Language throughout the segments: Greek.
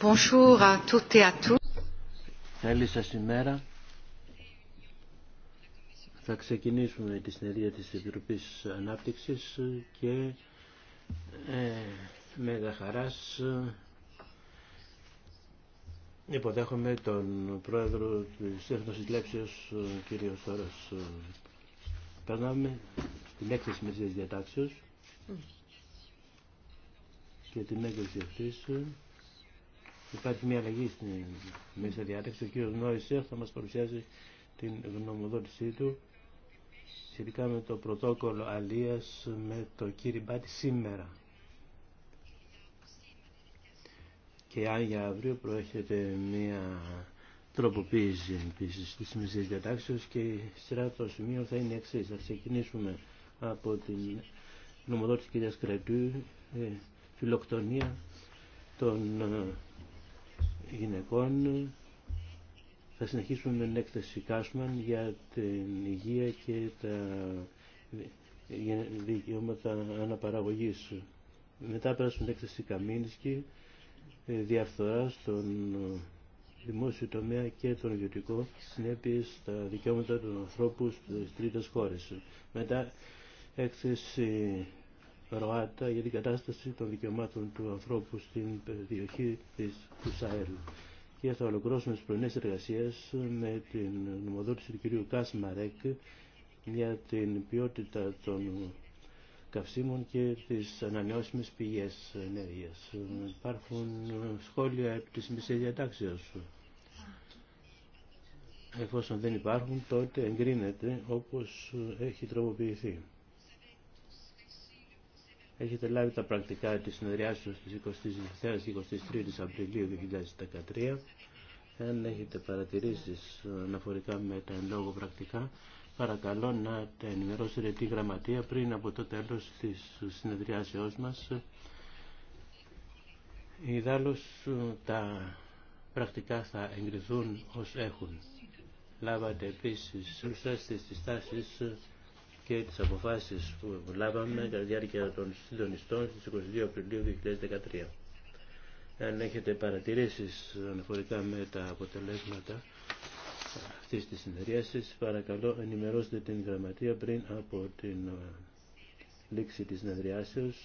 Bonjour à toutes et à tous. Καλή σα ημέρα. Θα ξεκινήσουμε τη συνεδρία της Επιτροπής Ανάπτυξης και ε, με τα χαράς υποδέχομαι τον πρόεδρο της Έχνωσης Λέψεως, κύριο Σόρος. Περνάμε στην έκθεση με τις διατάξεις mm. και την έκθεση αυτής Υπάρχει μια αλλαγή στην μέσα διάταξη. Ο κ. Νόησερ θα μας παρουσιάσει την γνωμοδότησή του σχετικά με το πρωτόκολλο αλίας με το κύριο Μπάτι σήμερα. Και αν για αύριο προέρχεται μια τροποποίηση επίση τη μεσαία διατάξεω και η σειρά των σημείων θα είναι εξή. Θα ξεκινήσουμε από την νομοδότηση κυρία Κρετού, ε, φιλοκτονία των ε, γυναικών θα συνεχίσουμε με την έκθεση Κάσμαν για την υγεία και τα δικαιώματα αναπαραγωγής. Μετά περάσουμε την έκθεση Καμίνσκι, ε, διαφθορά στον δημόσιο τομέα και τον ιδιωτικό συνέπειε στα δικαιώματα των ανθρώπων στις τρίτες χώρες. Μετά έκθεση ΡΟΑΤΑ για την κατάσταση των δικαιωμάτων του ανθρώπου στην περιοχή της, Κουσαέλ. Και θα ολοκληρώσουμε τις πρωινές εργασίες με την νομοδότηση του κυρίου Κάσμαρέκ για την ποιότητα των καυσίμων και τις ανανεώσιμες πηγές ενέργειας. Υπάρχουν σχόλια επί της μισής Εφόσον δεν υπάρχουν, τότε εγκρίνεται όπως έχει τροποποιηθεί. Έχετε λάβει τα πρακτικά της συνεδριάσεως της 23 Απριλίου 2013. Αν έχετε παρατηρήσεις αναφορικά με τα εν λόγω πρακτικά, παρακαλώ να τα ενημερώσετε τη γραμματεία πριν από το τέλος της συνεδριάσεώς μας. Ιδάλλως τα πρακτικά θα εγκριθούν ως έχουν. Λάβατε επίσης σωστές τις και τις αποφάσεις που λάβαμε κατά τη διάρκεια των συντονιστών στις 22 Απριλίου 2013. Αν έχετε παρατηρήσεις αναφορικά με τα αποτελέσματα αυτής της συνεδρίασης, παρακαλώ ενημερώστε την γραμματεία πριν από την ε, λήξη της συνεδριάσεως.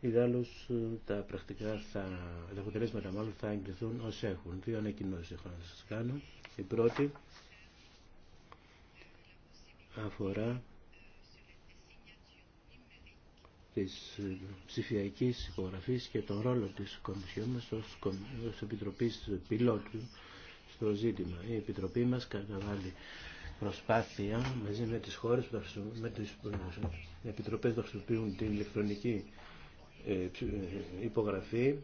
Ιδάλλως ε, τα πρακτικά, τα αποτελέσματα μάλλον θα εγκληθούν όσοι έχουν. Δύο ανακοινώσεις έχω να σας κάνω. Η πρώτη αφορά της ε, ψηφιακής υπογραφής και τον ρόλο της Κομισιόν μας ως, ως Επιτροπής Πιλότου στο ζήτημα. Η Επιτροπή μας καταβάλει προσπάθεια μαζί με τις χώρες που με τις ε, επιτροπές που χρησιμοποιούν την ηλεκτρονική ε, υπογραφή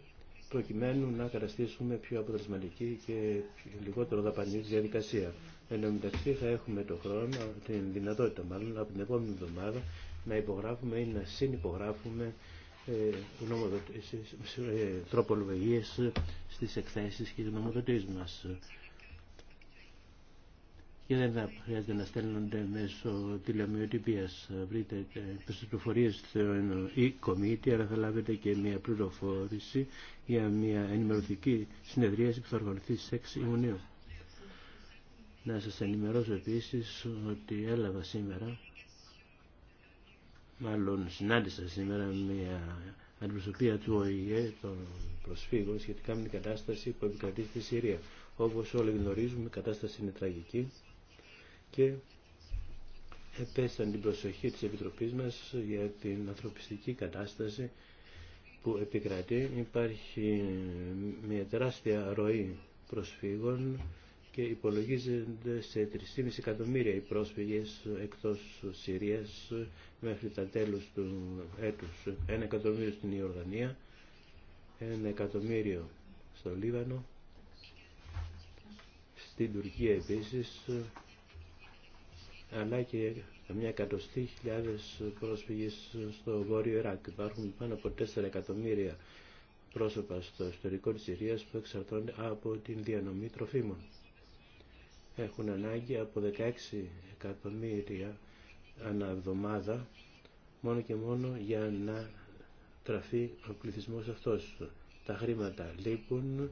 προκειμένου να καταστήσουμε πιο αποτελεσματική και λιγότερο δαπανή διαδικασία. Εν τω μεταξύ θα έχουμε το χρόνο, την δυνατότητα μάλλον από την επόμενη εβδομάδα να υπογράφουμε ή να συνυπογράφουμε ε, ε, ε τροπολογίες στις εκθέσεις και νομοδοτήσεις μας. Και δεν θα χρειάζεται να στέλνονται μέσω τηλεμιοτυπίας. Βρείτε ε, τις πληροφορίες στο e-committee, αλλά θα λάβετε και μια πληροφόρηση για μια ενημερωτική συνεδρίαση που θα οργανωθεί στις 6 Ιουνίου. Να σας ενημερώσω επίσης ότι έλαβα σήμερα, μάλλον συνάντησα σήμερα μια αντιπροσωπεία του ΟΗΕ των προσφύγων σχετικά με την κατάσταση που επικρατεί στη Συρία. Όπως όλοι γνωρίζουμε, η κατάσταση είναι τραγική και επέσταν την προσοχή της Επιτροπής μας για την ανθρωπιστική κατάσταση που επικρατεί. Υπάρχει μια τεράστια ροή προσφύγων και υπολογίζονται σε 3,5 εκατομμύρια οι πρόσφυγες εκτός Συρίας μέχρι τα τέλους του έτους. Ένα εκατομμύριο στην Ιορδανία, ένα εκατομμύριο στο Λίβανο, στην Τουρκία επίσης, αλλά και μια εκατοστή χιλιάδες πρόσφυγες στο Βόρειο Ιράκ. Υπάρχουν πάνω από 4 εκατομμύρια πρόσωπα στο ιστορικό της Συρίας που εξαρτώνται από την διανομή τροφίμων έχουν ανάγκη από 16 εκατομμύρια ανά εβδομάδα μόνο και μόνο για να τραφεί ο πληθυσμός αυτός. Τα χρήματα λείπουν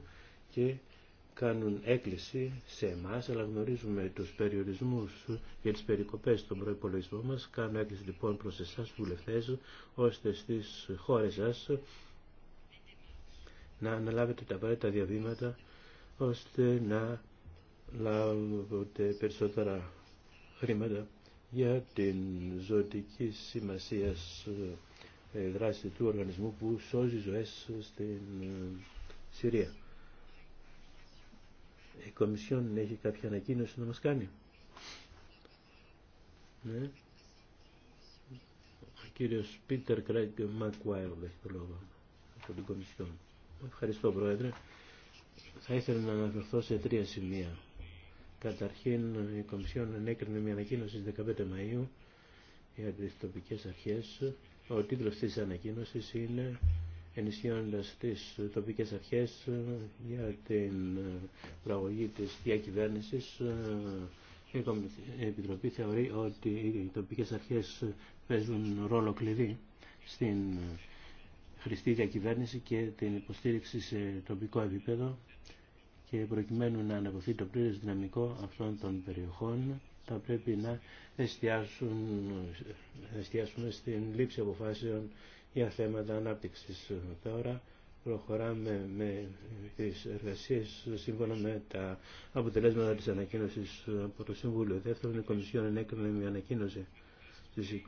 και κάνουν έκκληση σε εμά, αλλά γνωρίζουμε τους περιορισμούς για τις περικοπές στον προϋπολογισμό μας. Κάνω έκκληση λοιπόν προς εσάς βουλευτές, ώστε στις χώρες σας να αναλάβετε τα απαραίτητα διαβήματα, ώστε να λάβονται περισσότερα χρήματα για την ζωτική σημασία δράση του οργανισμού που σώζει ζωές στην Συρία. Η Κομισιόν έχει κάποια ανακοίνωση να μας κάνει. Ναι. Ο κύριος Πίτερ Κρέγκ Μακουάιρ έχει το λόγο από την Κομισιόν. Ευχαριστώ Πρόεδρε. Θα ήθελα να αναφερθώ σε τρία σημεία. Καταρχήν η Κομισιόν ενέκρινε μια ανακοίνωση στις 15 Μαΐου για τις τοπικές αρχές. Ο τίτλος της ανακοίνωσης είναι ενισχύοντας τις τοπικές αρχές για την προαγωγή της διακυβέρνησης. Η Επιτροπή θεωρεί ότι οι τοπικές αρχές παίζουν ρόλο κλειδί στην χρηστή διακυβέρνηση και την υποστήριξη σε τοπικό επίπεδο και προκειμένου να ανακοθεί το πλήρες δυναμικό αυτών των περιοχών θα πρέπει να εστιάσουν, εστιάσουμε στην λήψη αποφάσεων για θέματα ανάπτυξης. Τώρα προχωράμε με τις εργασίες σύμφωνα με τα αποτελέσματα της ανακοίνωσης από το Συμβούλιο. Δεύτερον, η Κομισιόν ενέκρινε μια ανακοίνωση στις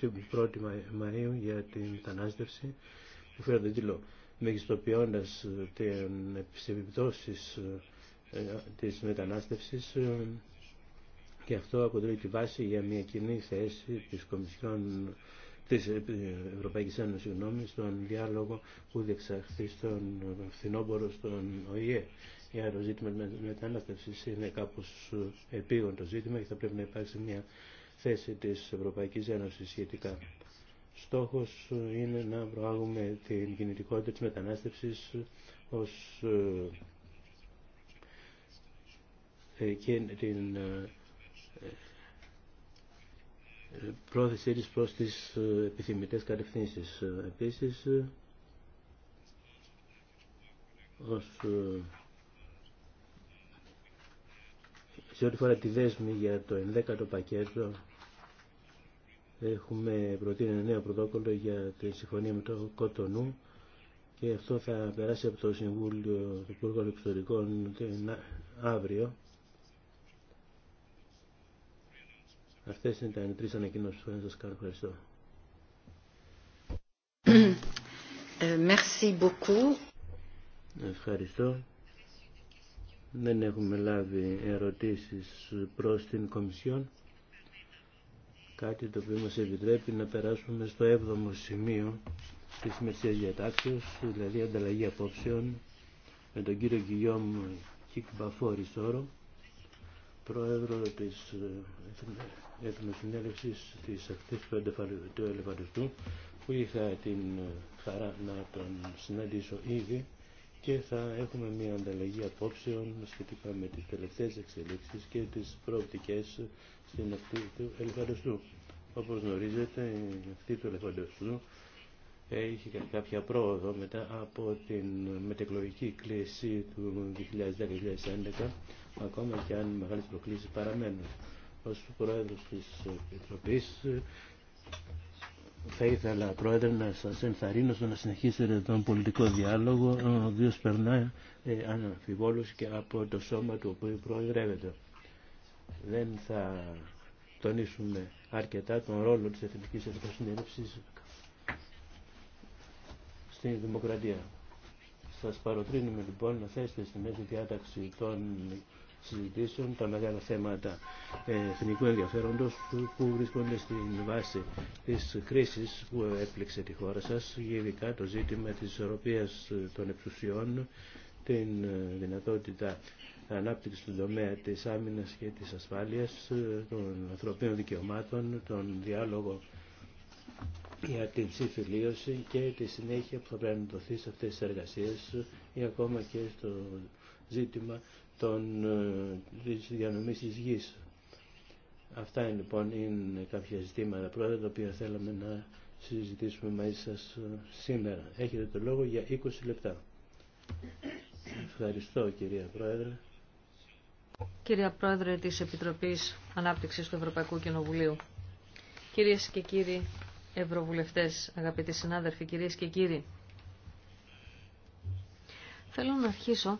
21η Μαΐου για την θανάστευση που φέρεται τον τίτλο μεγιστοποιώντας ε, τις επιπτώσει ε, ε, της μετανάστευσης και αυτό αποτελεί τη βάση για μια κοινή θέση της Κομισιόν της Ευρωπαϊκής Ένωσης συγγνώμη, στον διάλογο που διεξαχθεί στον φθινόμπορο στον ΟΗΕ για το ζήτημα της μετανάστευσης είναι κάπως επίγον ζήτημα και θα πρέπει να υπάρξει μια θέση της Ευρωπαϊκής Ένωσης σχετικά στόχος είναι να προάγουμε την κινητικότητα της μετανάστευσης ως ε, και την ε, πρόθεσή της προς τις ε, επιθυμητές κατευθύνσεις. Επίσης, ως σε ό,τι φορά τη δέσμη για το 11ο πακέτο έχουμε προτείνει ένα νέο πρωτόκολλο για τη συμφωνία με το Κοτονού και αυτό θα περάσει από το Συμβούλιο του Υπουργού Εξωτερικών αύριο. Αυτές ήταν οι τρεις ανακοινώσεις που θα σας κάνω. Ευχαριστώ. Ε, Ευχαριστώ. Δεν έχουμε λάβει ερωτήσεις προς την Κομισιόν κάτι το οποίο μας επιτρέπει να περάσουμε στο έβδομο σημείο της Μερσίας Διατάξεως, δηλαδή ανταλλαγή απόψεων με τον κύριο Κίκ Κικμπαφόρη Σόρο, πρόεδρο της Εθνοσυνέλευσης της Ακτής του Ελεφαντιστού, που είχα την χαρά να τον συναντήσω ήδη και θα έχουμε μια ανταλλαγή απόψεων σχετικά με τις τελευταίες εξελίξεις και τις προοπτικές στην ακτή του Ελεφαντοστού. Όπως γνωρίζετε, αυτή του ελεφαντοσού έχει κάποια πρόοδο μετά από την μετεκλογική κλίση του 2010-2011, ακόμα και αν μεγάλες προκλήσεις παραμένουν. Ως Πρόεδρος της Επιτροπής θα ήθελα, Πρόεδρε, να σας ενθαρρύνω στο να συνεχίσετε τον πολιτικό διάλογο, ο οποίο περνάει ε, αναμφιβόλως και από το σώμα του οποίου προεδρεύεται. Δεν θα τονίσουμε αρκετά τον ρόλο της Εθνικής Εθνικής στην δημοκρατία. Σας παροτρύνουμε λοιπόν να θέσετε στη μέση διάταξη των συζητήσεων τα μεγάλα θέματα εθνικού ενδιαφέροντος που βρίσκονται στην βάση της κρίσης που έπληξε τη χώρα σας, ειδικά το ζήτημα της ισορροπίας των εξουσιών, την δυνατότητα ανάπτυξη του τομέα της άμυνας και της ασφάλειας, ε, των ανθρωπίνων δικαιωμάτων, τον διάλογο για την συμφιλίωση και τη συνέχεια που θα πρέπει να δοθεί σε αυτές τις εργασίες ή ακόμα και στο ζήτημα των, ε, της διανομής της γης. Αυτά είναι, λοιπόν είναι κάποια ζητήματα πρώτα τα οποία θέλαμε να συζητήσουμε μαζί σας ε, σήμερα. Έχετε το λόγο για 20 λεπτά. Ευχαριστώ κυρία Πρόεδρε. Κυρία Πρόεδρε της Επιτροπής Ανάπτυξης του Ευρωπαϊκού Κοινοβουλίου, κυρίες και κύριοι Ευρωβουλευτές, αγαπητοί συνάδελφοι, κυρίες και κύριοι, θέλω να αρχίσω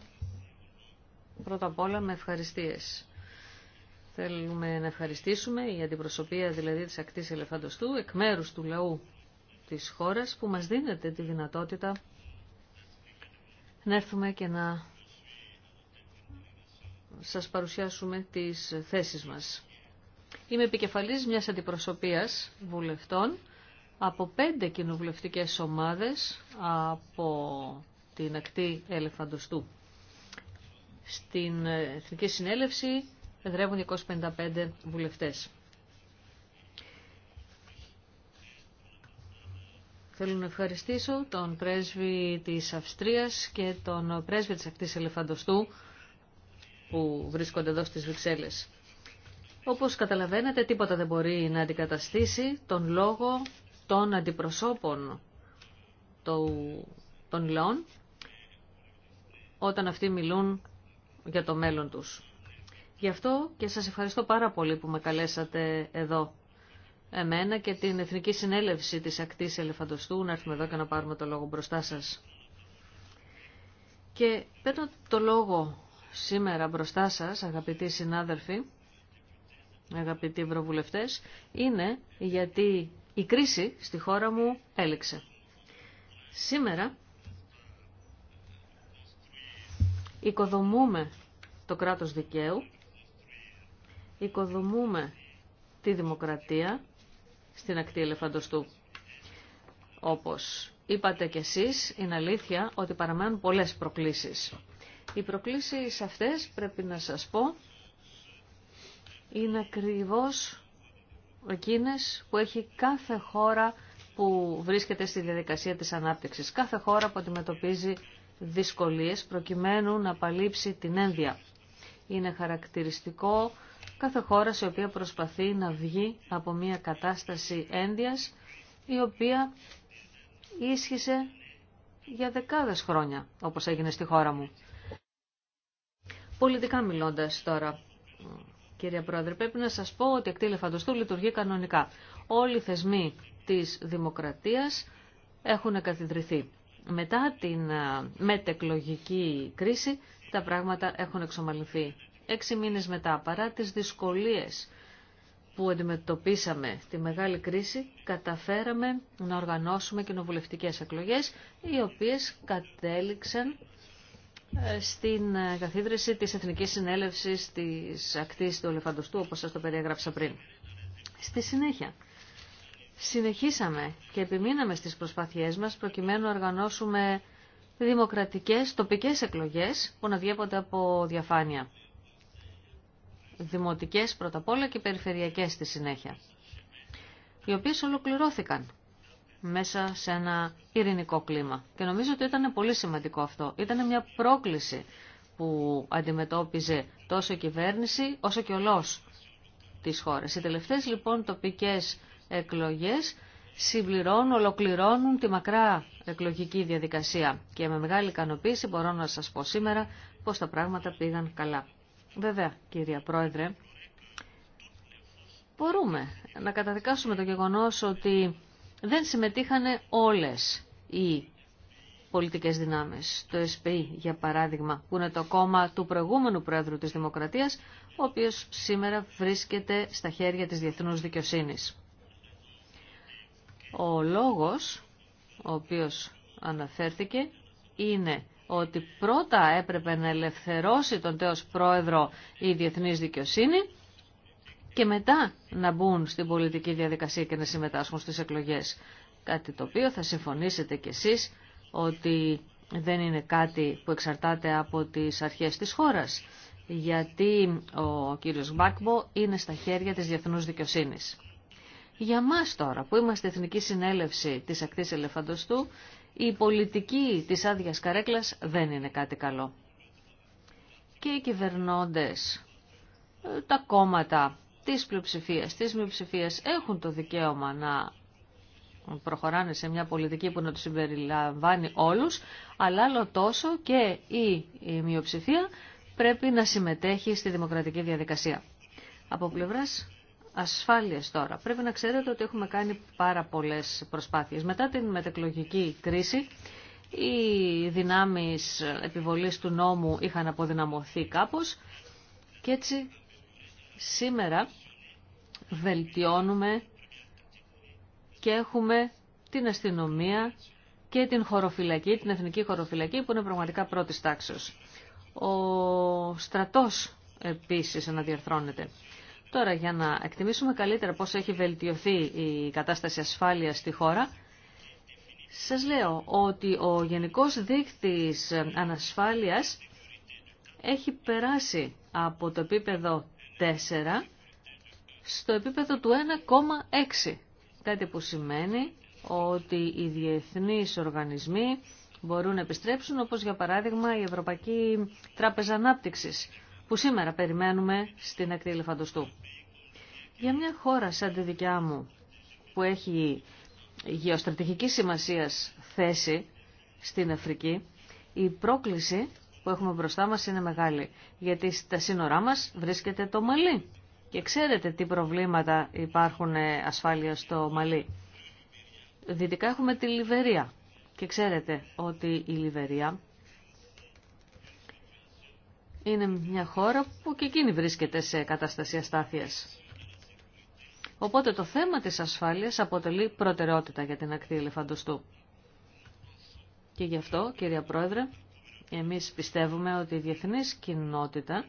πρώτα απ' όλα με ευχαριστίες. Θέλουμε να ευχαριστήσουμε η αντιπροσωπεία δηλαδή της ακτής ελεφαντοστού εκ μέρους του λαού της χώρας που μας δίνεται τη δυνατότητα να έρθουμε και να σας παρουσιάσουμε τις θέσεις μας. Είμαι επικεφαλής μιας αντιπροσωπείας βουλευτών από πέντε κοινοβουλευτικές ομάδες από την ακτή Ελεφαντοστού. Στην Εθνική Συνέλευση εδρεύουν 255 βουλευτές. Θέλω να ευχαριστήσω τον πρέσβη της Αυστρίας και τον πρέσβη της ακτής Ελεφαντοστού που βρίσκονται εδώ στις Βρυξέλλες. Όπως καταλαβαίνετε τίποτα δεν μπορεί να αντικαταστήσει τον λόγο των αντιπροσώπων των λαών όταν αυτοί μιλούν για το μέλλον τους. Γι' αυτό και σας ευχαριστώ πάρα πολύ που με καλέσατε εδώ εμένα και την Εθνική Συνέλευση της Ακτής Ελεφαντοστού να έρθουμε εδώ και να πάρουμε το λόγο μπροστά σας. Και παίρνω το λόγο σήμερα μπροστά σας, αγαπητοί συνάδελφοι, αγαπητοί ευρωβουλευτές, είναι γιατί η κρίση στη χώρα μου έληξε. Σήμερα οικοδομούμε το κράτος δικαίου, οικοδομούμε τη δημοκρατία στην ακτή ελεφαντοστού. Όπως είπατε κι εσείς, είναι αλήθεια ότι παραμένουν πολλές προκλήσεις. Οι προκλήσεις αυτές, πρέπει να σας πω, είναι ακριβώς εκείνες που έχει κάθε χώρα που βρίσκεται στη διαδικασία της ανάπτυξης. Κάθε χώρα που αντιμετωπίζει δυσκολίες προκειμένου να παλύψει την ένδια. Είναι χαρακτηριστικό κάθε χώρα σε οποία προσπαθεί να βγει από μια κατάσταση ένδιας η οποία ίσχυσε για δεκάδες χρόνια όπως έγινε στη χώρα μου. Πολιτικά μιλώντας τώρα, κύριε Πρόεδρε, πρέπει να σας πω ότι η ακτή λειτουργεί κανονικά. Όλοι οι θεσμοί της δημοκρατίας έχουν καθιδρυθεί. Μετά την μετεκλογική κρίση, τα πράγματα έχουν εξομαλυνθεί. Έξι μήνες μετά, παρά τις δυσκολίες που αντιμετωπίσαμε τη μεγάλη κρίση, καταφέραμε να οργανώσουμε κοινοβουλευτικές εκλογές, οι οποίες κατέληξαν στην ε, καθίδρυση της Εθνικής Συνέλευσης της Ακτής του Ολεφαντοστού, όπως σας το περιέγραψα πριν. Στη συνέχεια, συνεχίσαμε και επιμείναμε στις προσπάθειές μας προκειμένου να οργανώσουμε δημοκρατικές τοπικές εκλογές που να διέπονται από διαφάνεια. Δημοτικές πρώτα απ' όλα και περιφερειακές στη συνέχεια, οι οποίες ολοκληρώθηκαν μέσα σε ένα ειρηνικό κλίμα. Και νομίζω ότι ήταν πολύ σημαντικό αυτό. Ήταν μια πρόκληση που αντιμετώπιζε τόσο η κυβέρνηση όσο και ο της χώρας. Οι τελευταίες λοιπόν τοπικές εκλογές συμπληρώνουν, ολοκληρώνουν τη μακρά εκλογική διαδικασία και με μεγάλη ικανοποίηση μπορώ να σας πω σήμερα πως τα πράγματα πήγαν καλά. Βέβαια, κυρία Πρόεδρε, μπορούμε να καταδικάσουμε το γεγονός ότι δεν συμμετείχαν όλες οι πολιτικές δυνάμεις. Το ΕΣΠΗ, για παράδειγμα, που είναι το κόμμα του προηγούμενου πρόεδρου της Δημοκρατίας, ο οποίος σήμερα βρίσκεται στα χέρια της διεθνούς δικαιοσύνης. Ο λόγος, ο οποίος αναφέρθηκε, είναι ότι πρώτα έπρεπε να ελευθερώσει τον τέος πρόεδρο η διεθνής δικαιοσύνη και μετά να μπουν στην πολιτική διαδικασία και να συμμετάσχουν στις εκλογές. Κάτι το οποίο θα συμφωνήσετε κι εσείς ότι δεν είναι κάτι που εξαρτάται από τις αρχές της χώρας, γιατί ο κύριος Μπάκμπο είναι στα χέρια της διεθνούς δικαιοσύνης. Για μας τώρα, που είμαστε Εθνική Συνέλευση της Ακτής Ελεφαντοστού, η πολιτική της άδεια καρέκλας δεν είναι κάτι καλό. Και οι κυβερνώντες, ε, τα κόμματα της πλειοψηφίας, της μειοψηφίας έχουν το δικαίωμα να προχωράνε σε μια πολιτική που να τους συμπεριλαμβάνει όλους, αλλά άλλο τόσο και η, μειοψηφία πρέπει να συμμετέχει στη δημοκρατική διαδικασία. Από πλευράς ασφάλειας τώρα, πρέπει να ξέρετε ότι έχουμε κάνει πάρα πολλές προσπάθειες. Μετά την μετεκλογική κρίση, οι δυνάμεις επιβολής του νόμου είχαν αποδυναμωθεί κάπως και έτσι Σήμερα βελτιώνουμε και έχουμε την αστυνομία και την χωροφυλακή, την εθνική χωροφυλακή που είναι πραγματικά πρώτης τάξης. Ο στρατός επίσης αναδιαρθρώνεται. Τώρα για να εκτιμήσουμε καλύτερα πώς έχει βελτιωθεί η κατάσταση ασφάλειας στη χώρα, σας λέω ότι ο γενικός δείκτης ανασφάλειας έχει περάσει από το επίπεδο στο επίπεδο του 1,6. Κάτι που σημαίνει ότι οι διεθνείς οργανισμοί μπορούν να επιστρέψουν, όπως για παράδειγμα η Ευρωπαϊκή Τράπεζα Ανάπτυξης, που σήμερα περιμένουμε στην ακτή Ελεφαντοστού. Για μια χώρα σαν τη δικιά μου, που έχει γεωστρατηγική σημασία θέση στην Αφρική, η πρόκληση που έχουμε μπροστά μας είναι μεγάλη. Γιατί στα σύνορά μας βρίσκεται το Μαλί. Και ξέρετε τι προβλήματα υπάρχουν ε, ασφάλεια στο Μαλί. Δυτικά έχουμε τη Λιβερία. Και ξέρετε ότι η Λιβερία είναι μια χώρα που και εκείνη βρίσκεται σε κατάσταση αστάθειας. Οπότε το θέμα της ασφάλειας αποτελεί προτεραιότητα για την ακτή ελεφαντοστού. Και γι' αυτό, κυρία Πρόεδρε, εμείς πιστεύουμε ότι η διεθνής κοινότητα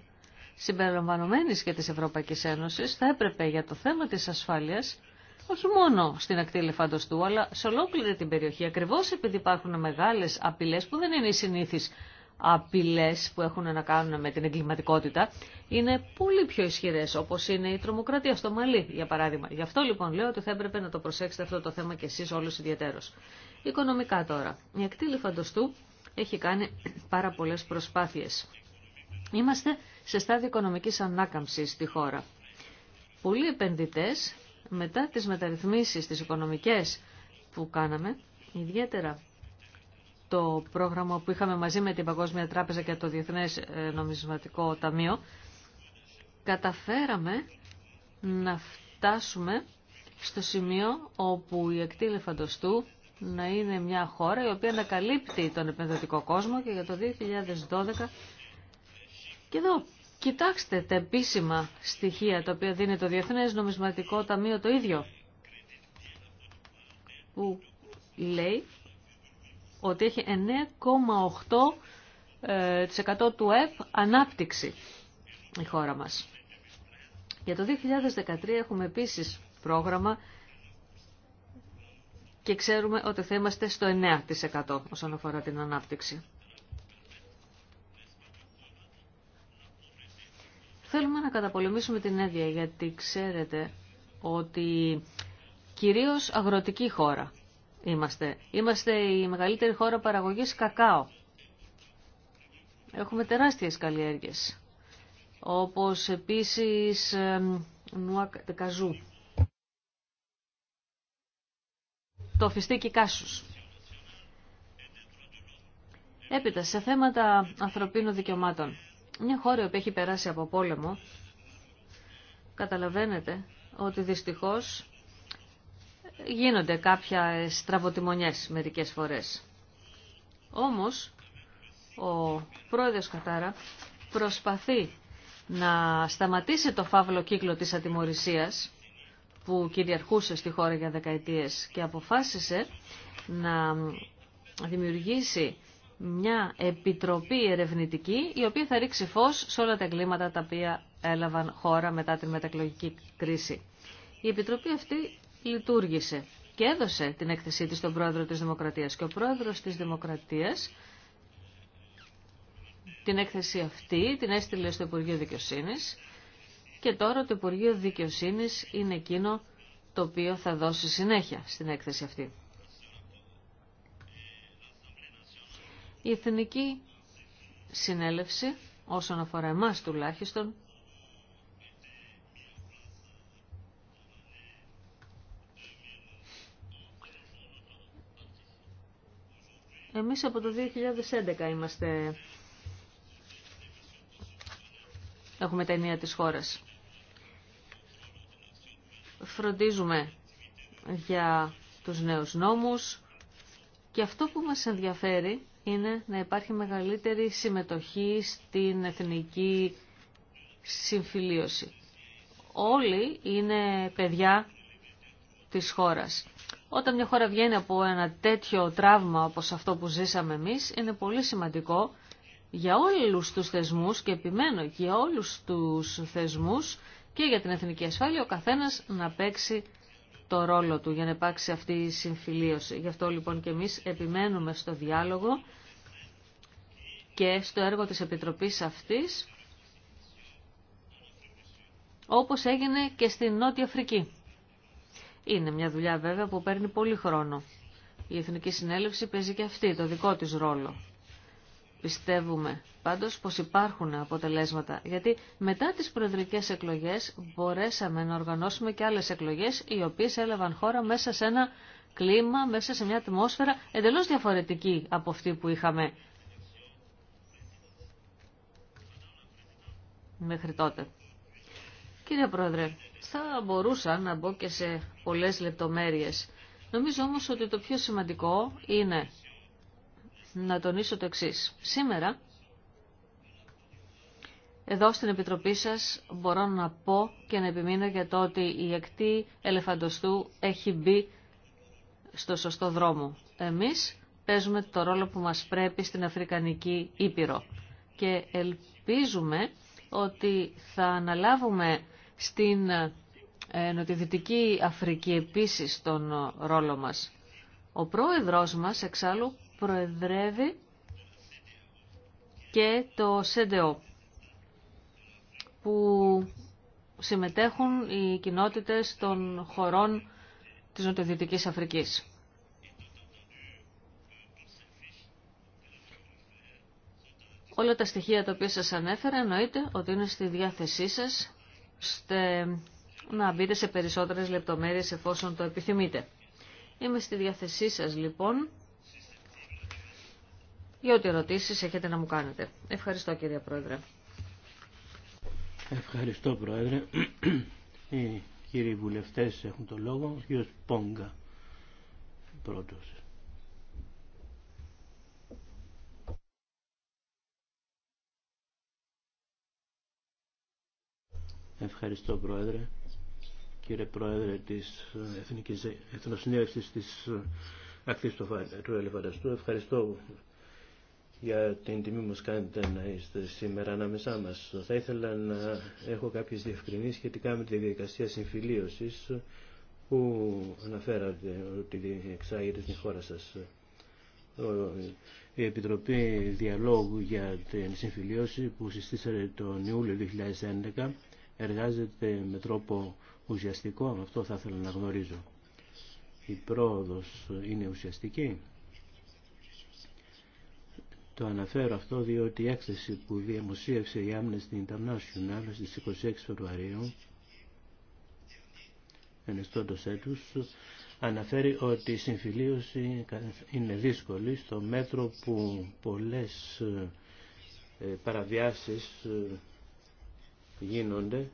συμπεριλαμβανομένης και της Ευρωπαϊκής Ένωσης θα έπρεπε για το θέμα της ασφάλειας όχι μόνο στην ακτή του αλλά σε ολόκληρη την περιοχή. Ακριβώς επειδή υπάρχουν μεγάλες απειλές που δεν είναι οι συνήθεις απειλές που έχουν να κάνουν με την εγκληματικότητα, είναι πολύ πιο ισχυρές, όπως είναι η τρομοκρατία στο Μαλί, για παράδειγμα. Γι' αυτό λοιπόν λέω ότι θα έπρεπε να το προσέξετε αυτό το θέμα και εσείς όλους ιδιαίτερος. Οικονομικά τώρα. Η ακτή φαντοστού έχει κάνει πάρα πολλές προσπάθειες. Είμαστε σε στάδιο οικονομικής ανάκαμψης στη χώρα. Πολλοί επενδυτές μετά τις μεταρρυθμίσεις, τις οικονομικές που κάναμε, ιδιαίτερα το πρόγραμμα που είχαμε μαζί με την Παγκόσμια Τράπεζα και το Διεθνές ε, Νομισματικό Ταμείο, καταφέραμε να φτάσουμε στο σημείο όπου η ακτή να είναι μια χώρα η οποία να καλύπτει τον επενδυτικό κόσμο και για το 2012. Και εδώ κοιτάξτε τα επίσημα στοιχεία τα οποία δίνει το Διεθνές Νομισματικό Ταμείο το ίδιο που λέει ότι έχει 9,8% ε, του ΕΠ ανάπτυξη η χώρα μας. Για το 2013 έχουμε επίσης πρόγραμμα και ξέρουμε ότι θα είμαστε στο 9% όσον αφορά την ανάπτυξη. Θέλουμε να καταπολεμήσουμε την ένδια γιατί ξέρετε ότι κυρίως αγροτική χώρα είμαστε. Είμαστε η μεγαλύτερη χώρα παραγωγής κακάο. Έχουμε τεράστιες καλλιέργειες, όπως επίσης νουακ καζού. το φιστίκι κάσους. Έπειτα, σε θέματα ανθρωπίνων δικαιωμάτων. Μια χώρα που έχει περάσει από πόλεμο, καταλαβαίνετε ότι δυστυχώς γίνονται κάποια στραβοτιμονιές μερικές φορές. Όμως, ο πρόεδρος Κατάρα προσπαθεί να σταματήσει το φαύλο κύκλο της ατιμορρησίας που κυριαρχούσε στη χώρα για δεκαετίες και αποφάσισε να δημιουργήσει μια επιτροπή ερευνητική η οποία θα ρίξει φως σε όλα τα εγκλήματα τα οποία έλαβαν χώρα μετά την μετακλογική κρίση. Η επιτροπή αυτή λειτουργήσε και έδωσε την έκθεσή της στον πρόεδρο της Δημοκρατίας και ο πρόεδρος της Δημοκρατίας την έκθεση αυτή την έστειλε στο Υπουργείο Δικαιοσύνης και τώρα το Υπουργείο Δικαιοσύνης είναι εκείνο το οποίο θα δώσει συνέχεια στην έκθεση αυτή. Η Εθνική Συνέλευση, όσον αφορά εμάς τουλάχιστον, Εμείς από το 2011 είμαστε... Έχουμε τα ενία της χώρας φροντίζουμε για τους νέους νόμους και αυτό που μας ενδιαφέρει είναι να υπάρχει μεγαλύτερη συμμετοχή στην εθνική συμφιλίωση. Όλοι είναι παιδιά της χώρας. Όταν μια χώρα βγαίνει από ένα τέτοιο τραύμα όπως αυτό που ζήσαμε εμείς, είναι πολύ σημαντικό για όλους τους θεσμούς και επιμένω για όλους τους θεσμούς και για την εθνική ασφάλεια ο καθένας να παίξει το ρόλο του για να υπάρξει αυτή η συμφιλίωση. Γι' αυτό λοιπόν και εμείς επιμένουμε στο διάλογο και στο έργο της Επιτροπής αυτής όπως έγινε και στην Νότια Αφρική. Είναι μια δουλειά βέβαια που παίρνει πολύ χρόνο. Η Εθνική Συνέλευση παίζει και αυτή το δικό της ρόλο. Πιστεύουμε πάντως πως υπάρχουν αποτελέσματα, γιατί μετά τις προεδρικές εκλογές μπορέσαμε να οργανώσουμε και άλλες εκλογές οι οποίες έλαβαν χώρα μέσα σε ένα κλίμα, μέσα σε μια ατμόσφαιρα εντελώς διαφορετική από αυτή που είχαμε μέχρι τότε. Κύριε Πρόεδρε, θα μπορούσα να μπω και σε πολλές λεπτομέρειες. Νομίζω όμως ότι το πιο σημαντικό είναι να τονίσω το εξής. Σήμερα, εδώ στην Επιτροπή σας μπορώ να πω και να επιμείνω για το ότι η εκτή ελεφαντοστού έχει μπει στο σωστό δρόμο. Εμείς παίζουμε το ρόλο που μας πρέπει στην Αφρικανική Ήπειρο και ελπίζουμε ότι θα αναλάβουμε στην ε, Νοτιοδυτική Αφρική επίσης τον ρόλο μας. Ο πρόεδρός μας εξάλλου προεδρεύει και το ΣΕΝΤΕΟ που συμμετέχουν οι κοινότητες των χωρών της Νοτιοδυτικής Αφρικής. Όλα τα στοιχεία τα οποία σας ανέφερα εννοείται ότι είναι στη διάθεσή σας να μπείτε σε περισσότερες λεπτομέρειες εφόσον το επιθυμείτε. Είμαι στη διάθεσή σας λοιπόν για ό,τι ερωτήσεις έχετε να μου κάνετε. Ευχαριστώ κύριε Πρόεδρε. Ευχαριστώ Πρόεδρε. Οι κύριοι βουλευτές έχουν το λόγο. Ο κύριος Πόγκα πρώτος. Ευχαριστώ Πρόεδρε. Κύριε Πρόεδρε της Εθνικής Εθνοσυνέλευσης της Ακτής του Ελεφανταστού, ευχαριστώ για την τιμή μου κάνετε να είστε σήμερα ανάμεσά μας. Θα ήθελα να έχω κάποιες διευκρινήσεις σχετικά με τη διαδικασία συμφιλίωσης που αναφέρατε ότι εξάγεται στην χώρα σας. Η Επιτροπή Διαλόγου για την Συμφιλίωση που συστήσατε τον Ιούλιο 2011 εργάζεται με τρόπο ουσιαστικό. Αυτό θα ήθελα να γνωρίζω. Η πρόοδος είναι ουσιαστική. Το αναφέρω αυτό διότι η έκθεση που δημοσίευσε η Amnesty International στις 26 Φεβρουαρίου ενεστώντος έτους αναφέρει ότι η συμφιλίωση είναι δύσκολη στο μέτρο που πολλές ε, παραβιάσεις ε, γίνονται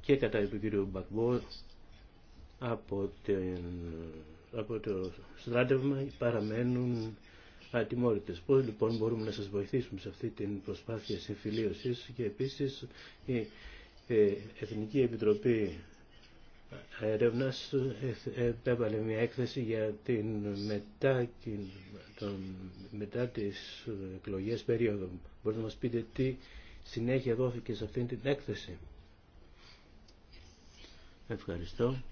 και κατά του κ. Μπακμπό από, την, από το στράτευμα παραμένουν ατιμόρυτες. Πώς λοιπόν μπορούμε να σας βοηθήσουμε σε αυτή την προσπάθεια συμφιλίωσης και επίσης η ε, Εθνική Επιτροπή Έρευνα ε, ε, έβαλε μια έκθεση για την μετά, την, τον, μετά τις εκλογές περίοδο. Μπορείτε να μας πείτε τι συνέχεια δόθηκε σε αυτή την έκθεση. Ευχαριστώ.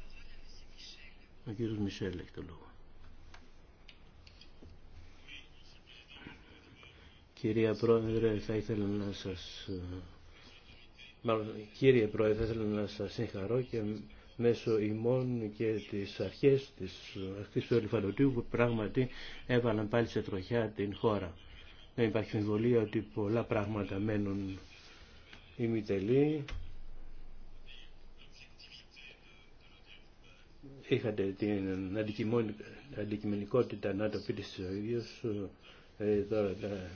Ο κύριος Μισελ έχει το λόγο. Κυρία Πρόεδρε, θα ήθελα να σας... Μάλλον, κύριε Πρόεδρε, θα ήθελα να σας συγχαρώ και μέσω ημών και τις αρχές της αρχής του Ελφαλωτίου που πράγματι έβαλαν πάλι σε τροχιά την χώρα. Δεν υπάρχει εμβολία ότι πολλά πράγματα μένουν ημιτελή. Είχατε την αντικειμενικότητα να το πείτε στους ίδιους. Ε, τώρα ε,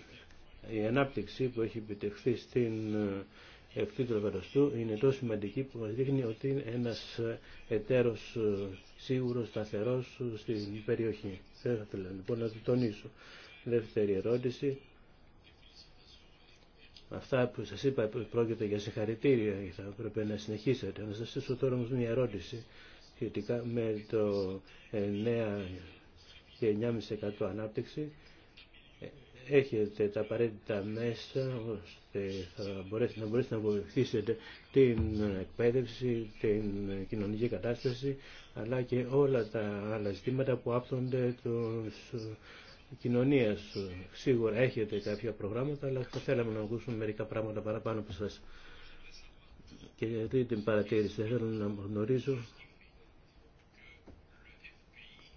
η ανάπτυξη που έχει επιτευχθεί στην ε, ευθύ του είναι τόσο σημαντική που μας δείχνει ότι είναι ένας ε, εταίρος ε, σίγουρος, σταθερός στην περιοχή. Θα ήθελα λοιπόν να το τονίσω. Δεύτερη ερώτηση. Αυτά που σας είπα πρόκειται για συγχαρητήρια και θα πρέπει να συνεχίσετε. Να σας θέσω τώρα όμως μια ερώτηση σχετικά με το 9 9,5% ανάπτυξη έχετε τα απαραίτητα μέσα ώστε θα μπορέσετε, να μπορέσετε να βοηθήσετε την εκπαίδευση, την κοινωνική κατάσταση αλλά και όλα τα άλλα ζητήματα που άπτονται τους ε, κοινωνίας. Σίγουρα έχετε κάποια προγράμματα αλλά θα θέλαμε να ακούσουμε μερικά πράγματα παραπάνω από σας. Και γιατί την παρατήρηση θέλω να γνωρίζω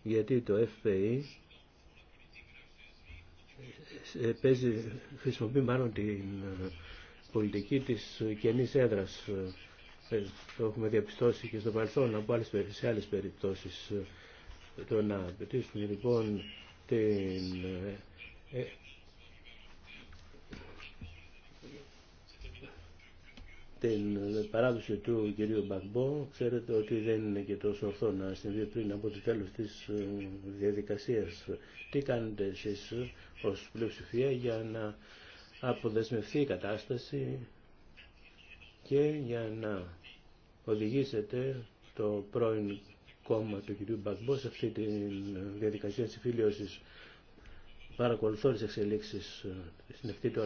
γιατί το FPI ε, παίζει, χρησιμοποιεί μάλλον την ε, πολιτική της κενής έδρας. Ε, το έχουμε διαπιστώσει και στο παρελθόν από άλλες, σε άλλες περιπτώσεις. Το να απαιτήσουμε λοιπόν την την παράδοση του κυρίου Μπαγμπό ξέρετε ότι δεν είναι και τόσο ορθό να συμβεί πριν από το τέλος της διαδικασίας. Τι κάνετε εσείς ως πλειοψηφία για να αποδεσμευθεί η κατάσταση και για να οδηγήσετε το πρώην κόμμα του κ. Μπαγμπό σε αυτή τη διαδικασία της συμφιλίωσης. Παρακολουθώ τις εξελίξεις ε, στην αυτή του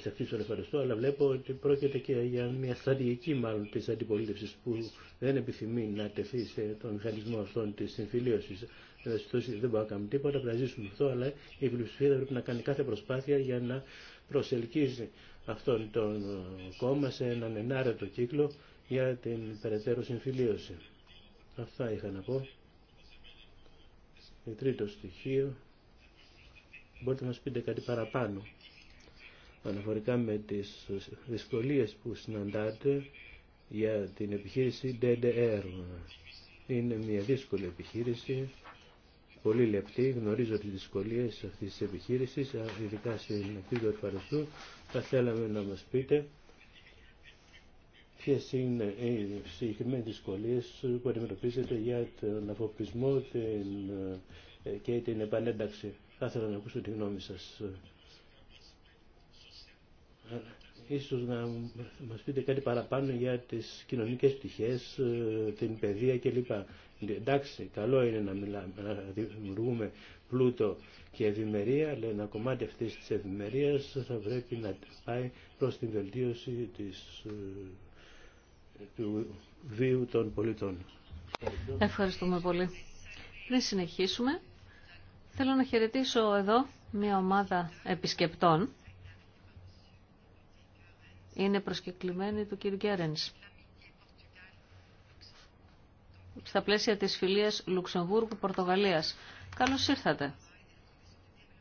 σε αυτή του ευχαριστώ, αλλά βλέπω ότι πρόκειται και για μια στρατηγική μάλλον της αντιπολίτευσης που δεν επιθυμεί να τεθεί σε τον μηχανισμό αυτών της συμφιλίωσης. Ε, δεν μπορούμε να κάνουμε τίποτα, πρέπει να ζήσουμε αυτό, αλλά η πλειοψηφία πρέπει να κάνει κάθε προσπάθεια για να προσελκύσει αυτόν τον ε, κόμμα σε έναν ενάρετο κύκλο για την περαιτέρω συμφιλίωση. Αυτά είχα να πω. Το ε, τρίτο στοιχείο. Μπορείτε να μας πείτε κάτι παραπάνω αναφορικά με τις δυσκολίες που συναντάτε για την επιχείρηση DDR. Είναι μια δύσκολη επιχείρηση πολύ λεπτή, γνωρίζω τις δυσκολίες αυτής της επιχείρησης, ειδικά στην επίδοση Φαρεστού. Θα θέλαμε να μας πείτε ποιες είναι οι συγκεκριμένες δυσκολίες που αντιμετωπίζετε για τον αφοπισμό ε, και την επανένταξη. Θα ήθελα να ακούσω τη γνώμη σας. Ίσως να μας πείτε κάτι παραπάνω για τις κοινωνικές πτυχές, ε, την παιδεία κλπ. Εντάξει, καλό είναι να, μιλάμε, να δημιουργούμε πλούτο και ευημερία, αλλά ένα κομμάτι αυτή τη ευημερία θα πρέπει να πάει προ την βελτίωση της, ε, του βίου των πολιτών. Ευχαριστούμε πολύ. Πριν συνεχίσουμε, θέλω να χαιρετήσω εδώ μια ομάδα επισκεπτών. Είναι προσκεκλημένη του κ. Γκέρενς στα πλαίσια της φιλίας Λουξεμβούργου-Πορτογαλίας. Καλώς ήρθατε.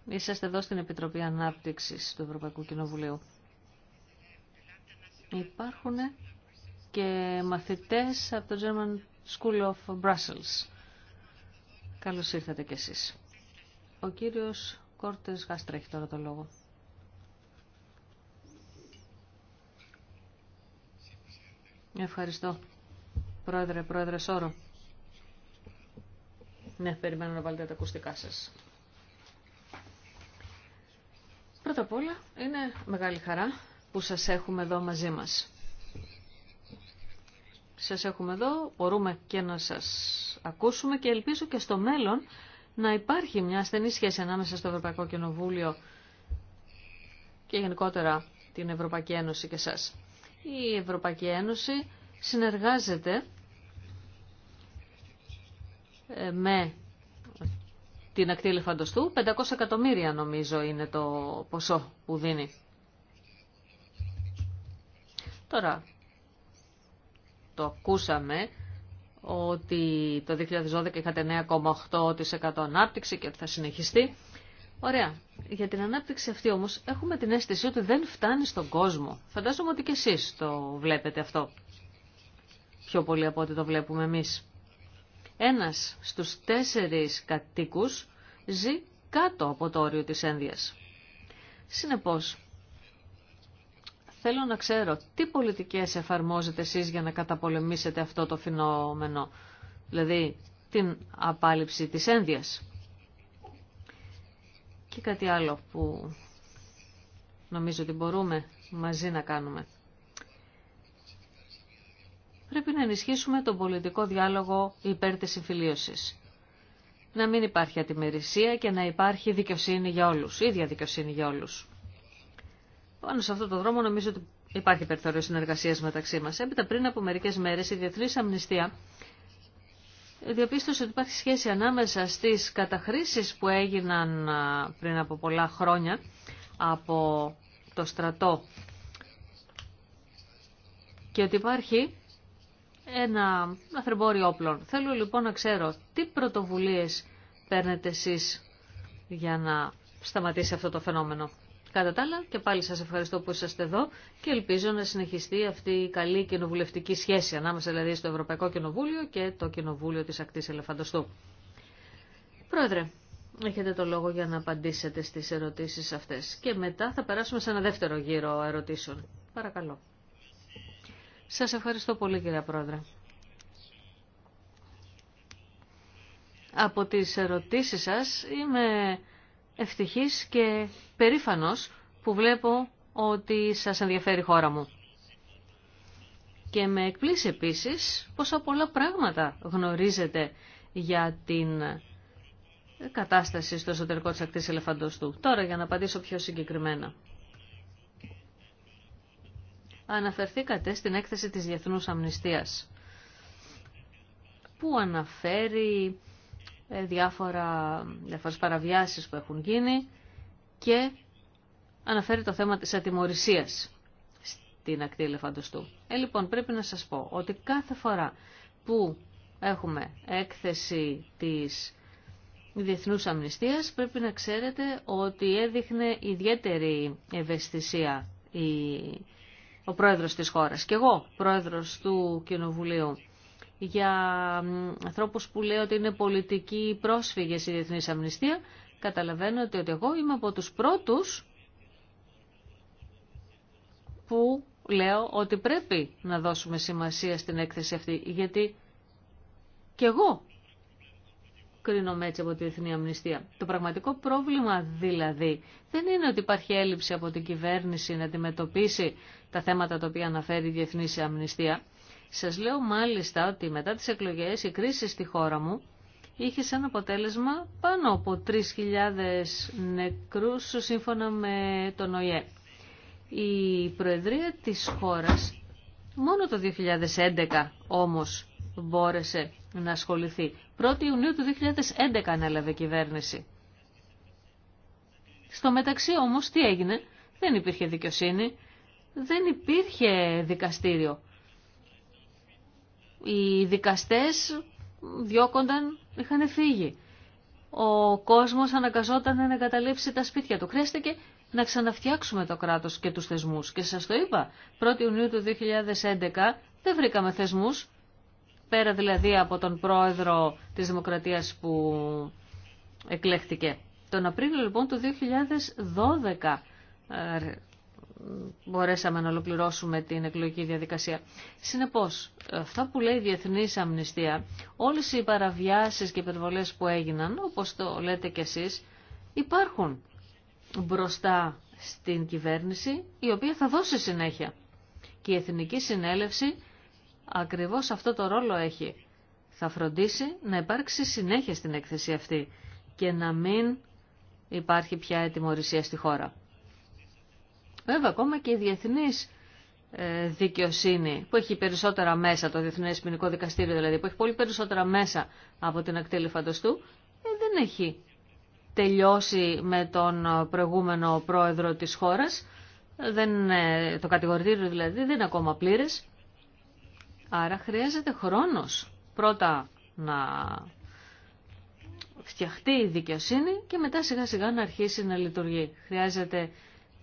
Είσαστε εδώ στην Επιτροπή Ανάπτυξης του Ευρωπαϊκού Κοινοβουλίου. Υπάρχουν και μαθητές από το German School of Brussels. Καλώς ήρθατε κι εσείς. Ο κύριος Κόρτες Γάστρα έχει τώρα το λόγο. Ευχαριστώ. Πρόεδρε, Πρόεδρε Σόρο. Ναι, περιμένω να βάλετε τα ακουστικά σας. Πρώτα απ' όλα, είναι μεγάλη χαρά που σας έχουμε εδώ μαζί μας. Σας έχουμε εδώ, μπορούμε και να σας ακούσουμε και ελπίζω και στο μέλλον να υπάρχει μια στενή σχέση ανάμεσα στο Ευρωπαϊκό Κοινοβούλιο και γενικότερα την Ευρωπαϊκή Ένωση και σας. Η Ευρωπαϊκή Ένωση συνεργάζεται με την ακτή ελεφαντοστού. 500 εκατομμύρια νομίζω είναι το ποσό που δίνει. Τώρα, το ακούσαμε ότι το 2012 είχατε 9,8% ανάπτυξη και ότι θα συνεχιστεί. Ωραία. Για την ανάπτυξη αυτή όμως έχουμε την αίσθηση ότι δεν φτάνει στον κόσμο. Φαντάζομαι ότι και εσείς το βλέπετε αυτό. Πιο πολύ από ό,τι το βλέπουμε εμείς ένας στους τέσσερις κατοίκους ζει κάτω από το όριο της ένδυας. Συνεπώς, θέλω να ξέρω τι πολιτικές εφαρμόζετε εσείς για να καταπολεμήσετε αυτό το φαινόμενο, δηλαδή την απάλληψη της ένδυας. Και κάτι άλλο που νομίζω ότι μπορούμε μαζί να κάνουμε πρέπει να ενισχύσουμε τον πολιτικό διάλογο υπέρ της συμφιλίωσης. Να μην υπάρχει ατιμερησία και να υπάρχει δικαιοσύνη για όλους, ίδια δικαιοσύνη για όλους. Πάνω σε αυτό το δρόμο νομίζω ότι υπάρχει περιθώριο συνεργασια μεταξύ μας. Έπειτα πριν από μερικές μέρες η Διεθνής Αμνηστία διαπίστωσε ότι υπάρχει σχέση ανάμεσα στις καταχρήσεις που έγιναν πριν από πολλά χρόνια από το στρατό και ότι υπάρχει ένα αθρεμπόριο όπλων. Θέλω λοιπόν να ξέρω τι πρωτοβουλίες παίρνετε εσείς για να σταματήσει αυτό το φαινόμενο. Κατά τα άλλα και πάλι σας ευχαριστώ που είσαστε εδώ και ελπίζω να συνεχιστεί αυτή η καλή κοινοβουλευτική σχέση ανάμεσα δηλαδή στο Ευρωπαϊκό Κοινοβούλιο και το Κοινοβούλιο της Ακτής Ελεφαντοστού. Πρόεδρε, έχετε το λόγο για να απαντήσετε στις ερωτήσεις αυτές και μετά θα περάσουμε σε ένα δεύτερο γύρο ερωτήσεων. Παρακαλώ. Σας ευχαριστώ πολύ κυρία Πρόεδρε. Από τις ερωτήσεις σας είμαι ευτυχής και περήφανος που βλέπω ότι σας ενδιαφέρει η χώρα μου. Και με εκπλήσει επίσης πόσα πολλά πράγματα γνωρίζετε για την κατάσταση στο εσωτερικό της ακτής Ελεφαντοστού. Τώρα για να απαντήσω πιο συγκεκριμένα αναφερθήκατε στην έκθεση της Διεθνούς Αμνηστίας που αναφέρει ε, διάφορα, διάφορες παραβιάσεις που έχουν γίνει και αναφέρει το θέμα της ατιμορρησίας στην ακτή ελεφαντοστού. Ε, λοιπόν, πρέπει να σας πω ότι κάθε φορά που έχουμε έκθεση της Διεθνούς Αμνηστίας πρέπει να ξέρετε ότι έδειχνε ιδιαίτερη ευαισθησία η ο πρόεδρος της χώρας και εγώ πρόεδρος του Κοινοβουλίου για ανθρώπους που λέω ότι είναι πολιτικοί πρόσφυγες η Διεθνής Αμνηστία, καταλαβαίνω ότι εγώ είμαι από τους πρώτους που λέω ότι πρέπει να δώσουμε σημασία στην έκθεση αυτή, γιατί και εγώ από τη Διεθνή Το πραγματικό πρόβλημα δηλαδή δεν είναι ότι υπάρχει έλλειψη από την κυβέρνηση να αντιμετωπίσει τα θέματα τα οποία αναφέρει η Διεθνή Αμνηστία. Σας λέω μάλιστα ότι μετά τις εκλογές η κρίση στη χώρα μου είχε σαν αποτέλεσμα πάνω από 3.000 νεκρούς σύμφωνα με τον ΟΗΕ. Η Προεδρία της χώρας μόνο το 2011 όμως μπόρεσε να ασχοληθεί. 1η Ιουνίου του 2011 ανέλαβε κυβέρνηση. Στο μεταξύ όμως τι έγινε, δεν υπήρχε δικαιοσύνη, δεν υπήρχε δικαστήριο. Οι δικαστές διώκονταν, είχαν φύγει. Ο κόσμος ανακαζόταν να εγκαταλείψει τα σπίτια του. Χρειάστηκε να ξαναφτιάξουμε το κράτος και τους θεσμούς. Και σας το είπα, 1η Ιουνίου του 2011 δεν βρήκαμε θεσμούς, πέρα δηλαδή από τον πρόεδρο της Δημοκρατίας που εκλέχτηκε. Τον Απρίλιο λοιπόν του 2012 ε, μπορέσαμε να ολοκληρώσουμε την εκλογική διαδικασία. Συνεπώς, αυτά που λέει η Διεθνής Αμνηστία, όλες οι παραβιάσεις και υπερβολές που έγιναν, όπως το λέτε κι εσείς, υπάρχουν μπροστά στην κυβέρνηση, η οποία θα δώσει συνέχεια. Και η Εθνική Συνέλευση ακριβώς αυτό το ρόλο έχει. Θα φροντίσει να υπάρξει συνέχεια στην έκθεση αυτή και να μην υπάρχει πια ετοιμορρησία στη χώρα. Βέβαια, ακόμα και η διεθνής ε, δικαιοσύνη που έχει περισσότερα μέσα, το Διεθνές Ποινικό Δικαστήριο δηλαδή, που έχει πολύ περισσότερα μέσα από την ακτή του, ε, δεν έχει τελειώσει με τον προηγούμενο πρόεδρο της χώρας, ε, το κατηγορητήριο δηλαδή δεν είναι ακόμα πλήρες. Άρα χρειάζεται χρόνος πρώτα να φτιαχτεί η δικαιοσύνη και μετά σιγά σιγά να αρχίσει να λειτουργεί. Χρειάζεται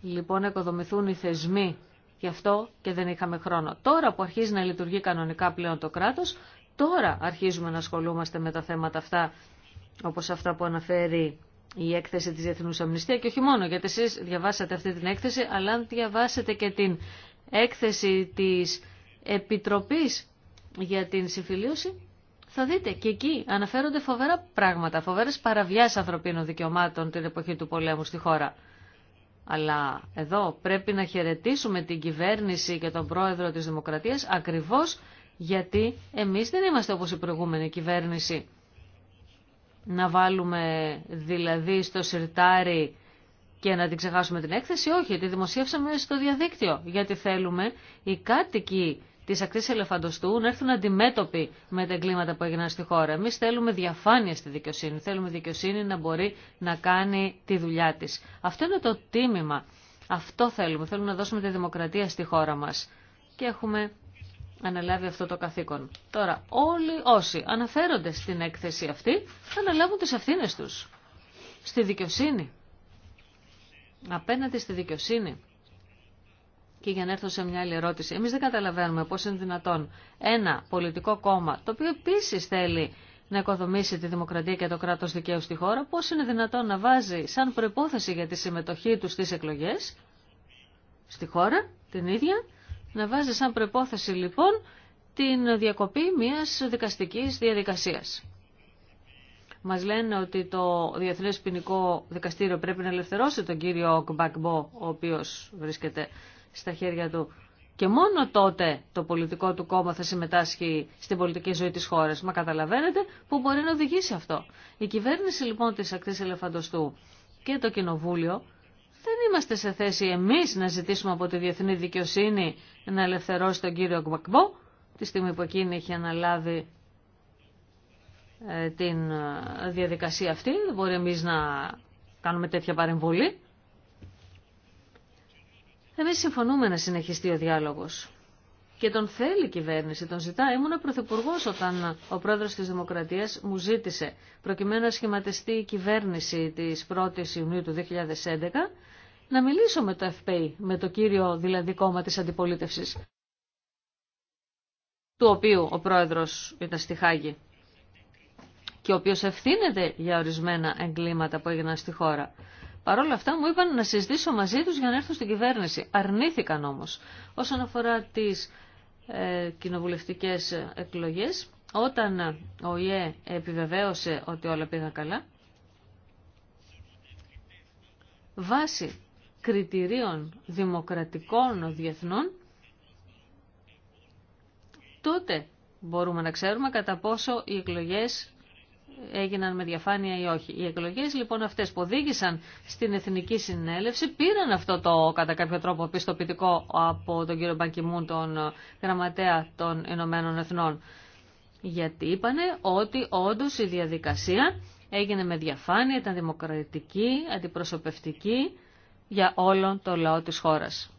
λοιπόν να οικοδομηθούν οι θεσμοί γι' αυτό και δεν είχαμε χρόνο. Τώρα που αρχίζει να λειτουργεί κανονικά πλέον το κράτος, τώρα αρχίζουμε να ασχολούμαστε με τα θέματα αυτά, όπως αυτά που αναφέρει η έκθεση της Διεθνούς Αμνηστία και όχι μόνο, γιατί εσείς διαβάσατε αυτή την έκθεση, αλλά αν διαβάσετε και την έκθεση της Επιτροπής για την Συμφιλίωση, θα δείτε και εκεί αναφέρονται φοβερά πράγματα, φοβέρες παραβιάσεις ανθρωπίνων δικαιωμάτων την εποχή του πολέμου στη χώρα. Αλλά εδώ πρέπει να χαιρετήσουμε την κυβέρνηση και τον πρόεδρο της Δημοκρατίας ακριβώς γιατί εμείς δεν είμαστε όπως η προηγούμενη κυβέρνηση. Να βάλουμε δηλαδή στο σιρτάρι και να την ξεχάσουμε την έκθεση, όχι, τη δημοσίευσαμε στο διαδίκτυο, γιατί θέλουμε οι κάτοικοι τη ακτή ελεφαντοστού να έρθουν αντιμέτωποι με τα εγκλήματα που έγιναν στη χώρα. Εμεί θέλουμε διαφάνεια στη δικαιοσύνη. Θέλουμε δικαιοσύνη να μπορεί να κάνει τη δουλειά τη. Αυτό είναι το τίμημα. Αυτό θέλουμε. Θέλουμε να δώσουμε τη δημοκρατία στη χώρα μα. Και έχουμε αναλάβει αυτό το καθήκον. Τώρα, όλοι όσοι αναφέρονται στην έκθεση αυτή, θα αναλάβουν τι ευθύνε του. Στη δικαιοσύνη. Απέναντι στη δικαιοσύνη. Και για να έρθω σε μια άλλη ερώτηση, εμεί δεν καταλαβαίνουμε πώ είναι δυνατόν ένα πολιτικό κόμμα, το οποίο επίση θέλει να οικοδομήσει τη δημοκρατία και το κράτο δικαίου στη χώρα, πώ είναι δυνατόν να βάζει σαν προπόθεση για τη συμμετοχή του στις εκλογέ στη χώρα την ίδια, να βάζει σαν προπόθεση λοιπόν την διακοπή μια δικαστική διαδικασία. Μας λένε ότι το Διεθνές Ποινικό Δικαστήριο πρέπει να ελευθερώσει τον κύριο Κμπακμπό, ο οποίος βρίσκεται στα χέρια του. Και μόνο τότε το πολιτικό του κόμμα θα συμμετάσχει στην πολιτική ζωή της χώρας. Μα καταλαβαίνετε που μπορεί να οδηγήσει αυτό. Η κυβέρνηση λοιπόν της ακτής ελεφαντοστού και το κοινοβούλιο δεν είμαστε σε θέση εμείς να ζητήσουμε από τη διεθνή δικαιοσύνη να ελευθερώσει τον κύριο Γκμπακμπό τη στιγμή που εκείνη είχε αναλάβει ε, την ε, διαδικασία αυτή. Δεν μπορεί εμείς να κάνουμε τέτοια παρεμβολή. Εμείς συμφωνούμε να συνεχιστεί ο διάλογος. Και τον θέλει η κυβέρνηση, τον ζητά. Ήμουν πρωθυπουργό όταν ο πρόεδρο τη Δημοκρατία μου ζήτησε, προκειμένου να σχηματιστεί η κυβέρνηση τη 1η Ιουνίου του 2011, να μιλήσω με το FPI, με το κύριο δηλαδή κόμμα τη αντιπολίτευση, του οποίου ο πρόεδρο ήταν στη Χάγη και ο οποίο ευθύνεται για ορισμένα εγκλήματα που έγιναν στη χώρα. Παρ' όλα αυτά μου είπαν να συζητήσω μαζί τους για να έρθω στην κυβέρνηση. Αρνήθηκαν όμως. Όσον αφορά τις ε, κοινοβουλευτικές εκλογές, όταν ο ΙΕ επιβεβαίωσε ότι όλα πήγαν καλά, βάσει κριτηρίων δημοκρατικών διεθνών, τότε μπορούμε να ξέρουμε κατά πόσο οι εκλογές έγιναν με διαφάνεια ή όχι. Οι εκλογές λοιπόν αυτές που οδήγησαν στην Εθνική Συνέλευση πήραν αυτό το κατά κάποιο τρόπο πιστοποιητικό από τον κύριο Μπακιμούν, τον γραμματέα των Ηνωμένων Εθνών. Γιατί είπανε ότι όντως η διαδικασία έγινε με διαφάνεια, ήταν δημοκρατική, αντιπροσωπευτική για όλον το λαό της χώρας.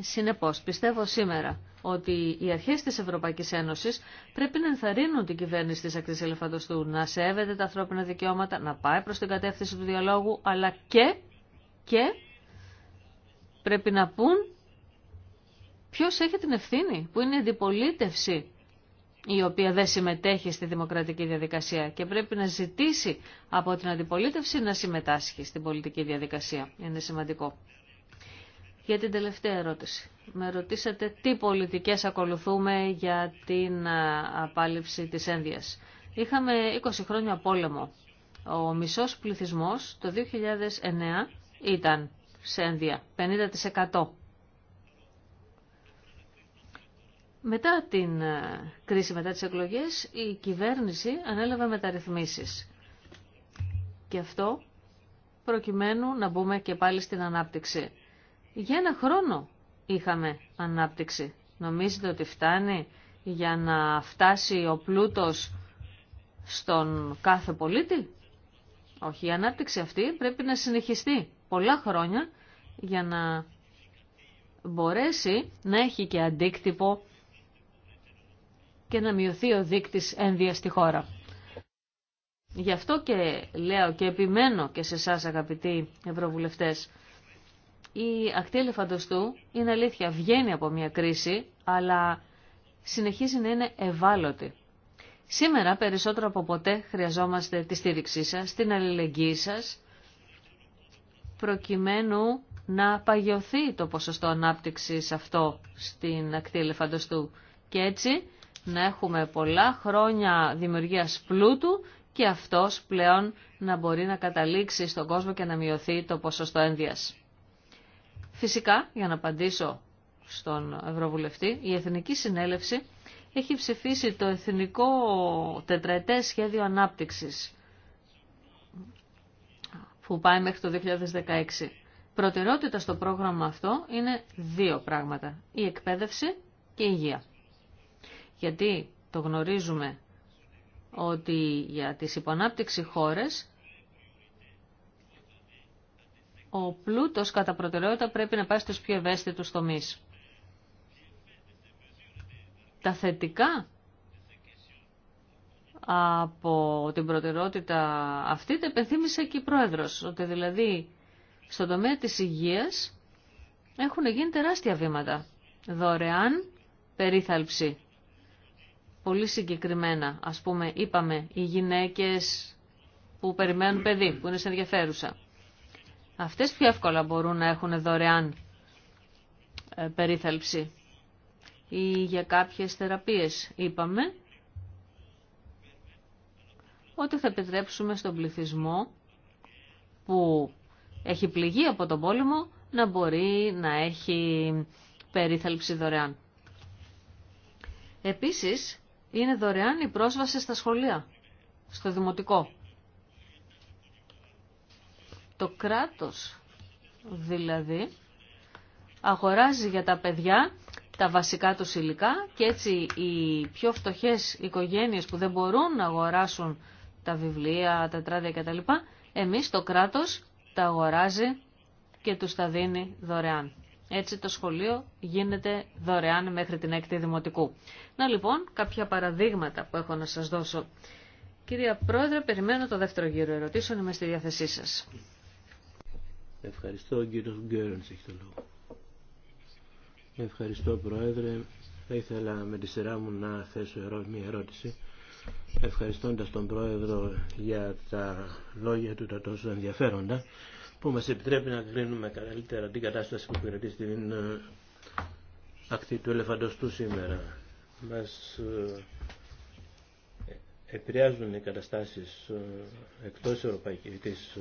Συνεπώς, πιστεύω σήμερα ότι οι αρχές της Ευρωπαϊκής Ένωσης πρέπει να ενθαρρύνουν την κυβέρνηση της ακτής ελεφαντοστού να σέβεται τα ανθρώπινα δικαιώματα, να πάει προς την κατεύθυνση του διαλόγου, αλλά και, και πρέπει να πούν ποιος έχει την ευθύνη, που είναι η αντιπολίτευση η οποία δεν συμμετέχει στη δημοκρατική διαδικασία και πρέπει να ζητήσει από την αντιπολίτευση να συμμετάσχει στην πολιτική διαδικασία. Είναι σημαντικό. Για την τελευταία ερώτηση. Με ρωτήσατε τι πολιτικές ακολουθούμε για την απάλληψη της ένδυας. Είχαμε 20 χρόνια πόλεμο. Ο μισός πληθυσμός το 2009 ήταν σε ένδυα, 50%. Μετά την κρίση, μετά τις εκλογές, η κυβέρνηση ανέλαβε μεταρρυθμίσεις. Και αυτό προκειμένου να μπούμε και πάλι στην ανάπτυξη. Για ένα χρόνο είχαμε ανάπτυξη. Νομίζετε ότι φτάνει για να φτάσει ο πλούτος στον κάθε πολίτη. Όχι, η ανάπτυξη αυτή πρέπει να συνεχιστεί πολλά χρόνια για να μπορέσει να έχει και αντίκτυπο και να μειωθεί ο δείκτης ένδυα στη χώρα. Γι' αυτό και λέω και επιμένω και σε εσά αγαπητοί ευρωβουλευτές, η ακτή ελεφαντοστού είναι αλήθεια, βγαίνει από μια κρίση, αλλά συνεχίζει να είναι ευάλωτη. Σήμερα περισσότερο από ποτέ χρειαζόμαστε τη στήριξή σας, την αλληλεγγύη σας, προκειμένου να παγιωθεί το ποσοστό ανάπτυξης αυτό στην ακτή ελεφαντοστού και έτσι να έχουμε πολλά χρόνια δημιουργίας πλούτου και αυτός πλέον να μπορεί να καταλήξει στον κόσμο και να μειωθεί το ποσοστό ένδυας. Φυσικά, για να απαντήσω στον Ευρωβουλευτή, η Εθνική Συνέλευση έχει ψηφίσει το Εθνικό Τετραετές Σχέδιο Ανάπτυξης που πάει μέχρι το 2016. Προτεραιότητα στο πρόγραμμα αυτό είναι δύο πράγματα. Η εκπαίδευση και η υγεία. Γιατί το γνωρίζουμε ότι για τις υπονάπτυξη χώρες ο πλούτος κατά προτεραιότητα πρέπει να πάει στους πιο ευαίσθητους τομείς. Τα θετικά από την προτεραιότητα αυτή τα επενθύμησε και η Πρόεδρος, ότι δηλαδή στον τομέα της υγείας έχουν γίνει τεράστια βήματα. Δωρεάν περίθαλψη. Πολύ συγκεκριμένα, ας πούμε, είπαμε, οι γυναίκες που περιμένουν παιδί, που είναι σε ενδιαφέρουσα. Αυτές πιο εύκολα μπορούν να έχουν δωρεάν ε, περίθαλψη ή για κάποιες θεραπείες. Είπαμε ότι θα επιτρέψουμε στον πληθυσμό που έχει πληγεί από τον πόλεμο να μπορεί να έχει περίθαλψη δωρεάν. Επίσης, είναι δωρεάν η πρόσβαση στα σχολεία, στο δημοτικό. Το κράτος δηλαδή αγοράζει για τα παιδιά τα βασικά του υλικά και έτσι οι πιο φτωχές οικογένειες που δεν μπορούν να αγοράσουν τα βιβλία, τα τράδια κτλ. Εμείς το κράτος τα αγοράζει και τους τα δίνει δωρεάν. Έτσι το σχολείο γίνεται δωρεάν μέχρι την έκτη δημοτικού. Να λοιπόν κάποια παραδείγματα που έχω να σας δώσω. Κυρία Πρόεδρε, περιμένω το δεύτερο γύρο ερωτήσεων, είμαι στη διάθεσή σας. Ευχαριστώ. κύριε κύριος έχει το λόγο. Ευχαριστώ Πρόεδρε. Θα ήθελα με τη σειρά μου να θέσω μια ερώτηση. Ευχαριστώντας τον Πρόεδρο για τα λόγια του τα τόσο ενδιαφέροντα που μας επιτρέπει να κρίνουμε καλύτερα την κατάσταση που υπηρετεί στην ε, ακτή του ελεφαντοστού σήμερα. Μας ε, επηρεάζουν οι καταστάσεις ε, εκτός Ευρωπαϊκής, της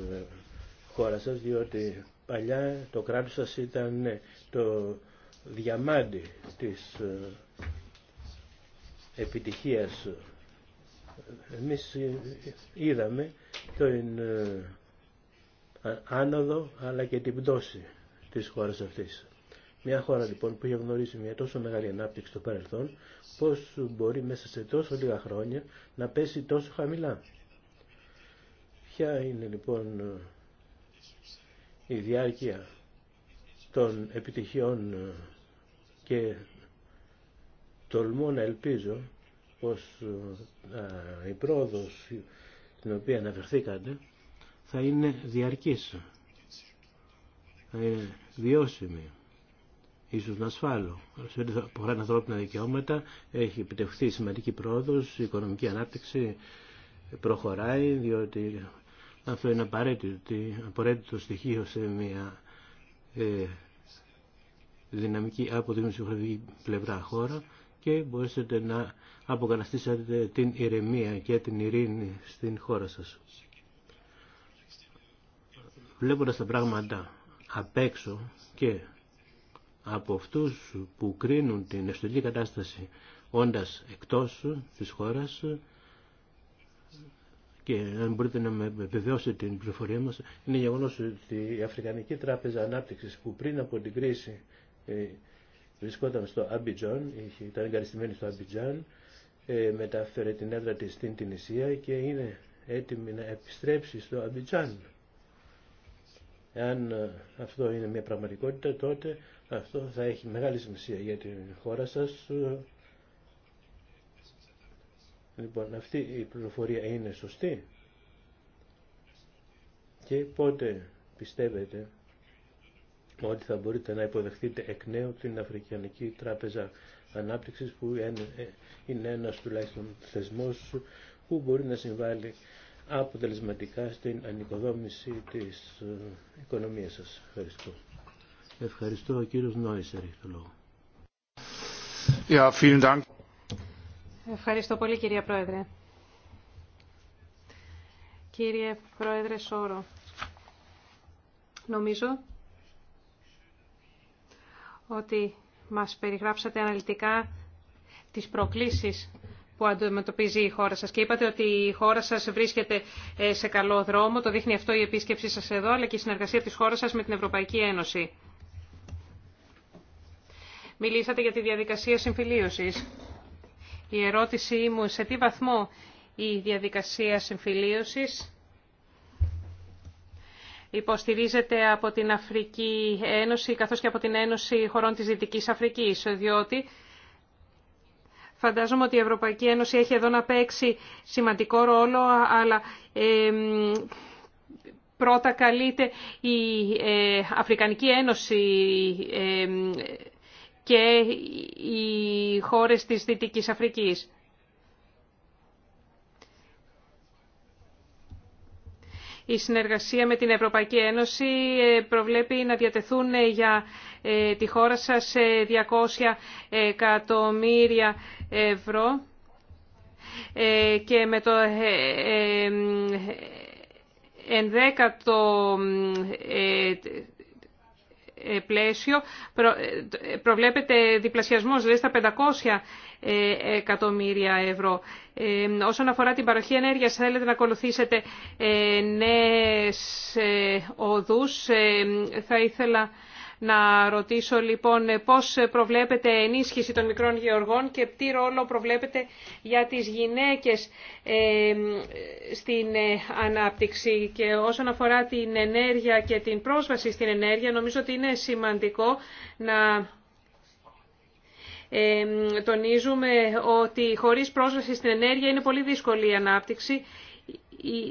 χώρα σας, διότι παλιά το κράτος σας ήταν ναι, το διαμάντι της ε, επιτυχίας. Εμείς ε, είδαμε τον ε, άνοδο αλλά και την πτώση της χώρας αυτής. Μια χώρα λοιπόν που είχε γνωρίσει μια τόσο μεγάλη ανάπτυξη στο παρελθόν, πώς μπορεί μέσα σε τόσο λίγα χρόνια να πέσει τόσο χαμηλά. Ποια είναι λοιπόν η διάρκεια των επιτυχιών ε, και τολμώ να ελπίζω πως ε, ε, η πρόοδος την οποία αναφερθήκατε θα είναι διαρκής, θα είναι βιώσιμη, ίσως να ασφάλω. Σε ό,τι αφορά ανθρώπινα δικαιώματα έχει επιτευχθεί σημαντική πρόοδος, η οικονομική ανάπτυξη προχωράει διότι αυτό είναι απαραίτητο, απαραίτητο στοιχείο σε μια ε, δυναμική από την δημοσιογραφική πλευρά χώρα και μπορέσετε να αποκαταστήσετε την ηρεμία και την ειρήνη στην χώρα σας. Βλέποντας τα πράγματα απ' έξω και από αυτούς που κρίνουν την εσωτερική κατάσταση όντας εκτός της χώρας, και αν μπορείτε να με βεβαιώσετε την πληροφορία μας, είναι γεγονό ότι η Αφρικανική Τράπεζα Ανάπτυξης που πριν από την κρίση ε, βρισκόταν στο Αμπιτζάν, ήταν εγκαριστημένη στο Αμπιτζάν, ε, μετάφερε την έδρα της στην Τινησία και είναι έτοιμη να επιστρέψει στο Αμπιτζάν. Εάν αυτό είναι μια πραγματικότητα, τότε αυτό θα έχει μεγάλη σημασία για την χώρα σας ε, Λοιπόν, αυτή η πληροφορία είναι σωστή και πότε πιστεύετε ότι θα μπορείτε να υποδεχτείτε εκ νέου την Αφρικανική Τράπεζα Ανάπτυξης που είναι ε, ένας τουλάχιστον θεσμός που μπορεί να συμβάλλει αποτελεσματικά στην ανοικοδόμηση της ε, οικονομίας σας. Ευχαριστώ. Ευχαριστώ. Ο κύριος Νόησερ Ευχαριστώ πολύ κυρία Πρόεδρε. Κύριε Πρόεδρε Σόρο, νομίζω ότι μας περιγράψατε αναλυτικά τις προκλήσεις που αντιμετωπίζει η χώρα σας και είπατε ότι η χώρα σας βρίσκεται ε, σε καλό δρόμο, το δείχνει αυτό η επίσκεψή σας εδώ, αλλά και η συνεργασία της χώρας σας με την Ευρωπαϊκή Ένωση. Μιλήσατε για τη διαδικασία συμφιλίωσης. Η ερώτησή μου σε τι βαθμό η διαδικασία συμφιλίωσης υποστηρίζεται από την Αφρική Ένωση καθώς και από την Ένωση χωρών της Δυτικής Αφρικής, διότι φαντάζομαι ότι η Ευρωπαϊκή Ένωση έχει εδώ να παίξει σημαντικό ρόλο, αλλά πρώτα καλείται η ε, Αφρικανική Ένωση και οι χώρες της Δυτικής Αφρικής. Η συνεργασία με την Ευρωπαϊκή Ένωση ε, προβλέπει να διατεθούν ε, για ε, τη χώρα σας 200 εκατομμύρια ευρώ και με το ενδέκατο πλαίσιο ε, ε, προβλέπεται διπλασιασμός, δηλαδή στα 500 ε, εκατομμύρια ευρώ. Όσον αφορά την παροχή ενέργειας, θέλετε να ακολουθήσετε νέες οδούς. Θα ήθελα να ρωτήσω λοιπόν πώς προβλέπετε ενίσχυση των μικρών γεωργών και τι ρόλο προβλέπετε για τις γυναίκες ε, στην ε, ανάπτυξη. Και όσον αφορά την ενέργεια και την πρόσβαση στην ενέργεια, νομίζω ότι είναι σημαντικό να ε, τονίζουμε ότι χωρίς πρόσβαση στην ενέργεια είναι πολύ δύσκολη η ανάπτυξη.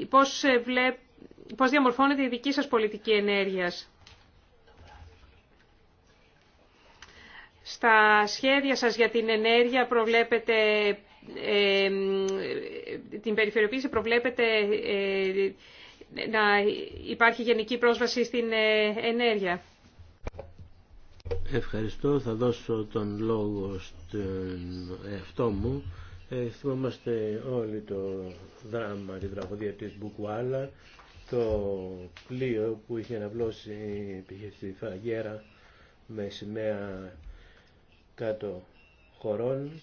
Πώς, βλέπ... πώς διαμορφώνεται η δική σας πολιτική ενέργειας. Στα σχέδια σας για την ενέργεια προβλέπετε ε, την περιφερειοποίηση προβλέπετε ε, να υπάρχει γενική πρόσβαση στην ε, ενέργεια. Ευχαριστώ. Θα δώσω τον λόγο στον εαυτό μου. Ε, θυμόμαστε όλοι το δράμα, τη τραγωδία της Μπουκουάλα, το πλοίο που είχε αναβλώσει πήγε στη Φαγέρα με σημαία κάτω χωρών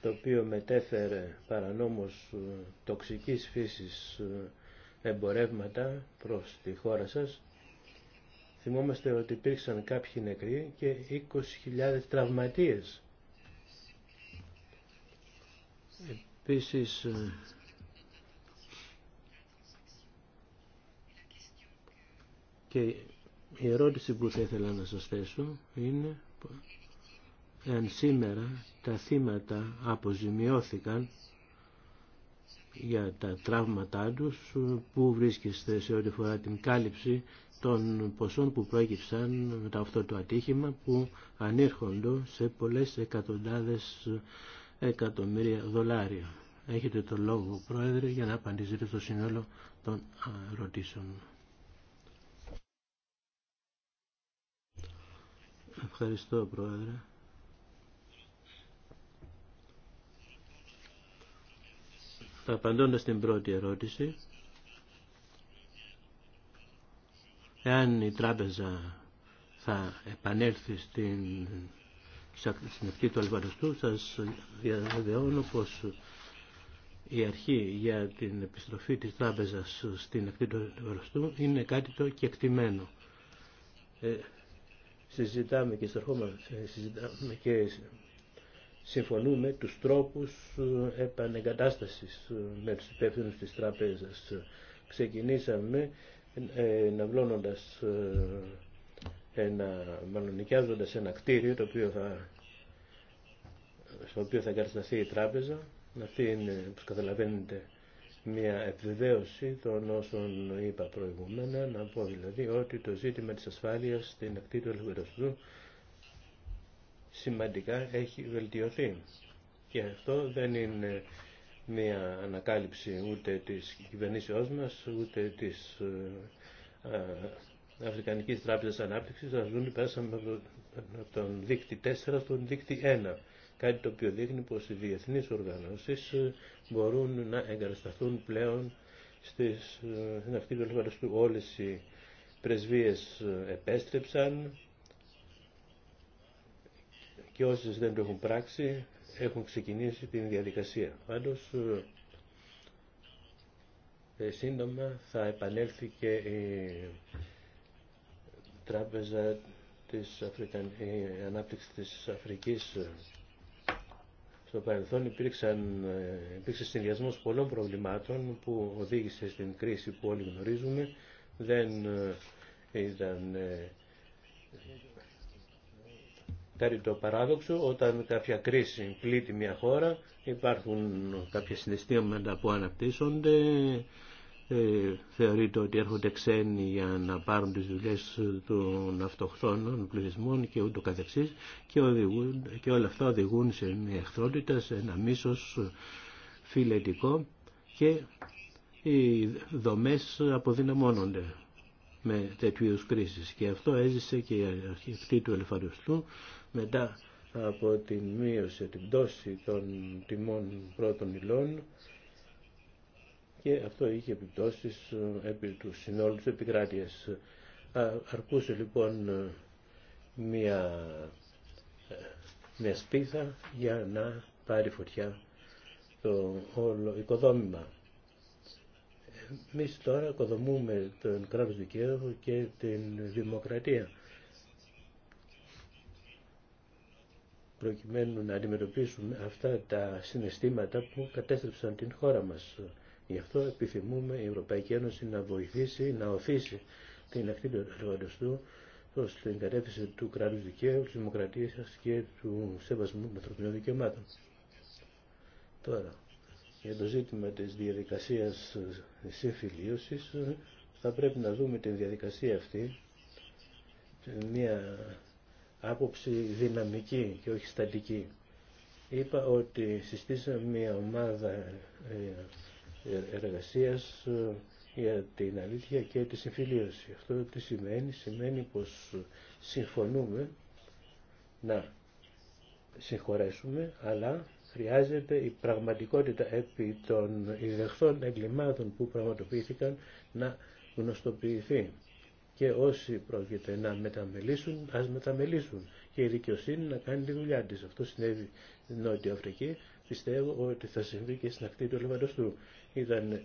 το οποίο μετέφερε παρανόμως ε, τοξικής φύσης ε, εμπορεύματα προς τη χώρα σας. Θυμόμαστε ότι υπήρξαν κάποιοι νεκροί και 20.000 τραυματίες. Επίσης, ε, και η ερώτηση που θα ήθελα να σας θέσω είναι εάν σήμερα τα θύματα αποζημιώθηκαν για τα τραύματά τους που βρίσκεστε σε ό,τι φορά την κάλυψη των ποσών που προέκυψαν μετά αυτό το ατύχημα που ανήρχονται σε πολλές εκατοντάδες εκατομμύρια δολάρια. Έχετε το λόγο, Πρόεδρε, για να απαντήσετε στο σύνολο των ερωτήσεων. Ευχαριστώ, Πρόεδρε. Απαντώντας την πρώτη ερώτηση, εάν η τράπεζα θα επανέλθει στην αρχή του Αλβαριστού, σας διαβεβαιώνω πως η αρχή για την επιστροφή της τράπεζας στην ακτή του είναι κάτι το κεκτημένο. Ε, συζητάμε και ε, συζητάμε και συμφωνούμε τους τρόπους ε, επανεγκατάστασης ε, με τους υπεύθυνους της τραπέζας. Ξεκινήσαμε εναυλώνοντας ένα, μάλλον ένα κτίριο το οποίο θα, στο οποίο θα εγκατασταθεί η τράπεζα. Αυτή είναι, όπως καταλαβαίνετε, μια επιβεβαίωση των όσων είπα προηγούμενα, να πω δηλαδή ότι το ζήτημα της ασφάλειας στην ακτή του ελευθερωστού σημαντικά έχει βελτιωθεί. Και αυτό δεν είναι μια ανακάλυψη ούτε της κυβερνήσεώς μας, ούτε της ε, ε, Αφρικανικής Τράπεζας Ανάπτυξης. Ας δούμε, πέρασαμε από τον δίκτυ 4 στον δίκτυ 1 κάτι το οποίο δείχνει πως οι διεθνείς οργανώσεις ε, μπορούν να εγκατασταθούν πλέον στις, ε, στην αυτή του όλες οι πρεσβείες ε, επέστρεψαν και όσε δεν το έχουν πράξει έχουν ξεκινήσει την διαδικασία. Πάντως σύντομα θα επανέλθει και η τράπεζα της Αφρικαν... η ανάπτυξη της Αφρικής στο παρελθόν υπήρξαν, ε, υπήρξε συνδυασμό πολλών προβλημάτων που οδήγησε στην κρίση που όλοι γνωρίζουμε. Δεν ε, ήταν ε, κάτι το παράδοξο. Όταν κάποια κρίση πλήττει μια χώρα υπάρχουν κάποια συναισθήματα που αναπτύσσονται ε, θεωρείται ότι έρχονται ξένοι για να πάρουν τις δουλειές των αυτοχθόνων πληθυσμών και ούτω καθεξής και, και όλα αυτά οδηγούν σε μια εχθρότητα, σε ένα μίσος φιλετικό και οι δομές αποδυναμώνονται με τέτοιου είδους κρίσεις και αυτό έζησε και η αρχιευτή του Ελεφαριστού μετά από την μείωση, την πτώση των τιμών πρώτων υλών και αυτό είχε επιπτώσεις ε, επί του συνόλου της επικράτειας. Ε, αρκούσε λοιπόν ε, μια, μια σπίθα για να πάρει φωτιά το όλο οικοδόμημα. Εμεί τώρα οικοδομούμε τον κράτος δικαίου και την δημοκρατία προκειμένου να αντιμετωπίσουμε αυτά τα συναισθήματα που κατέστρεψαν την χώρα μας. Γι' αυτό επιθυμούμε η Ευρωπαϊκή Ένωση να βοηθήσει, να οθήσει την ακτή του εργοδοστού προ την κατεύθυνση του κράτου δικαίου, τη δημοκρατία και του σεβασμού των ανθρωπινών δικαιωμάτων. Τώρα, για το ζήτημα της διαδικασίας της θα πρέπει να δούμε τη διαδικασία αυτή μια άποψη δυναμική και όχι στατική. Είπα ότι συστήσαμε μια ομάδα ε, εργασίας ε, για την αλήθεια και τη συμφιλίωση. Αυτό τι σημαίνει, σημαίνει πως συμφωνούμε να συγχωρέσουμε, αλλά χρειάζεται η πραγματικότητα επί των ιδεχθών εγκλημάτων που πραγματοποιήθηκαν να γνωστοποιηθεί. Και όσοι πρόκειται να μεταμελήσουν, ας μεταμελήσουν. Και η δικαιοσύνη να κάνει τη δουλειά της. Αυτό συνέβη στην Νότια Αφρική, πιστεύω ότι θα συμβεί και στην ακτή του του. Ήταν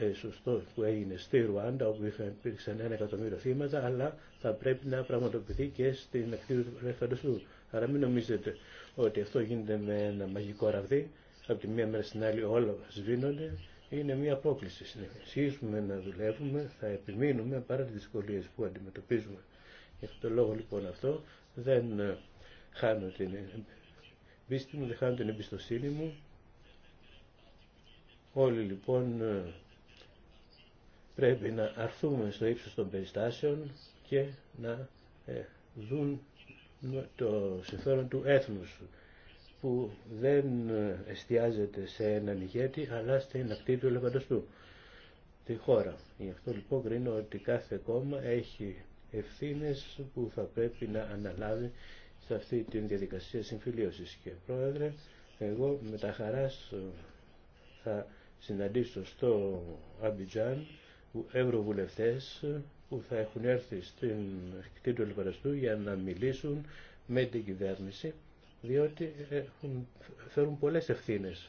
ε, σωστό που έγινε στη Ρουάντα όπου υπήρξαν ένα εκατομμύριο θύματα αλλά θα πρέπει να πραγματοποιηθεί και στην ακτή του Λεβαντοστού. Άρα μην νομίζετε ότι αυτό γίνεται με ένα μαγικό ραβδί, από τη μία μέρα στην άλλη όλα σβήνονται, είναι μια πρόκληση. Συνεχίζουμε να δουλεύουμε, θα επιμείνουμε παρά τις δυσκολίες που αντιμετωπίζουμε. Γι' αυτόν τον λόγο λοιπόν αυτό δεν ε, χάνω την μου, όλοι την εμπιστοσύνη μου. Όλοι λοιπόν ε, πρέπει να αρθούμε στο ύψος των περιστάσεων και να ε, δουν το συμφέρον του έθνους που δεν ε, εστιάζεται σε έναν ηγέτη αλλά στην ακτή του ελεφαντοστού τη χώρα. Γι' αυτό λοιπόν κρίνω ότι κάθε κόμμα έχει ευθύνες που θα πρέπει να αναλάβει σε αυτή τη διαδικασία συμφιλίωσης. Και πρόεδρε, εγώ με τα χαράς ε, θα συναντήσω στο Αμπιτζάν ευρωβουλευτές ε, που θα έχουν έρθει στην του Λιπαραστού για να μιλήσουν με την κυβέρνηση διότι έχουν, φέρουν πολλές ευθύνες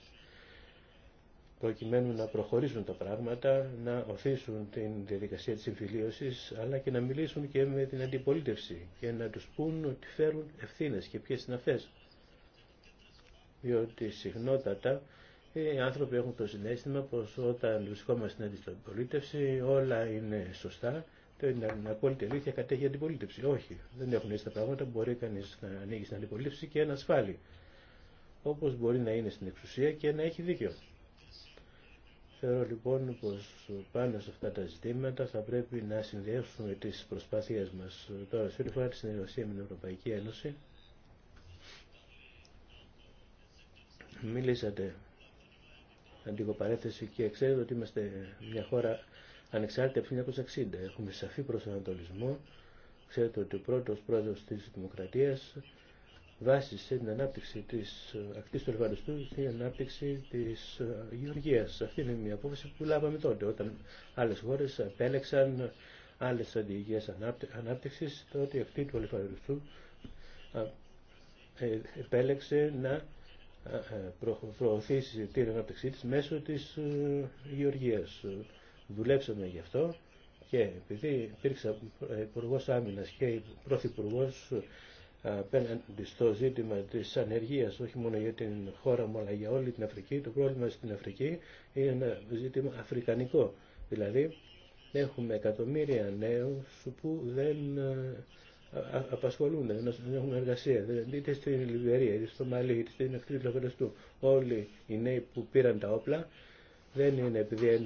προκειμένου να προχωρήσουν τα πράγματα, να οθήσουν την διαδικασία της συμφιλίωσης, αλλά και να μιλήσουν και με την αντιπολίτευση και να τους πούν ότι φέρουν ευθύνες και ποιες είναι αυτές. Διότι συχνότατα ε, οι άνθρωποι έχουν το συνέστημα πως όταν βρισκόμαστε στην αντιπολίτευση όλα είναι σωστά, το είναι απόλυτη αλήθεια κατέχει αντιπολίτευση. Όχι, δεν έχουν έτσι τα πράγματα, μπορεί κανείς να ανοίγει στην αντιπολίτευση και να ασφάλει. Όπως μπορεί να είναι στην εξουσία και να έχει δίκιο. Θεωρώ λοιπόν πως πάνω σε αυτά τα ζητήματα θα πρέπει να συνδυάσουμε τις προσπάθειές μας. Τώρα, σε ό,τι τη συνεργασία με την Ευρωπαϊκή Ένωση, μιλήσατε αντίγο παρέθεση και ξέρετε ότι είμαστε μια χώρα ανεξάρτητη από το 1960. Έχουμε σαφή προσανατολισμό. Ξέρετε ότι ο πρώτος πρόεδρος της Δημοκρατίας βάσει την ανάπτυξη της ε, ακτής του και στην ανάπτυξη της ε, Γεωργίας. Αυτή είναι μια απόφαση που λάβαμε τότε, όταν άλλες χώρες επέλεξαν άλλες στρατηγικές ανάπτυξης, τότε ακτή του Ελβανιστού ε, επέλεξε να προωθήσει την ανάπτυξή της μέσω της Γεωργίας. Δουλέψαμε γι' αυτό και επειδή υπήρξα υπουργό άμυνα και πρωθυπουργό απέναντι στο ζήτημα της ανεργίας, όχι μόνο για την χώρα μου, αλλά για όλη την Αφρική. Το πρόβλημα στην Αφρική είναι ένα ζήτημα αφρικανικό. Δηλαδή, έχουμε εκατομμύρια νέους που δεν ε, απασχολούνται, δεν έχουν εργασία, είτε στην Λιβερία, είτε στο Μαλί, είτε στην του Όλοι οι νέοι που πήραν τα όπλα δεν είναι επειδή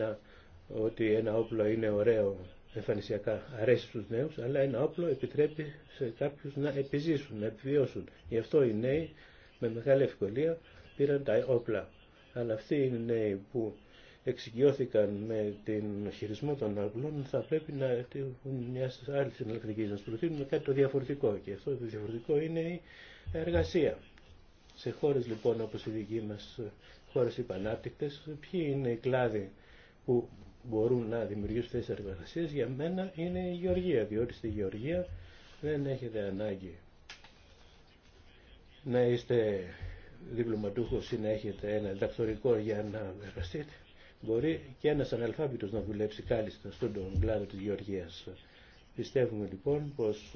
ότι ένα όπλο είναι ωραίο εμφανισιακά αρέσει στους νέους, αλλά ένα όπλο επιτρέπει σε κάποιους να επιζήσουν, να επιβιώσουν. Γι' αυτό οι νέοι με μεγάλη ευκολία πήραν τα όπλα. Αλλά αυτοί οι νέοι που εξοικειώθηκαν με τον χειρισμό των όπλων θα πρέπει να έχουν μια άλλη συναλλακτική να προτείνουμε κάτι το διαφορετικό. Και αυτό το διαφορετικό είναι η εργασία. Σε χώρες λοιπόν όπως η δική μας χώρες υπανάπτυκτες, ποιοι είναι οι κλάδοι που μπορούν να δημιουργήσουν θέσει εργασία για μένα είναι η γεωργία, διότι στη γεωργία δεν έχετε ανάγκη να είστε διπλωματούχος ή να έχετε ένα διδακτορικό για να εργαστείτε. Μπορεί και ένας αναλφάβητο να δουλέψει κάλλιστα στον κλάδο τη γεωργίας. Πιστεύουμε λοιπόν πως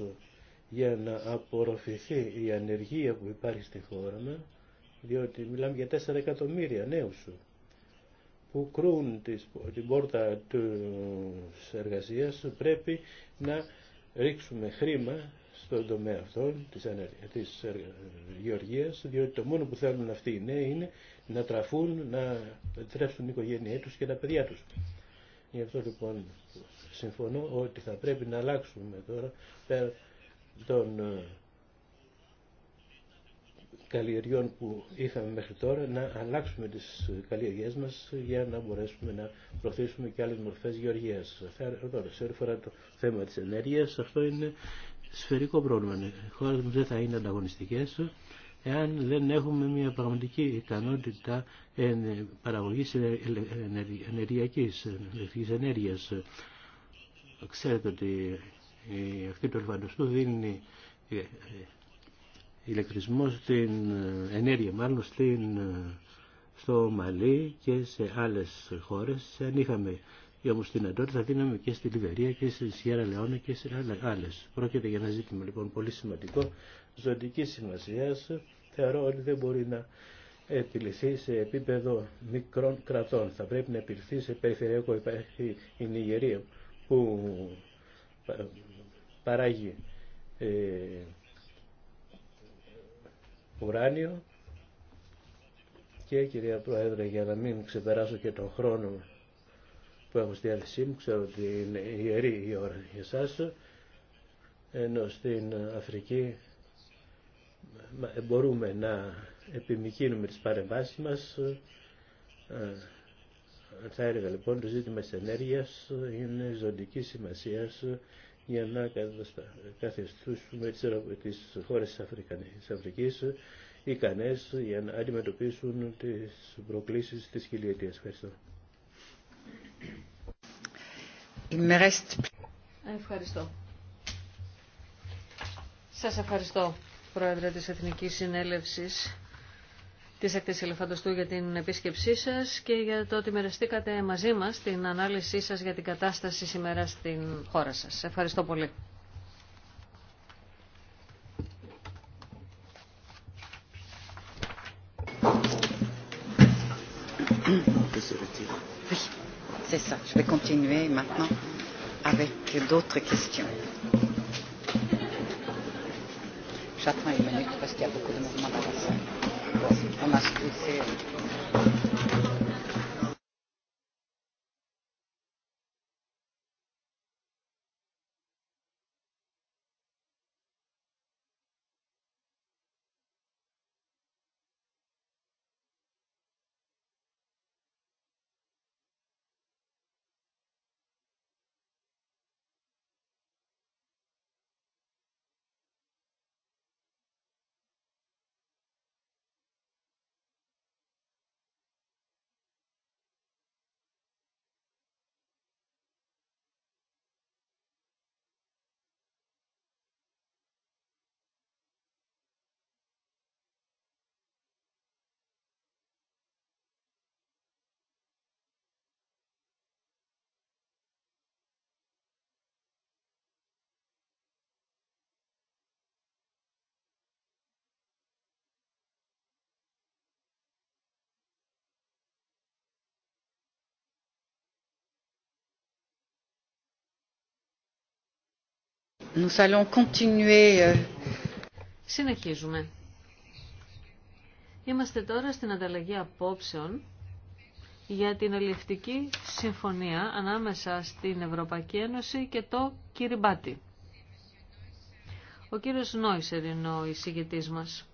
για να απορροφηθεί η ανεργία που υπάρχει στη χώρα μας, διότι μιλάμε για 4 εκατομμύρια νέους που κρούν την πόρτα του εργασίας πρέπει να ρίξουμε χρήμα στον τομέα αυτό της, της γεωργίας, διότι το μόνο που θέλουν αυτοί οι νέοι είναι να τραφούν, να τρέψουν την οικογένειά τους και τα παιδιά τους. Γι' αυτό λοιπόν συμφωνώ ότι θα πρέπει να αλλάξουμε τώρα πέρα των ε, καλλιεργιών που είχαμε μέχρι τώρα να αλλάξουμε τις καλλιεργίες μας για να μπορέσουμε να προωθήσουμε και άλλες μορφές γεωργίας. σε ό,τι φορά το θέμα της ενέργειας, αυτό είναι σφαιρικό πρόβλημα. Ναι, οι χώρες μας δεν θα είναι ανταγωνιστικές εάν δεν έχουμε μια πραγματική ικανότητα παραγωγής ενεργειακής, ενεργειακής Ξέρετε ότι η ακτή του δίνει ε, ε, ηλεκτρισμό στην ε, ενέργεια μάλλον στην, ε, στο Μαλί και σε άλλες χώρες. Αν είχαμε όμως δυνατότητα θα δίναμε και στη Λιβερία και στη Σιέρα Λεόνα και σε άλλες. Πρόκειται για ένα ζήτημα λοιπόν πολύ σημαντικό, ζωτική σημασία. Θεωρώ ότι δεν μπορεί να επιληθεί σε επίπεδο μικρών κρατών. Θα πρέπει να επιληθεί σε περιφερειακό. Υπάρχει η Νιγερία που ε, παράγει ουράνιο και κυρία Πρόεδρε για να μην ξεπεράσω και τον χρόνο που έχω στη διάθεσή μου, ξέρω ότι είναι ιερή η ώρα για εσάς, ενώ στην Αφρική μπορούμε να επιμηκύνουμε τις παρεμβάσεις μας. Ε, θα έλεγα λοιπόν το ζήτημα της ενέργειας είναι ζωντική σημασίας για να καθιστούσουμε τις χώρες της Αφρικής ικανές για να αντιμετωπίσουν τις προκλήσεις της χιλιετίας. Ευχαριστώ. Ευχαριστώ. Σας ευχαριστώ, Πρόεδρε της Εθνικής Συνέλευσης της Εκτής Ελεφαντοστού για την επίσκεψή σας και για το ότι μοιραστήκατε μαζί μας την ανάλυση σας για την κατάσταση σήμερα στην χώρα σας. Ευχαριστώ πολύ. Oui, c'est ça. Je vais continuer maintenant avec d'autres questions. J'attends une minute parce qu'il y a beaucoup de mouvements dans la salle. I must Nous allons continuer. Euh. Συνεχίζουμε. Είμαστε τώρα στην ανταλλαγή απόψεων για την Ελληνική Συμφωνία ανάμεσα στην Ευρωπαϊκή Ένωση και το Κυριμπάτι. Ο κύριος Νόισερ είναι ο εισηγητής μας.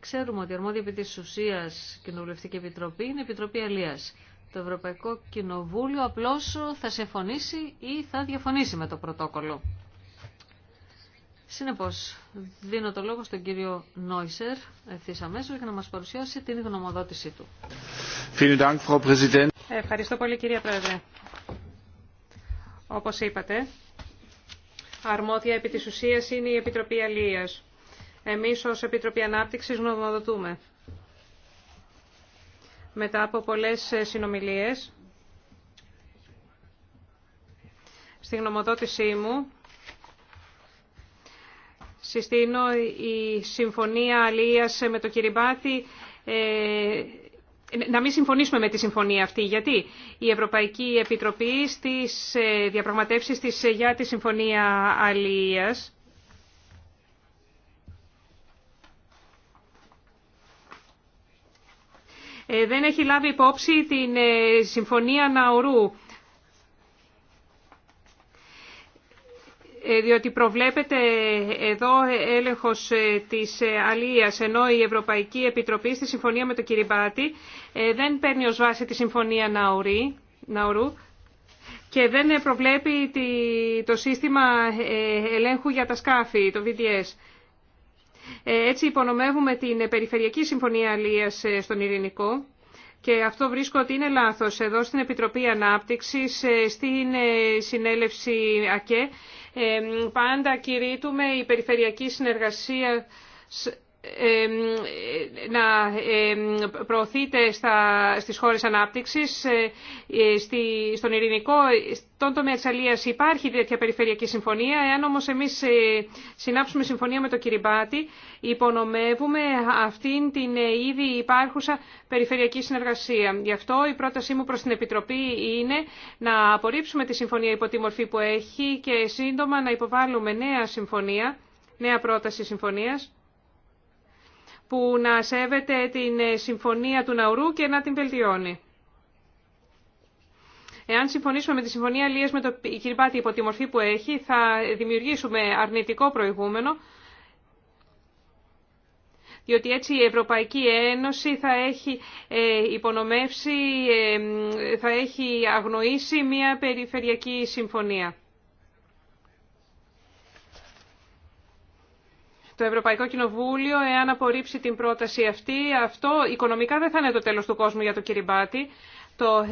Ξέρουμε ότι η αρμόδια επί της ουσίας Κοινοβουλευτική Επιτροπή είναι η Επιτροπή Αλίας. Το Ευρωπαϊκό Κοινοβούλιο απλώς θα συμφωνήσει ή θα διαφωνήσει με το πρωτόκολλο. Συνεπώς, δίνω το λόγο στον κύριο Νόισερ ευθύς αμέσως για να μας παρουσιάσει την γνωμοδότησή του. Ευχαριστώ πολύ κυρία Πρόεδρε. Όπως είπατε, αρμόδια επί της ουσίας είναι η Επιτροπή Αλίας. Εμείς ως Επιτροπή Ανάπτυξης γνωμοδοτούμε μετά από πολλές ε, συνομιλίες. Στη γνωμοδότησή μου συστήνω η συμφωνία αλίας με το ε, να μην συμφωνήσουμε με τη συμφωνία αυτή. Γιατί η Ευρωπαϊκή Επιτροπή στις ε, διαπραγματεύσεις της ε, για τη Συμφωνία Αλίας Ε, δεν έχει λάβει υπόψη την ε, συμφωνία Ναουρού. Ε, διότι προβλέπεται εδώ έλεγχος της αλίας, ενώ η Ευρωπαϊκή Επιτροπή στη συμφωνία με το Κυριμπάτη δεν παίρνει ως βάση τη συμφωνία Ναουρού και δεν προβλέπει το σύστημα ελέγχου για τα σκάφη, το VDS. Ε, έτσι υπονομεύουμε την Περιφερειακή Συμφωνία Αλίας ε, στον Ειρηνικό. Και αυτό βρίσκω ότι είναι λάθος. Εδώ στην Επιτροπή Ανάπτυξης, ε, στην συνέλευση ΑΚΕ, πάντα κηρύττουμε η περιφερειακή συνεργασία να προωθείται στα, στις χώρες ανάπτυξης, ε, ε, στη, στον ειρηνικό, στον τομέα της Αλίας υπάρχει τέτοια περιφερειακή συμφωνία. Εάν όμως εμείς ε, συνάψουμε συμφωνία με το Κυριμπάτι, υπονομεύουμε αυτήν την ήδη υπάρχουσα περιφερειακή συνεργασία. Γι' αυτό η πρότασή μου προς την Επιτροπή είναι να απορρίψουμε τη συμφωνία υπό τη μορφή που έχει και σύντομα να υποβάλουμε νέα συμφωνία, νέα πρόταση συμφωνίας που να σέβεται την ε, συμφωνία του Ναουρού και να την βελτιώνει. Εάν συμφωνήσουμε με τη Συμφωνία Λία με το Κυριμπάτι υπό τη μορφή που έχει, θα δημιουργήσουμε αρνητικό προηγούμενο, διότι έτσι η Ευρωπαϊκή Ένωση θα έχει ε, υπονομεύσει, ε, θα έχει αγνοήσει μια περιφερειακή συμφωνία. το Ευρωπαϊκό Κοινοβούλιο, εάν απορρίψει την πρόταση αυτή, αυτό οικονομικά δεν θα είναι το τέλος του κόσμου για το Κυριμπάτη. Το 1%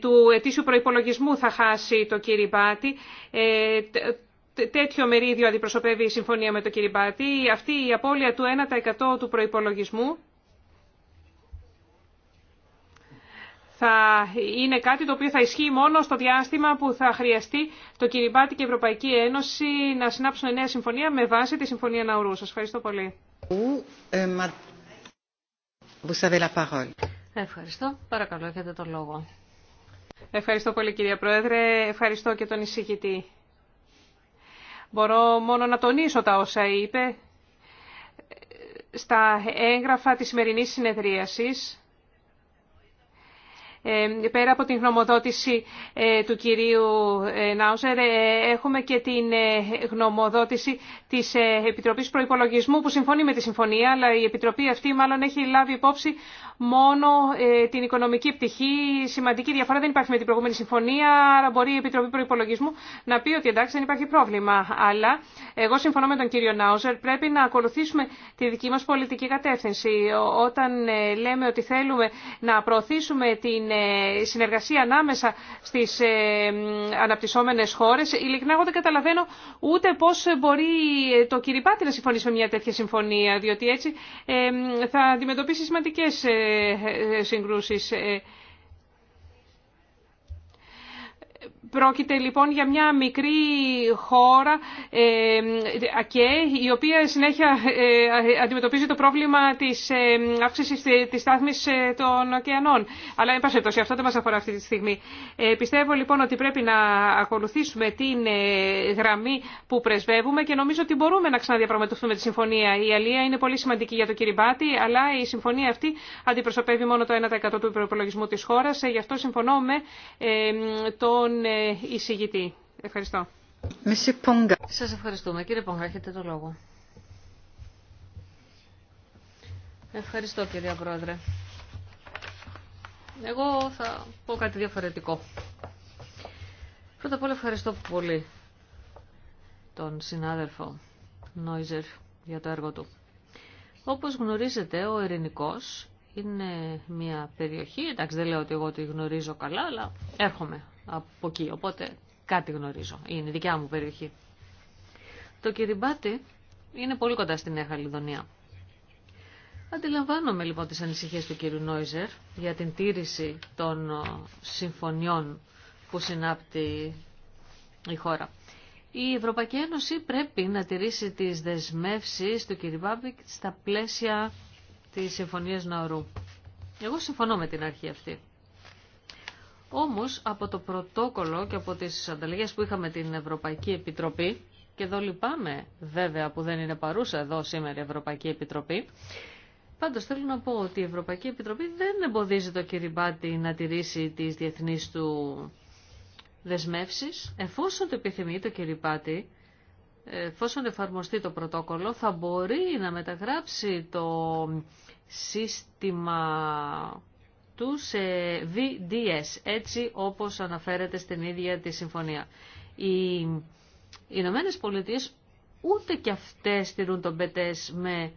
του ετήσιου προϋπολογισμού θα χάσει το Κυριμπάτη. Ε, τέτοιο μερίδιο αντιπροσωπεύει η συμφωνία με το Κυριμπάτη. Αυτή η απώλεια του 1% του προϋπολογισμού θα είναι κάτι το οποίο θα ισχύει μόνο στο διάστημα που θα χρειαστεί το Κυριμπάτι και η Ευρωπαϊκή Ένωση να συνάψουν νέα συμφωνία με βάση τη Συμφωνία Ναουρού. Σας ευχαριστώ πολύ. Ευχαριστώ. Παρακαλώ, έχετε τον λόγο. Ευχαριστώ πολύ κυρία Πρόεδρε. Ευχαριστώ και τον εισηγητή. Μπορώ μόνο να τονίσω τα όσα είπε στα έγγραφα της σημερινής συνεδρίασης. Ε, πέρα από την γνωμοδότηση ε, του κυρίου ε, Νάουζερ, έχουμε και την γνωμοδότηση της Επιτροπής Προϋπολογισμού που συμφωνεί με τη συμφωνία, αλλά η Επιτροπή αυτή μάλλον έχει λάβει υπόψη μόνο ε, την οικονομική πτυχή. Σημαντική διαφορά δεν υπάρχει με την προηγούμενη συμφωνία, άρα μπορεί η Επιτροπή Προπολογισμού να πει ότι εντάξει δεν υπάρχει πρόβλημα. Αλλά εγώ συμφωνώ με τον κύριο Νάουζερ, πρέπει να ακολουθήσουμε τη δική μα πολιτική κατεύθυνση. Όταν ε, λέμε ότι θέλουμε να προωθήσουμε την ε, συνεργασία ανάμεσα στι αναπτυσσόμενε χώρε, ειλικρινά εγώ δεν καταλαβαίνω ούτε πώ μπορεί το κυριπάτι να συμφωνήσει με μια τέτοια συμφωνία, διότι έτσι θα αντιμετωπίσει σημαντικέ ε, ε, ε, συγκρούσεις. Πρόκειται λοιπόν για μια μικρή χώρα ε, ΑΚΕ η οποία συνέχεια ε, αντιμετωπίζει το πρόβλημα της ε, αύξησης της στάθμης ε, των ωκεανών. Αλλά εν πάση αυτό δεν μας αφορά αυτή τη στιγμή. Ε, πιστεύω λοιπόν ότι πρέπει να ακολουθήσουμε την ε, γραμμή που πρεσβεύουμε και νομίζω ότι μπορούμε να ξαναδιαπραγματευτούμε τη συμφωνία. Η αλία είναι πολύ σημαντική για το Κυριμπάτι, αλλά η συμφωνία αυτή αντιπροσωπεύει μόνο το 1% του υπεροπολογισμού της χώρας. Γι' αυτό συμφωνώ με τον εισηγητή. Ευχαριστώ. Σας ευχαριστούμε. Κύριε Πόγκα, έχετε το λόγο. Ευχαριστώ κυρία Πρόεδρε. Εγώ θα πω κάτι διαφορετικό. Πρώτα απ' όλα ευχαριστώ πολύ τον συνάδελφο Νόιζερ για το έργο του. Όπως γνωρίζετε, ο Ερηνικός είναι μια περιοχή, εντάξει δεν λέω ότι εγώ τη γνωρίζω καλά, αλλά έρχομαι από εκεί. Οπότε κάτι γνωρίζω. Είναι δικιά μου περιοχή. Το Κυριμπάτι είναι πολύ κοντά στην Νέα Χαλιδονία. Αντιλαμβάνομαι λοιπόν τις ανησυχίες του κύριου Νόιζερ για την τήρηση των ε, συμφωνιών που συνάπτει η χώρα. Η Ευρωπαϊκή Ένωση πρέπει να τηρήσει τις δεσμεύσεις του Κυριμπάμπη στα πλαίσια της Συμφωνίας Ναουρού. Εγώ συμφωνώ με την αρχή αυτή. Όμως από το πρωτόκολλο και από τις ανταλλαγές που είχαμε την Ευρωπαϊκή Επιτροπή, και εδώ λυπάμαι βέβαια που δεν είναι παρούσα εδώ σήμερα η Ευρωπαϊκή Επιτροπή, Πάντως θέλω να πω ότι η Ευρωπαϊκή Επιτροπή δεν εμποδίζει το κυριμπάτι να τηρήσει τις διεθνείς του δεσμεύσεις. Εφόσον το επιθυμεί το κυριμπάτι, εφόσον εφαρμοστεί το πρωτόκολλο, θα μπορεί να μεταγράψει το σύστημα του σε VDS, έτσι όπως αναφέρεται στην ίδια τη συμφωνία. Οι Ηνωμένε Πολιτείε ούτε και αυτές στηρούν τον ΠΕΤΕΣ με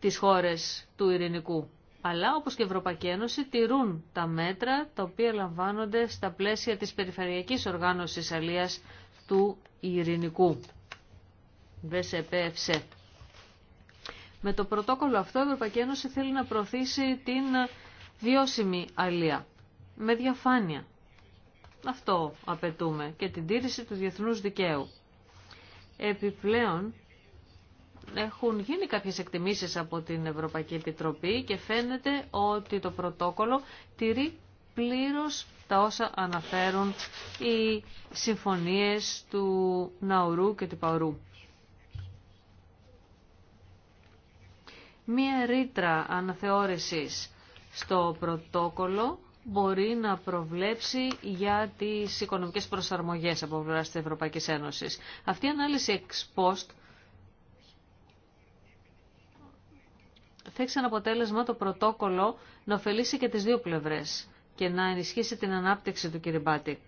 τις χώρες του ειρηνικού. Αλλά όπως και η Ευρωπαϊκή Ένωση τηρούν τα μέτρα τα οποία λαμβάνονται στα πλαίσια της Περιφερειακής Οργάνωσης Αλίας του Ειρηνικού. Με το πρωτόκολλο αυτό η Ευρωπαϊκή Ένωση θέλει να προωθήσει την βιώσιμη αλία, με διαφάνεια. Αυτό απαιτούμε και την τήρηση του διεθνούς δικαίου. Επιπλέον, έχουν γίνει κάποιες εκτιμήσεις από την Ευρωπαϊκή Επιτροπή και φαίνεται ότι το πρωτόκολλο τηρεί πλήρως τα όσα αναφέρουν οι συμφωνίες του Ναουρού και του Παουρού. Μία ρήτρα αναθεώρησης στο πρωτόκολλο μπορεί να προβλέψει για τις οικονομικές προσαρμογές από πλευρά της Ευρωπαϊκής Ένωσης. Αυτή η ανάλυση ex post θα έχει σαν αποτέλεσμα το πρωτόκολλο να ωφελήσει και τις δύο πλευρές και να ενισχύσει την ανάπτυξη του Κυριμπάτη.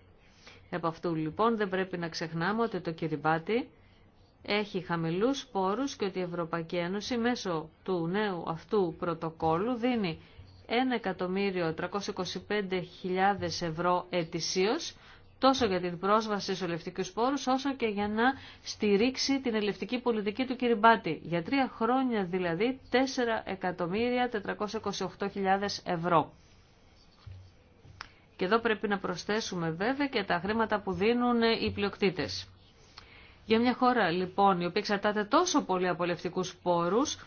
Επ' αυτού λοιπόν δεν πρέπει να ξεχνάμε ότι το Κυριμπάτη έχει χαμηλούς πόρους και ότι η Ευρωπαϊκή Ένωση μέσω του νέου αυτού πρωτοκόλλου δίνει 1.325.000 ευρώ ετησίως, τόσο για την πρόσβαση στους ελευτικούς πόρους, όσο και για να στηρίξει την ελευτική πολιτική του Κυριμπάτη. Για τρία χρόνια δηλαδή 4.428.000 ευρώ. Και εδώ πρέπει να προσθέσουμε βέβαια και τα χρήματα που δίνουν οι πλειοκτήτες. Για μια χώρα λοιπόν η οποία εξαρτάται τόσο πολύ από ελευτικούς πόρους,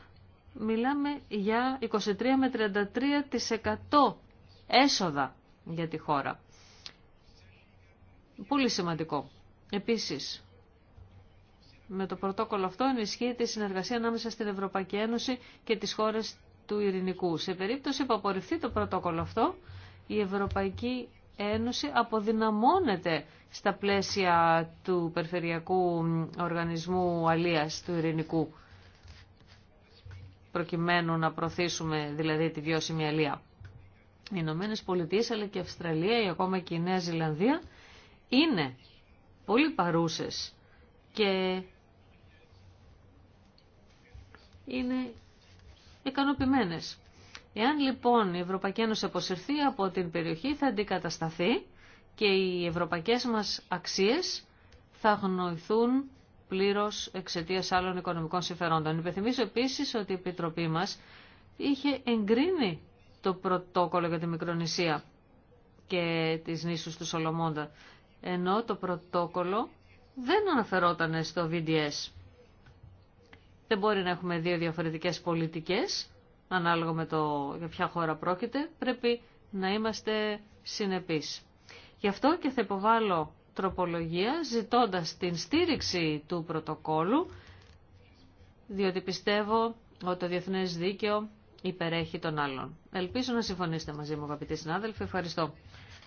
μιλάμε για 23 με 33% έσοδα για τη χώρα. Πολύ σημαντικό. Επίσης, με το πρωτόκολλο αυτό ενισχύεται η συνεργασία ανάμεσα στην Ευρωπαϊκή Ένωση και τις χώρες του Ειρηνικού. Σε περίπτωση που απορριφθεί το πρωτόκολλο αυτό, η Ευρωπαϊκή Ένωση αποδυναμώνεται στα πλαίσια του Περιφερειακού Οργανισμού Αλίας του Ειρηνικού προκειμένου να προωθήσουμε δηλαδή τη βιώσιμη αλία. Οι Ηνωμένε Πολιτείε αλλά και η Αυστραλία ή ακόμα και η Νέα Ζηλανδία είναι πολύ παρούσες και είναι ικανοποιημένε. Εάν λοιπόν η Ευρωπαϊκή Ένωση αποσυρθεί από την περιοχή θα αντικατασταθεί και οι ευρωπαϊκές μας αξίες θα γνωριθούν Πλήρω εξαιτία άλλων οικονομικών συμφερόντων. Υπενθυμίζω επίσης ότι η Επιτροπή μας είχε εγκρίνει το πρωτόκολλο για τη Μικρονησία και τις νήσους του Σολομώντα, ενώ το πρωτόκολλο δεν αναφερόταν στο VDS. Δεν μπορεί να έχουμε δύο διαφορετικές πολιτικές, ανάλογα με το για ποια χώρα πρόκειται, πρέπει να είμαστε συνεπείς. Γι' αυτό και θα υποβάλω τροπολογία ζητώντας την στήριξη του πρωτοκόλου, διότι πιστεύω ότι το διεθνές δίκαιο υπερέχει των άλλων. Ελπίζω να συμφωνήσετε μαζί μου, αγαπητοί συνάδελφοι. Ευχαριστώ.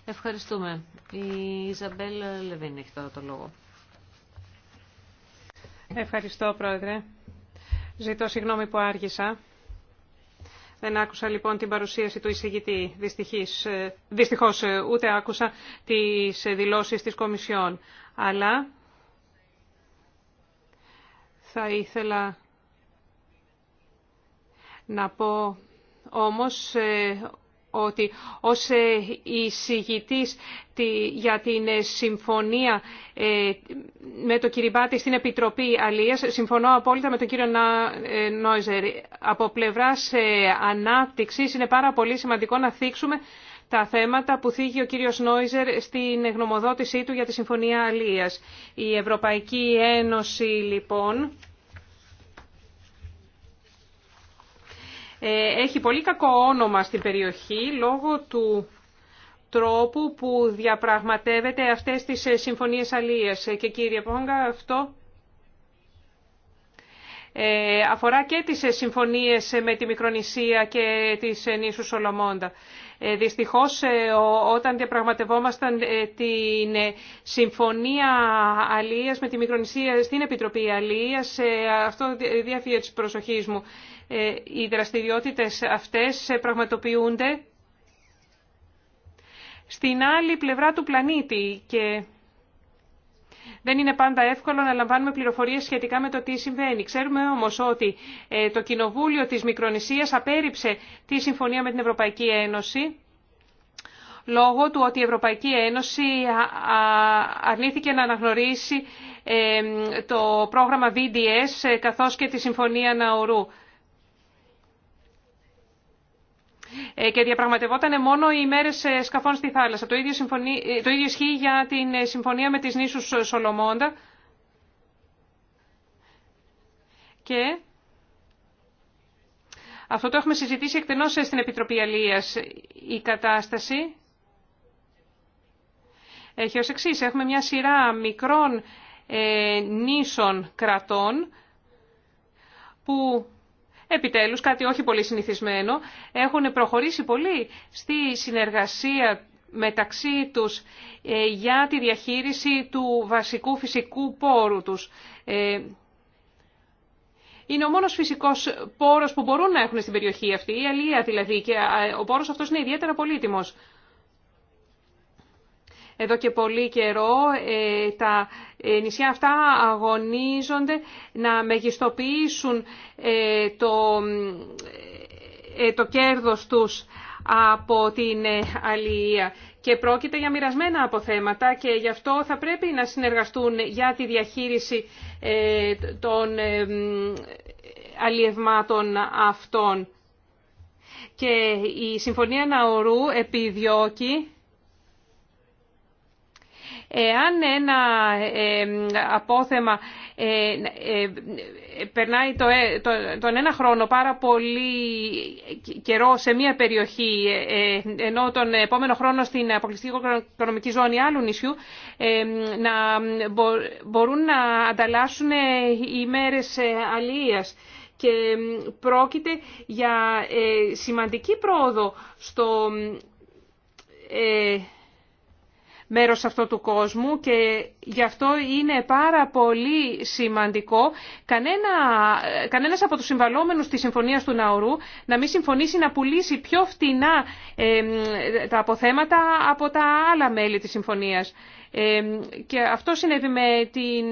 Ευχαριστούμε. Η Ιζαμπέλ Λεβίνη έχει τώρα το λόγο. Ευχαριστώ, Πρόεδρε. Ζητώ συγγνώμη που άργησα. Δεν άκουσα λοιπόν την παρουσίαση του εισηγητή, δυστυχής, ε, δυστυχώς ε, ούτε άκουσα τις δηλώσεις της Κομισιόν. Αλλά θα ήθελα να πω όμως ε, ότι ως ε, εισηγητής για την ε, συμφωνία ε, με το Κυριμπάτη στην Επιτροπή Αλίας, συμφωνώ απόλυτα με τον κύριο Νόιζερ. Από πλευράς ανάπτυξης είναι πάρα πολύ σημαντικό να θίξουμε τα θέματα που θίγει ο κύριος Νόιζερ στην γνωμοδότησή του για τη Συμφωνία Αλίας. Η Ευρωπαϊκή Ένωση, λοιπόν, Ε, έχει πολύ κακό όνομα στην περιοχή λόγω του τρόπου που διαπραγματεύεται αυτές τις ε, συμφωνίες αλίες. Ε, και κύριε Πόγκα, αυτό αφορά και τις συμφωνίες με τη Μικρονησία και τις νήσου Σολομώντα. Δυστυχώς, όταν διαπραγματευόμασταν την συμφωνία αλίας με τη Μικρονησία στην Επιτροπή Αλίας, αυτό διάφυγε της προσοχής μου. Ε, οι δραστηριότητες αυτές πραγματοποιούνται στην άλλη πλευρά του πλανήτη και δεν είναι πάντα εύκολο να λαμβάνουμε πληροφορίες σχετικά με το τι συμβαίνει. Ξέρουμε όμως ότι ε, το Κοινοβούλιο της Μικρονησίας απέρριψε τη συμφωνία με την Ευρωπαϊκή Ένωση λόγω του ότι η Ευρωπαϊκή Ένωση αρνήθηκε να αναγνωρίσει ε, το πρόγραμμα VDS καθώς και τη συμφωνία Ναουρού. Ε, και διαπραγματευόταν μόνο οι μέρε ε, σκαφών στη θάλασσα. Το ίδιο, ε, το ίδιο ισχύει για την συμφωνία με τις νήσους Σολομώντα. Και αυτό το έχουμε συζητήσει εκτενώς στην Επιτροπή Αλίας. Η κατάσταση έχει ως εξής. Έχουμε μια σειρά μικρών νήσων κρατών που επιτέλους κάτι όχι πολύ συνηθισμένο, έχουν προχωρήσει πολύ στη συνεργασία μεταξύ τους ε, για τη διαχείριση του βασικού φυσικού πόρου τους. Ε, είναι ο μόνος φυσικός πόρος που μπορούν να έχουν στην περιοχή αυτή, η αλία δηλαδή, και ε, ο πόρος αυτός είναι ιδιαίτερα πολύτιμος εδώ και πολύ καιρό. Ε, τα ε, νησιά αυτά αγωνίζονται να μεγιστοποιήσουν ε, το, το κέρδος τους από την αλληλεία. Και πρόκειται για μοιρασμένα αποθέματα και γι' αυτό θα πρέπει να συνεργαστούν για τη διαχείριση των αλλιευμάτων αυτών. Και η Συμφωνία Ναορού επιδιώκει Εάν ένα ε, απόθεμα ε, ε, περνάει τον ένα χρόνο πάρα πολύ καιρό σε μία περιοχή, ενώ τον επόμενο χρόνο στην αποκλειστική οικονομική ζώνη άλλου νησιού, να μπορούν να ανταλλάσσουν οι μέρες αλίας και πρόκειται για σημαντική πρόοδο στο μέρος αυτού του κόσμου και γι' αυτό είναι πάρα πολύ σημαντικό κανένα, κανένας από τους συμβαλόμενους της Συμφωνίας του Ναουρού να μην συμφωνήσει να πουλήσει πιο φτηνά ε, τα αποθέματα από τα άλλα μέλη της Συμφωνίας. και αυτό συνέβη με, την,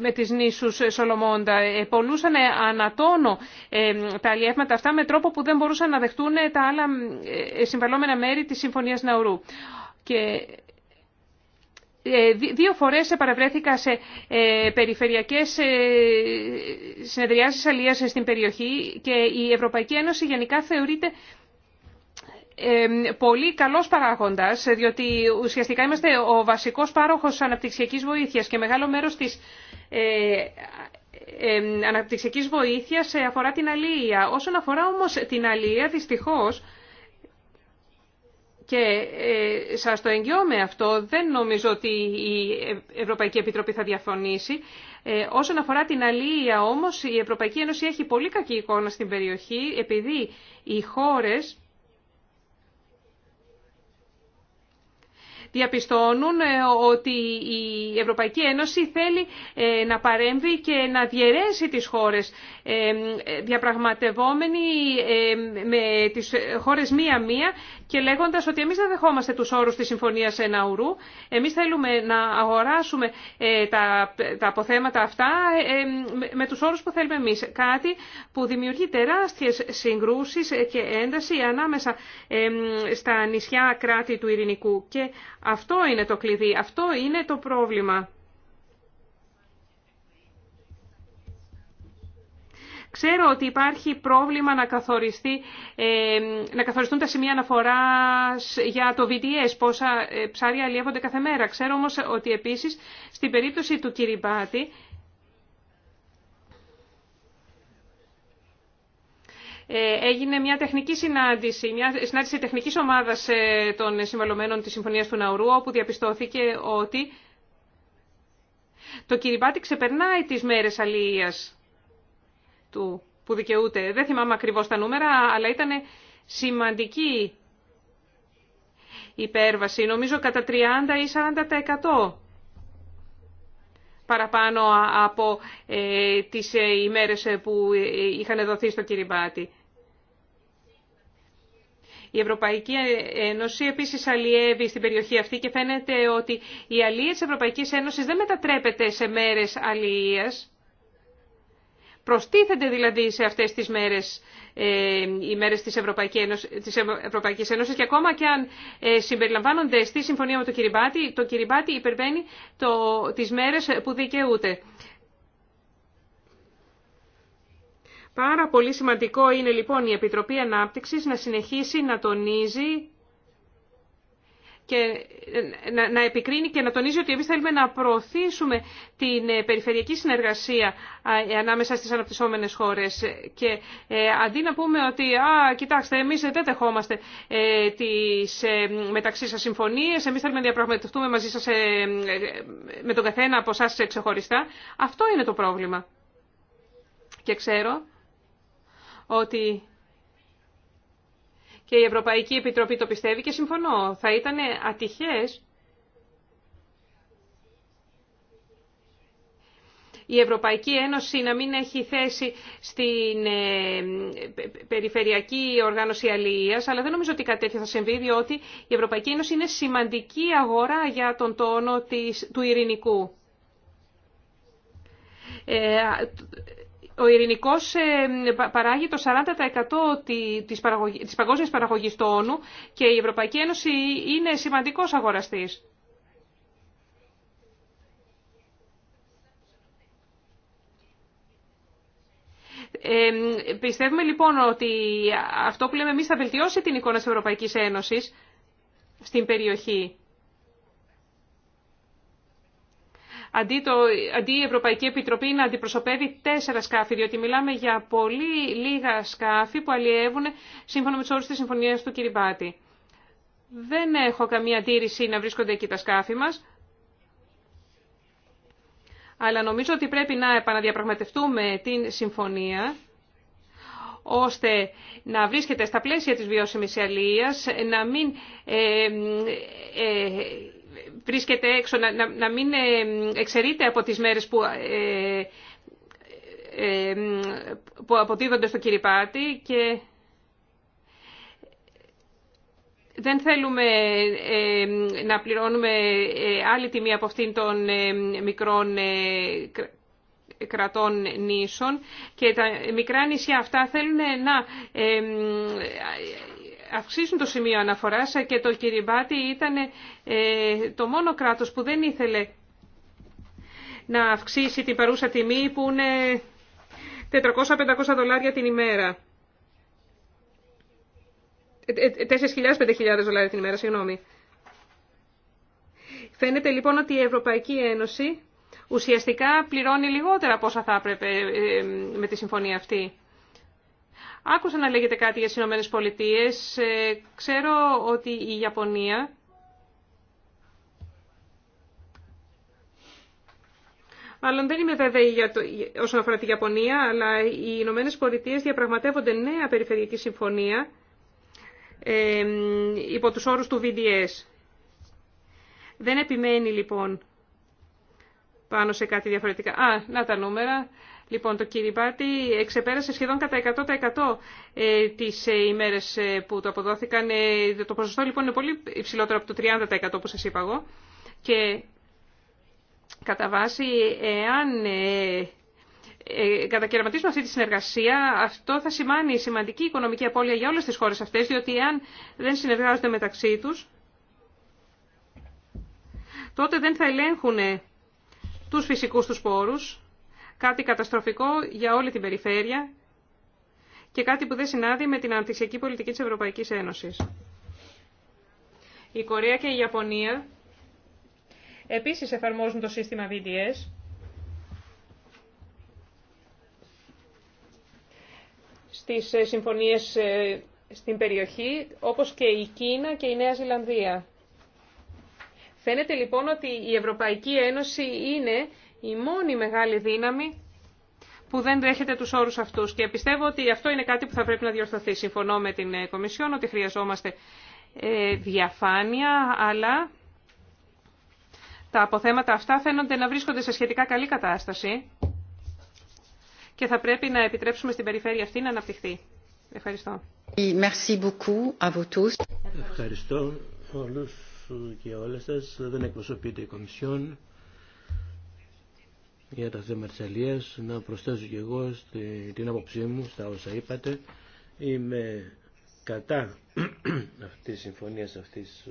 με τις νήσους Σολομώντα. Ε, πολλούσαν ανατόνο ε, τα αλλιεύματα αυτά με τρόπο που δεν μπορούσαν να δεχτούν τα άλλα ε, συμβαλόμενα μέρη της Συμφωνίας Ναουρού. Και ε, δύο φορές παρευρέθηκα σε ε, περιφερειακές ε, συνεδριάσεις αλίας στην περιοχή και η Ευρωπαϊκή Ένωση γενικά θεωρείται πολύ καλός παράγοντας, διότι ουσιαστικά είμαστε ο βασικός πάροχος αναπτυξιακής βοήθειας και μεγάλο μέρος της αναπτυξιακής βοήθειας αφορά την αλλήλεια. Όσον αφορά όμως την αλλήλεια δυστυχώς, και ε, σας το εγγυώμαι αυτό, δεν νομίζω ότι η Ευρωπαϊκή Επιτροπή θα διαφωνήσει. Ε, όσον αφορά την αλληλεία όμως, η Ευρωπαϊκή Ένωση έχει πολύ κακή εικόνα στην περιοχή, επειδή οι χώρες διαπιστώνουν ε, ότι η Ευρωπαϊκή Ένωση θέλει ε, να παρέμβει και να διαιρέσει τις χώρες ε, διαπραγματευόμενοι με τις χώρες μία-μία και λέγοντας ότι εμείς δεν δεχόμαστε τους όρους της Συμφωνίας Εναουρού, εμείς θέλουμε να αγοράσουμε ε, τα, τα αποθέματα αυτά ε, ε, με τους όρους που θέλουμε εμείς. Κάτι που δημιουργεί τεράστιες συγκρούσεις και ένταση ανάμεσα στα νησιά κράτη του Ειρηνικού. Και αυτό είναι το κλειδί, αυτό είναι το πρόβλημα. Ξέρω ότι υπάρχει πρόβλημα να, καθοριστεί, ε, να καθοριστούν τα σημεία αναφοράς για το VDS, πόσα ε, ψάρια αλλιεύονται κάθε μέρα. Ξέρω όμως ότι επίσης στην περίπτωση του Κυριμπάτη ε, έγινε μια τεχνική συνάντηση, μια συνάντηση τεχνικής ομάδας των συμβαλωμένων της Συμφωνίας του Ναουρού, όπου διαπιστώθηκε ότι το Κυριμπάτι ξεπερνάει τις μέρες αλληλείας του που δικαιούται. Δεν θυμάμαι ακριβώς τα νούμερα, αλλά ήταν σημαντική υπέρβαση, νομίζω κατά 30 ή 40% παραπάνω από ε, τις ε, ημέρες ε, που ε, είχαν δοθεί στο Κυριμπάτι. Η Ευρωπαϊκή Ένωση επίσης αλλιεύει στην περιοχή αυτή και φαίνεται ότι η αλλία της Ευρωπαϊκής Ένωσης δεν μετατρέπεται σε μέρες αλληλείας προστίθεται δηλαδή σε αυτές τις μέρες ε, οι μέρες της Ευρωπαϊκής Ένωσης και ακόμα και αν ε, συμπεριλαμβάνονται στη συμφωνία με το Κυριμπάτι, το Κυριμπάτι υπερβαίνει το, τις μέρες που δικαιούται. Πάρα πολύ σημαντικό είναι λοιπόν η Επιτροπή Ανάπτυξης να συνεχίσει να τονίζει και να επικρίνει και να τονίζει ότι εμεί θέλουμε να προωθήσουμε την ε, περιφερειακή συνεργασία ε, ανάμεσα στι αναπτυσσόμενες χώρε. Και ε, αντί να πούμε ότι, α, κοιτάξτε, εμεί δεν τεχόμαστε τις μεταξύ σα συμφωνίε, εμεί θέλουμε να διαπραγματευτούμε μαζί σας με τον καθένα από εσά ξεχωριστά, αυτό είναι το πρόβλημα. Και ξέρω ότι και η Ευρωπαϊκή Επιτροπή το πιστεύει και συμφωνώ. Θα ήταν ατυχές η Ευρωπαϊκή Ένωση να μην έχει θέση στην ε, περιφερειακή οργάνωση αλληλείας, αλλά δεν νομίζω ότι κάτι τέτοιο θα συμβεί, διότι η Ευρωπαϊκή Ένωση είναι σημαντική αγορά για τον τόνο της, του ειρηνικού. Ε, ο ειρηνικός ε, παράγει το 40% της, παραγωγής, της παγκόσμιας παραγωγής τόνου και η Ευρωπαϊκή Ένωση είναι σημαντικός αγοραστής. πιστεύουμε λοιπόν ότι αυτό που λέμε εμείς θα βελτιώσει την εικόνα της Ευρωπαϊκής Ένωσης στην περιοχή. αντί, το, αντί η Ευρωπαϊκή Επιτροπή να αντιπροσωπεύει τέσσερα σκάφη, διότι μιλάμε για πολύ λίγα σκάφη που αλλιεύουν σύμφωνα με τους όρους της συμφωνίας του Κυριμπάτη. Δεν έχω καμία αντίρρηση να βρίσκονται εκεί τα σκάφη μας, αλλά νομίζω ότι πρέπει να επαναδιαπραγματευτούμε την συμφωνία ώστε να βρίσκεται στα πλαίσια της βιώσιμης αλληλείας, να μην ε, ε, βρίσκεται έξω, να, να, μην ε, εξαιρείται από τις μέρες που, ε, ε, αποδίδονται στο κυριπάτι και δεν θέλουμε ε, να πληρώνουμε ε, άλλη τιμή από αυτήν των μικρών κρατών νήσων και τα μικρά νησιά αυτά θέλουν να αυξήσουν το σημείο αναφοράς και το Κυριμπάτι ήταν ε, το μόνο κράτος που δεν ήθελε να αυξήσει την παρούσα τιμή που είναι 400-500 δολάρια την ημέρα. 4.000-5.000 ε, ε, δολάρια την ημέρα, συγγνώμη. Φαίνεται λοιπόν ότι η Ευρωπαϊκή Ένωση ουσιαστικά πληρώνει λιγότερα πόσα όσα θα έπρεπε με τη συμφωνία αυτή. Άκουσα να λέγεται κάτι για τι Ηνωμένε Πολιτείε. Ε, ξέρω ότι η Ιαπωνία Μάλλον δεν είμαι βέβαιη για το, όσον αφορά τη Ιαπωνία, αλλά οι Ηνωμένε Πολιτείε διαπραγματεύονται νέα περιφερειακή συμφωνία υπό τους όρους του VDS. Δεν επιμένει λοιπόν πάνω σε κάτι διαφορετικά. Α, να τα νούμερα. Λοιπόν, το Κυριμπάτι εξεπέρασε σχεδόν κατά 100% ε, τις ε, ημέρες ε, που το αποδόθηκαν. Το ποσοστό λοιπόν είναι πολύ υψηλότερο από το 30% όπω σας είπα εγώ. Και κατά βάση, εάν κατακαιρματίσουμε αυτή τη συνεργασία, αυτό θα σημάνει σημαντική οικονομική απώλεια για όλες τις χώρες αυτές, διότι εάν δεν συνεργάζονται μεταξύ τους, τότε δεν θα ελέγχουν τους φυσικούς τους πόρους κάτι καταστροφικό για όλη την περιφέρεια και κάτι που δεν συνάδει με την αναπτυξιακή πολιτική της Ευρωπαϊκής Ένωσης. Η Κορέα και η Ιαπωνία επίσης εφαρμόζουν το σύστημα VDS. στις ε, συμφωνίες ε, στην περιοχή, όπως και η Κίνα και η Νέα Ζηλανδία. Φαίνεται λοιπόν ότι η Ευρωπαϊκή Ένωση είναι η μόνη μεγάλη δύναμη που δεν δέχεται τους όρους αυτούς. Και πιστεύω ότι αυτό είναι κάτι που θα πρέπει να διορθωθεί. Συμφωνώ με την ε, Κομισιόν ότι χρειαζόμαστε ε, διαφάνεια, αλλά τα αποθέματα αυτά φαίνονται να βρίσκονται σε σχετικά καλή κατάσταση και θα πρέπει να επιτρέψουμε στην περιφέρεια αυτή να αναπτυχθεί. Ευχαριστώ. Ε, Ευχαριστώ όλους και όλες σας. Δεν εκπροσωπείται η Κομισιόν για τα θέματα της Αλίας να προσθέσω και εγώ στη, την άποψή μου στα όσα είπατε είμαι κατά αυτής της συμφωνίας αυτής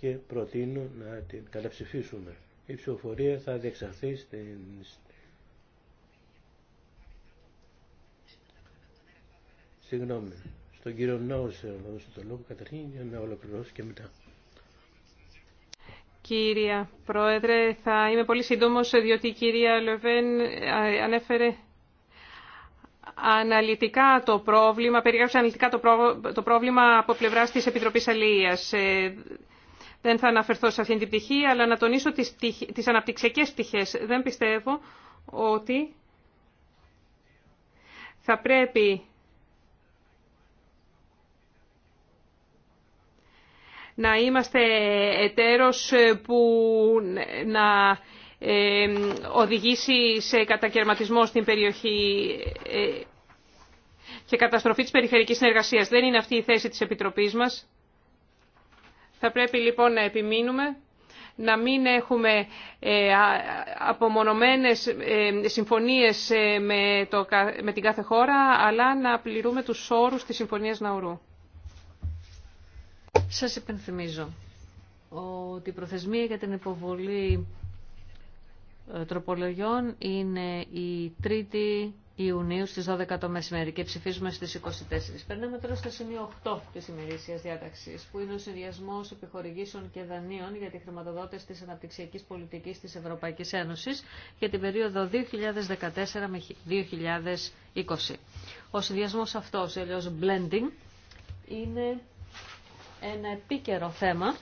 και προτείνω να την καταψηφίσουμε η ψηφοφορία θα διεξαρθεί στην συγγνώμη στον κύριο Νόουσερ να δώσω το λόγο καταρχήν για να ολοκληρώσω και μετά Κύρια Πρόεδρε, θα είμαι πολύ σύντομος, διότι η κυρία Λεβέν ε, ανέφερε αναλυτικά το πρόβλημα, περιγράψε αναλυτικά το, πρόβλημα από πλευράς της Επιτροπής Αλίας. Ε, δεν θα αναφερθώ σε αυτήν την πτυχή, αλλά να τονίσω τις, τις αναπτυξιακές πτυχές. Δεν πιστεύω ότι θα πρέπει να είμαστε εταίρος που να ε, οδηγήσει σε κατακαιρματισμό στην περιοχή ε, και καταστροφή της περιφερικής συνεργασίας. Δεν είναι αυτή η θέση της Επιτροπής μας. Θα πρέπει λοιπόν να επιμείνουμε να μην έχουμε ε, απομονωμένες συμφωνίες με την κάθε χώρα, αλλά να πληρούμε τους όρους της Συμφωνίας Ναουρού. Σας υπενθυμίζω ότι η προθεσμία για την υποβολή ε, τροπολογιών είναι η 3η Ιουνίου στις 12 το μεσημέρι και ψηφίζουμε στις 24. Περνάμε τώρα στο σημείο 8 της ημερήσιας διάταξης που είναι ο συνδυασμό επιχορηγήσεων και δανείων για τη χρηματοδότηση της αναπτυξιακής πολιτικής της Ευρωπαϊκής Ένωσης για την περίοδο 2014 με 2020. Ο συνδυασμό αυτός, αλλιώς blending, είναι ένα επίκαιρο θέμα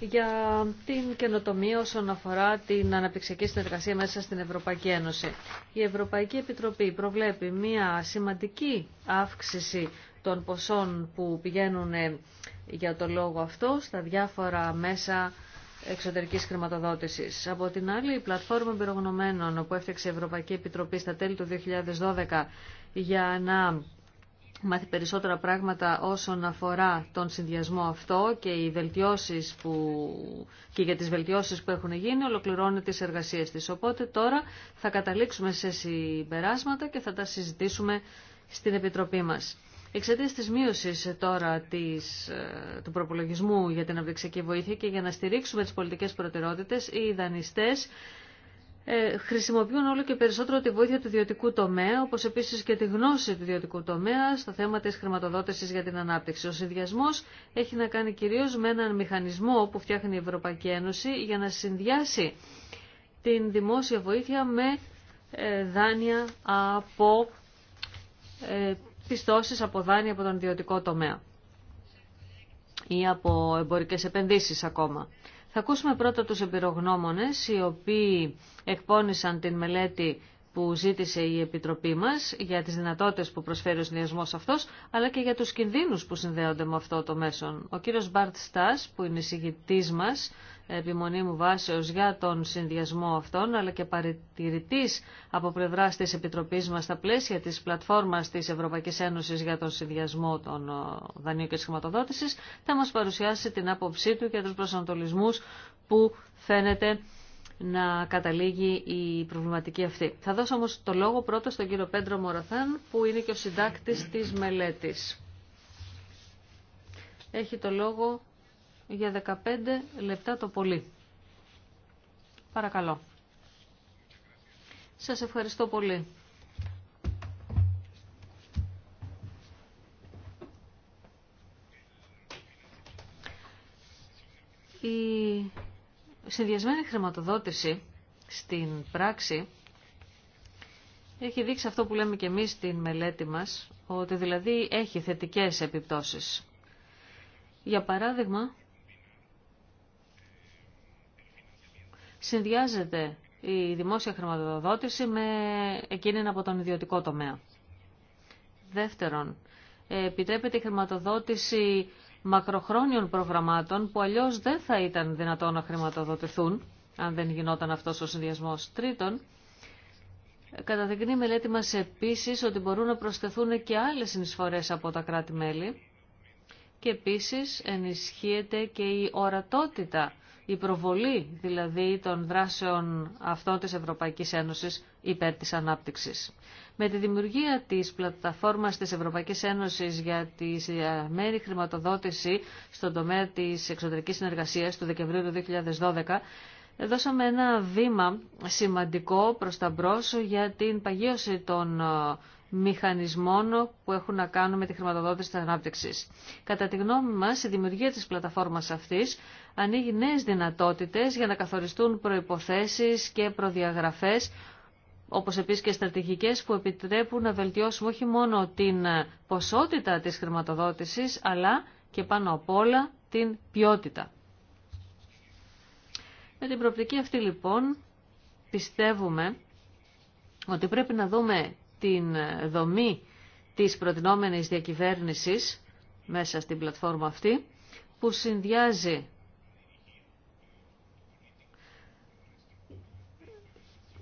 για την καινοτομία όσον αφορά την αναπτυξιακή συνεργασία μέσα στην Ευρωπαϊκή Ένωση. Η Ευρωπαϊκή Επιτροπή προβλέπει μια σημαντική αύξηση των ποσών που πηγαίνουν ε, για το λόγο αυτό στα διάφορα μέσα εξωτερικής χρηματοδότησης. Από την άλλη, η πλατφόρμα εμπειρογνωμένων που έφτιαξε η Ευρωπαϊκή Επιτροπή στα τέλη του 2012 για να μάθει περισσότερα πράγματα όσον αφορά τον συνδυασμό αυτό και, οι βελτιώσεις που, και για τις βελτιώσεις που έχουν γίνει ολοκληρώνει τις εργασίες της. Οπότε τώρα θα καταλήξουμε σε συμπεράσματα και θα τα συζητήσουμε στην Επιτροπή μας. Εξαιτία τη μείωση τώρα της, ε, του προπολογισμού για την αυτοξιακή βοήθεια και για να στηρίξουμε τις πολιτικές προτεραιότητες, οι δανειστέ ε, χρησιμοποιούν όλο και περισσότερο τη βοήθεια του ιδιωτικού τομέα, όπως επίσης και τη γνώση του ιδιωτικού τομέα στο θέμα της χρηματοδότησης για την ανάπτυξη. Ο συνδυασμό έχει να κάνει κυρίως με έναν μηχανισμό που φτιάχνει η Ευρωπαϊκή Ένωση για να συνδυάσει την δημόσια βοήθεια με ε, δάνεια από ε, πιστώσει από δάνεια από τον ιδιωτικό τομέα ή από εμπορικές επενδύσεις ακόμα. Θα ακούσουμε πρώτα τους εμπειρογνώμονες, οι οποίοι εκπώνησαν την μελέτη που ζήτησε η Επιτροπή μας για τις δυνατότητες που προσφέρει ο συνδυασμός αυτός, αλλά και για τους κινδύνους που συνδέονται με αυτό το μέσον. Ο κύριος Μπαρτ Στάς, που είναι εισηγητής μας επιμονή μου βάσεως για τον συνδυασμό αυτών, αλλά και παρατηρητής από πλευρά της Επιτροπής μας στα πλαίσια της πλατφόρμας της Ευρωπαϊκής Ένωσης για τον συνδυασμό των ε, δανείων και της χρηματοδότησης, θα μας παρουσιάσει την άποψή του και τους προσανατολισμούς που φαίνεται να καταλήγει η προβληματική αυτή. Θα δώσω όμως το λόγο πρώτα στον κύριο Πέντρο Μωραθάν, που είναι και ο συντάκτης της μελέτης. Έχει το λόγο για 15 λεπτά το πολύ. Παρακαλώ. Σας ευχαριστώ πολύ. Η συνδυασμένη χρηματοδότηση στην πράξη έχει δείξει αυτό που λέμε και εμείς στην μελέτη μας, ότι δηλαδή έχει θετικές επιπτώσεις. Για παράδειγμα, συνδυάζεται η δημόσια χρηματοδότηση με εκείνη από τον ιδιωτικό τομέα. Δεύτερον, επιτρέπεται η χρηματοδότηση μακροχρόνιων προγραμμάτων που αλλιώς δεν θα ήταν δυνατόν να χρηματοδοτηθούν αν δεν γινόταν αυτός ο συνδυασμός. Τρίτον, καταδεικνύει η μελέτη μας επίσης ότι μπορούν να προσθεθούν και άλλες συνεισφορές από τα κράτη-μέλη και επίσης ενισχύεται και η ορατότητα η προβολή δηλαδή των δράσεων αυτών της Ευρωπαϊκής Ένωσης υπέρ της ανάπτυξης. Με τη δημιουργία της πλατφόρμας της Ευρωπαϊκής Ένωσης για τη μέρη χρηματοδότηση στον τομέα της εξωτερικής συνεργασίας του Δεκεμβρίου του 2012, δώσαμε ένα βήμα σημαντικό προς τα μπρος για την παγίωση των μηχανισμών που έχουν να κάνουν με τη χρηματοδότηση της ανάπτυξης. Κατά τη γνώμη μας, η δημιουργία της πλατφόρμας αυτής ανοίγει νέες δυνατότητες για να καθοριστούν προϋποθέσεις και προδιαγραφές όπως επίσης και στρατηγικές που επιτρέπουν να βελτιώσουμε όχι μόνο την ποσότητα της χρηματοδότησης, αλλά και πάνω απ' όλα την ποιότητα. Με την προοπτική αυτή λοιπόν πιστεύουμε ότι πρέπει να δούμε την δομή της προτινόμενης διακυβέρνησης μέσα στην πλατφόρμα αυτή, που συνδυάζει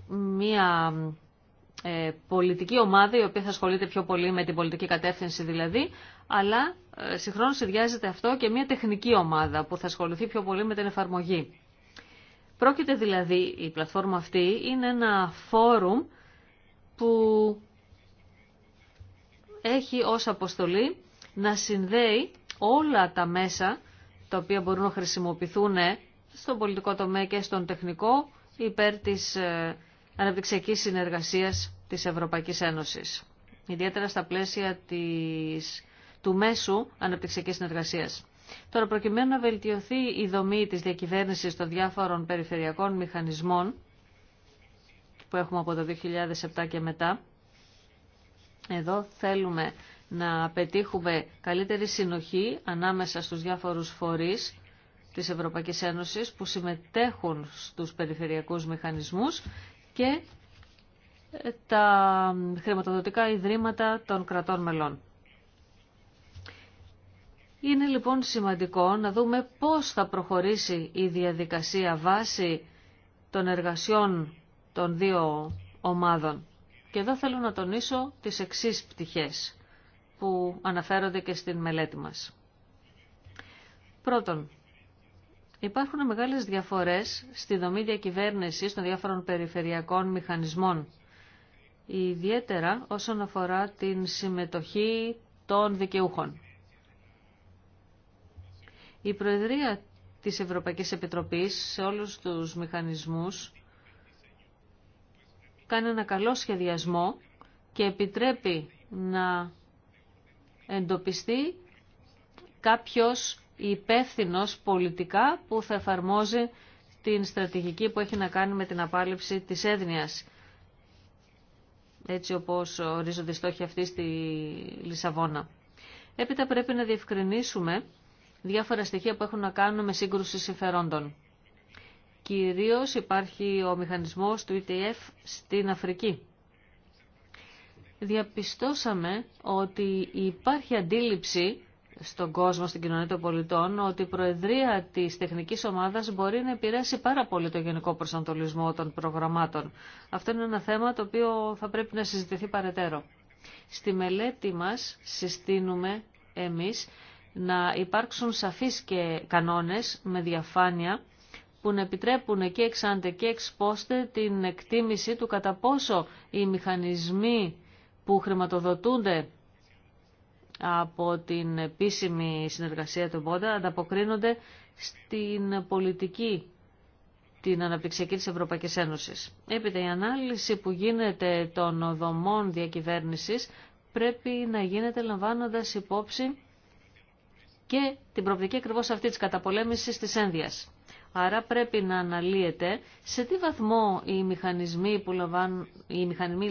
μία ε, πολιτική ομάδα η οποία θα ασχολείται πιο πολύ με την πολιτική κατεύθυνση δηλαδή, αλλά ε, συγχρόνως συνδυάζεται αυτό και μία τεχνική ομάδα που θα ασχοληθεί πιο πολύ με την εφαρμογή. Πρόκειται δηλαδή, η πλατφόρμα αυτή είναι ένα φόρουμ που έχει ως αποστολή να συνδέει όλα τα μέσα τα οποία μπορούν να χρησιμοποιηθούν στον πολιτικό τομέα και στον τεχνικό υπέρ της ε, αναπτυξιακής συνεργασίας της Ευρωπαϊκής Ένωσης. Ιδιαίτερα στα πλαίσια της, του μέσου αναπτυξιακής συνεργασίας. Τώρα, προκειμένου να βελτιωθεί η δομή της διακυβέρνησης των διάφορων περιφερειακών μηχανισμών που έχουμε από το 2007 και μετά, εδώ θέλουμε να πετύχουμε καλύτερη συνοχή ανάμεσα στους διάφορους φορείς της Ευρωπαϊκής Ένωσης που συμμετέχουν στους περιφερειακούς μηχανισμούς και ε, τα χρηματοδοτικά ιδρύματα των κρατών μελών. Είναι λοιπόν σημαντικό να δούμε πώς θα προχωρήσει η διαδικασία βάση των εργασιών των δύο ομάδων. Και εδώ θέλω να τονίσω τις εξής πτυχές που αναφέρονται και στην μελέτη μας. Πρώτον, υπάρχουν μεγάλες διαφορές στη δομή διακυβέρνηση των διάφορων περιφερειακών μηχανισμών, ιδιαίτερα όσον αφορά την συμμετοχή των δικαιούχων. Η Προεδρία της Ευρωπαϊκής Επιτροπής σε όλους τους μηχανισμούς κάνει ένα καλό σχεδιασμό και επιτρέπει να εντοπιστεί κάποιος υπεύθυνο πολιτικά που θα εφαρμόζει την στρατηγική που έχει να κάνει με την απάλληψη της έδνοιας. Έτσι όπως ορίζονται οι στόχοι αυτοί στη Λισαβόνα. Έπειτα πρέπει να διευκρινίσουμε διάφορα στοιχεία που έχουν να κάνουν με σύγκρουση συμφερόντων. Κυρίως υπάρχει ο μηχανισμός του ETF στην Αφρική. Διαπιστώσαμε ότι υπάρχει αντίληψη στον κόσμο, στην κοινωνία των πολιτών, ότι η Προεδρία της Τεχνικής Ομάδας μπορεί να επηρέασει πάρα πολύ το γενικό προσανατολισμό των προγραμμάτων. Αυτό είναι ένα θέμα το οποίο θα πρέπει να συζητηθεί παρετέρω. Στη μελέτη μας συστήνουμε εμείς να υπάρξουν σαφείς και κανόνες με διαφάνεια που να επιτρέπουν και εξάντε και εξπόστε την εκτίμηση του κατά πόσο οι μηχανισμοί που χρηματοδοτούνται από την επίσημη συνεργασία του ΜΠΟΤΑ ανταποκρίνονται στην πολιτική την αναπτυξιακή της Ευρωπαϊκής Ένωσης. Έπειτα η ανάλυση που γίνεται των δομών διακυβέρνησης πρέπει να γίνεται λαμβάνοντας υπόψη και την προοπτική ακριβώ αυτή της καταπολέμησης της ένδυας. Άρα πρέπει να αναλύεται σε τι βαθμό οι μηχανισμοί, που λαμβάνουν, οι μηχανισμοί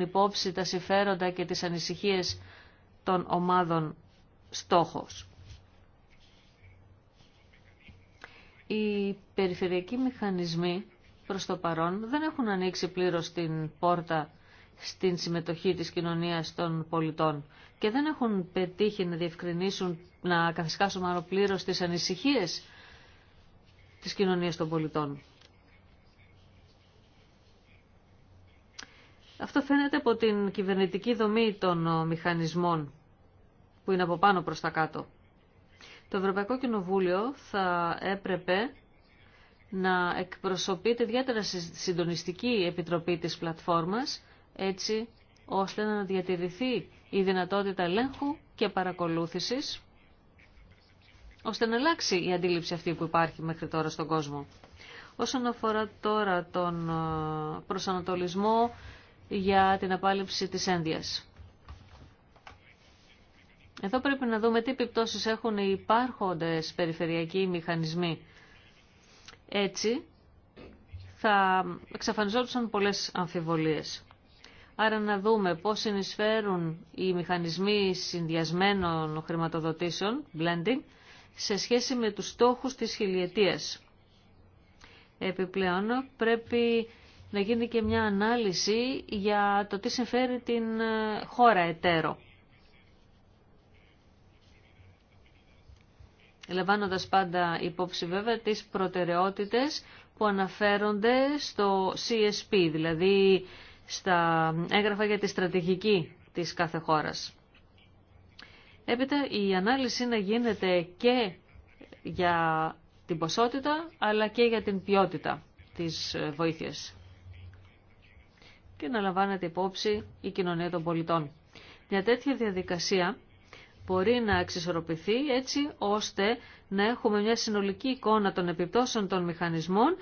υπόψη τα συμφέροντα και τις ανησυχίες των ομάδων στόχος. Οι περιφερειακοί μηχανισμοί προς το παρόν δεν έχουν ανοίξει πλήρως την πόρτα στην συμμετοχή της κοινωνίας των πολιτών και δεν έχουν πετύχει να διευκρινίσουν, να καθισκάσουν μάλλον πλήρως τις ανησυχίες της κοινωνίας των πολιτών. Αυτό φαίνεται από την κυβερνητική δομή των ε, μηχανισμών που είναι από πάνω προς τα κάτω. Το Ευρωπαϊκό Κοινοβούλιο θα έπρεπε να εκπροσωπείται ιδιαίτερα στη συντονιστική επιτροπή της πλατφόρμας, έτσι ώστε να διατηρηθεί η δυνατότητα ελέγχου και παρακολούθησης ώστε να αλλάξει η αντίληψη αυτή που υπάρχει μέχρι τώρα στον κόσμο. Όσον αφορά τώρα τον ε, προσανατολισμό για την απάλληψη της ένδυας. Εδώ πρέπει να δούμε τι επιπτώσεις έχουν οι υπάρχοντες περιφερειακοί μηχανισμοί. Έτσι θα εξαφανιζόντουσαν πολλές αμφιβολίες. Άρα να δούμε πώς συνεισφέρουν οι μηχανισμοί συνδυασμένων χρηματοδοτήσεων, blending, σε σχέση με τους στόχους της χιλιετίας. Επιπλέον πρέπει να γίνει και μια ανάλυση για το τι συμφέρει την ε, χώρα εταίρο. Λαμβάνοντας πάντα υπόψη βέβαια τις προτεραιότητες που αναφέρονται στο CSP, δηλαδή στα έγγραφα για τη στρατηγική της κάθε χώρας. Έπειτα η ανάλυση να γίνεται και για την ποσότητα αλλά και για την ποιότητα της βοήθειας και να λαμβάνεται υπόψη η κοινωνία των πολιτών. Μια τέτοια διαδικασία μπορεί να εξισορροπηθεί έτσι ώστε να έχουμε μια συνολική εικόνα των επιπτώσεων των μηχανισμών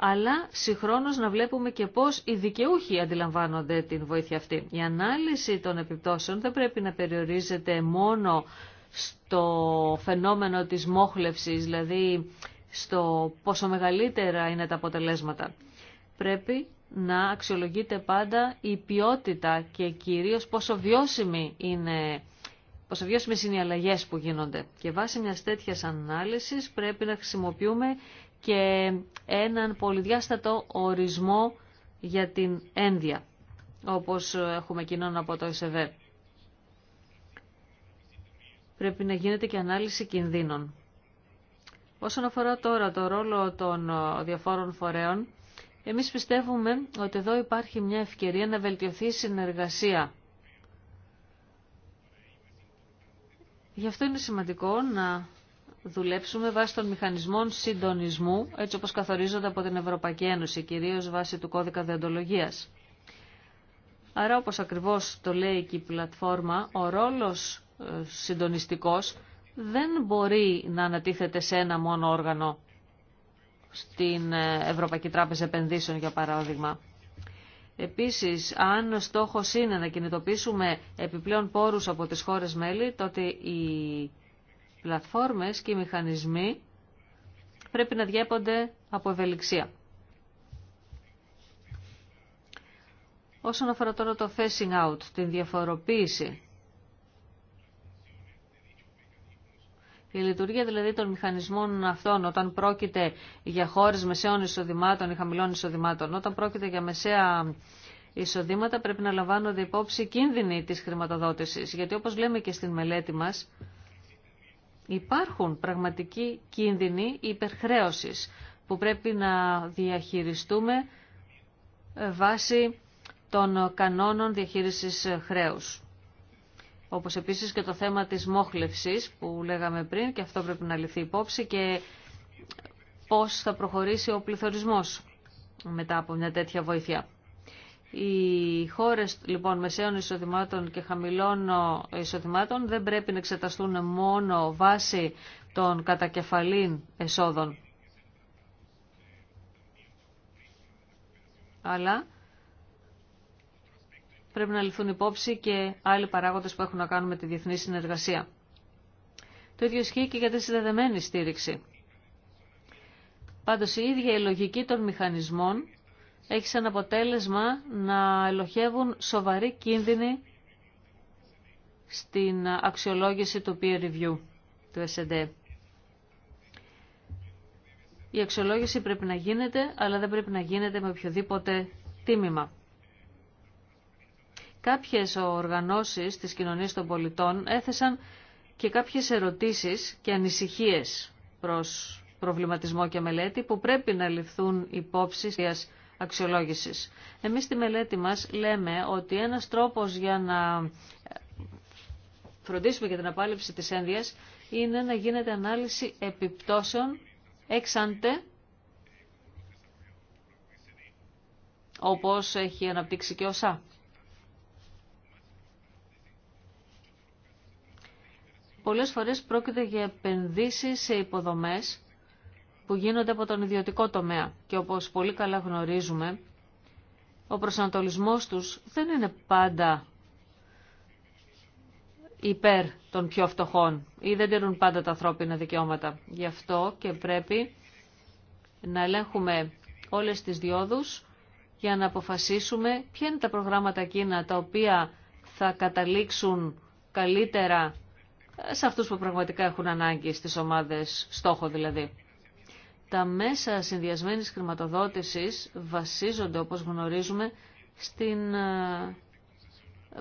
αλλά συγχρόνως να βλέπουμε και πώς οι δικαιούχοι αντιλαμβάνονται την βοήθεια αυτή. Η ανάλυση των επιπτώσεων δεν πρέπει να περιορίζεται μόνο στο φαινόμενο της μόχλευσης, δηλαδή στο πόσο μεγαλύτερα είναι τα αποτελέσματα. Πρέπει να αξιολογείται πάντα η ποιότητα και κυρίως πόσο βιώσιμη είναι πόσο βιώσιμες είναι οι αλλαγές που γίνονται. Και βάσει μιας τέτοιας ανάλυσης πρέπει να χρησιμοποιούμε και έναν πολυδιάστατο ορισμό για την ένδια, όπως έχουμε κοινών από το ΕΣΕΒΕ. Πρέπει να γίνεται και ανάλυση κινδύνων. Όσον αφορά τώρα το ρόλο των διαφόρων φορέων, εμείς πιστεύουμε ότι εδώ υπάρχει μια ευκαιρία να βελτιωθεί η συνεργασία. Γι' αυτό είναι σημαντικό να δουλέψουμε βάσει των μηχανισμών συντονισμού, έτσι όπως καθορίζονται από την Ευρωπαϊκή Ένωση, κυρίως βάσει του κώδικα διοντολογίας. Άρα, όπως ακριβώς το λέει και η πλατφόρμα, ο ρόλος ε, συντονιστικός δεν μπορεί να ανατίθεται σε ένα μόνο όργανο, στην ε, Ευρωπαϊκή Τράπεζα Επενδύσεων, για παράδειγμα. Επίσης, αν ο στόχος είναι να κινητοποιήσουμε επιπλέον πόρους από τις χώρες μέλη, τότε η πλατφόρμες και οι μηχανισμοί πρέπει να διέπονται από ευελιξία. Όσον αφορά τώρα το facing out, την διαφοροποίηση, η λειτουργία δηλαδή των μηχανισμών αυτών όταν πρόκειται για χώρες μεσαίων εισοδημάτων ή χαμηλών εισοδημάτων, όταν πρόκειται για μεσαία εισοδήματα πρέπει να λαμβάνονται υπόψη κίνδυνοι της χρηματοδότησης, γιατί όπως λέμε και στην μελέτη μας, Υπάρχουν πραγματικοί κίνδυνοι υπερχρέωσης που πρέπει να διαχειριστούμε ε, βάσει των κανόνων διαχείρισης ε, χρέους. Όπως επίσης και το θέμα της μόχλευσης που λέγαμε πριν και αυτό πρέπει να λυθεί υπόψη και πώς θα προχωρήσει ο πληθωρισμός μετά από μια τέτοια βοήθεια. Οι χώρες λοιπόν μεσαίων εισοδημάτων και χαμηλών ε, εισοδημάτων δεν πρέπει να εξεταστούν μόνο βάσει των κατακεφαλήν εσόδων. Αλλά πρέπει να ληφθούν υπόψη και άλλοι παράγοντες που έχουν να κάνουν με τη διεθνή συνεργασία. Το ίδιο ισχύει και για τη συνδεδεμένη στήριξη. Πάντως η ίδια η λογική των μηχανισμών έχει σαν αποτέλεσμα να ελοχεύουν σοβαροί κίνδυνοι στην αξιολόγηση του peer review του S&D. Η αξιολόγηση πρέπει να γίνεται, αλλά δεν πρέπει να γίνεται με οποιοδήποτε τίμημα. Κάποιες οργανώσεις της κοινωνίας των πολιτών έθεσαν και κάποιες ερωτήσεις και ανησυχίες προς προβληματισμό και μελέτη που πρέπει να ληφθούν υπόψη αξιολόγησης. Εμείς στη μελέτη μας λέμε ότι ένας τρόπος για να φροντίσουμε για την απάλληψη της ένδυας είναι να γίνεται ανάλυση επιπτώσεων εξάντε όπως έχει αναπτύξει και ο ΣΑ. Πολλές φορές πρόκειται για επενδύσεις σε υποδομές που γίνονται από τον ιδιωτικό τομέα και όπως πολύ καλά γνωρίζουμε, ο προσανατολισμός τους δεν είναι πάντα υπέρ των πιο φτωχών ή δεν τηρούν πάντα τα ανθρώπινα δικαιώματα. Γι' αυτό και πρέπει να ελέγχουμε όλες τις διόδους για να αποφασίσουμε ποια είναι τα προγράμματα εκείνα τα οποία θα καταλήξουν καλύτερα σε αυτούς που πραγματικά έχουν ανάγκη στις ομάδες, στόχο δηλαδή. Τα μέσα συνδυασμένης χρηματοδότησης βασίζονται, όπως γνωρίζουμε, στην ε,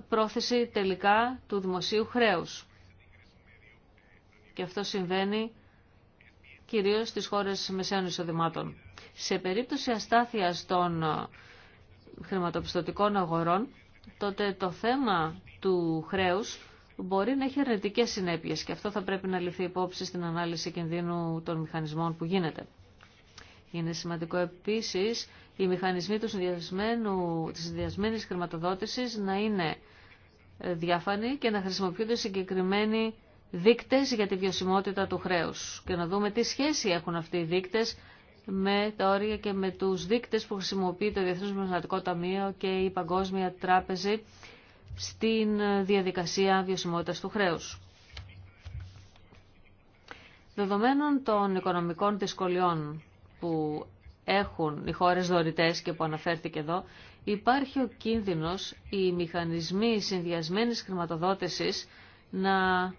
πρόθεση τελικά του δημοσίου χρέους. Και αυτό συμβαίνει κυρίως στις χώρες μεσαίων εισοδημάτων. Σε περίπτωση αστάθειας των ε, χρηματοπιστωτικών αγορών, τότε το θέμα του χρέους μπορεί να έχει αρνητικές συνέπειες και αυτό θα πρέπει να ληφθεί υπόψη στην ανάλυση κινδύνου των μηχανισμών που γίνεται. Είναι σημαντικό επίσης οι μηχανισμοί του συνδυασμένου, της συνδυασμένης χρηματοδότησης να είναι διάφανοι και να χρησιμοποιούνται συγκεκριμένοι δείκτες για τη βιωσιμότητα του χρέους και να δούμε τι σχέση έχουν αυτοί οι δείκτες με τα όρια και με τους δείκτες που χρησιμοποιεί το Διεθνές Μεσονατικό Ταμείο και η Παγκόσμια Τράπεζη στην διαδικασία βιωσιμότητας του χρέους. Δεδομένων των οικονομικών δυσκολιών που έχουν οι χώρες δωρητές και που αναφέρθηκε εδώ, υπάρχει ο κίνδυνος οι μηχανισμοί συνδυασμένης χρηματοδότηση να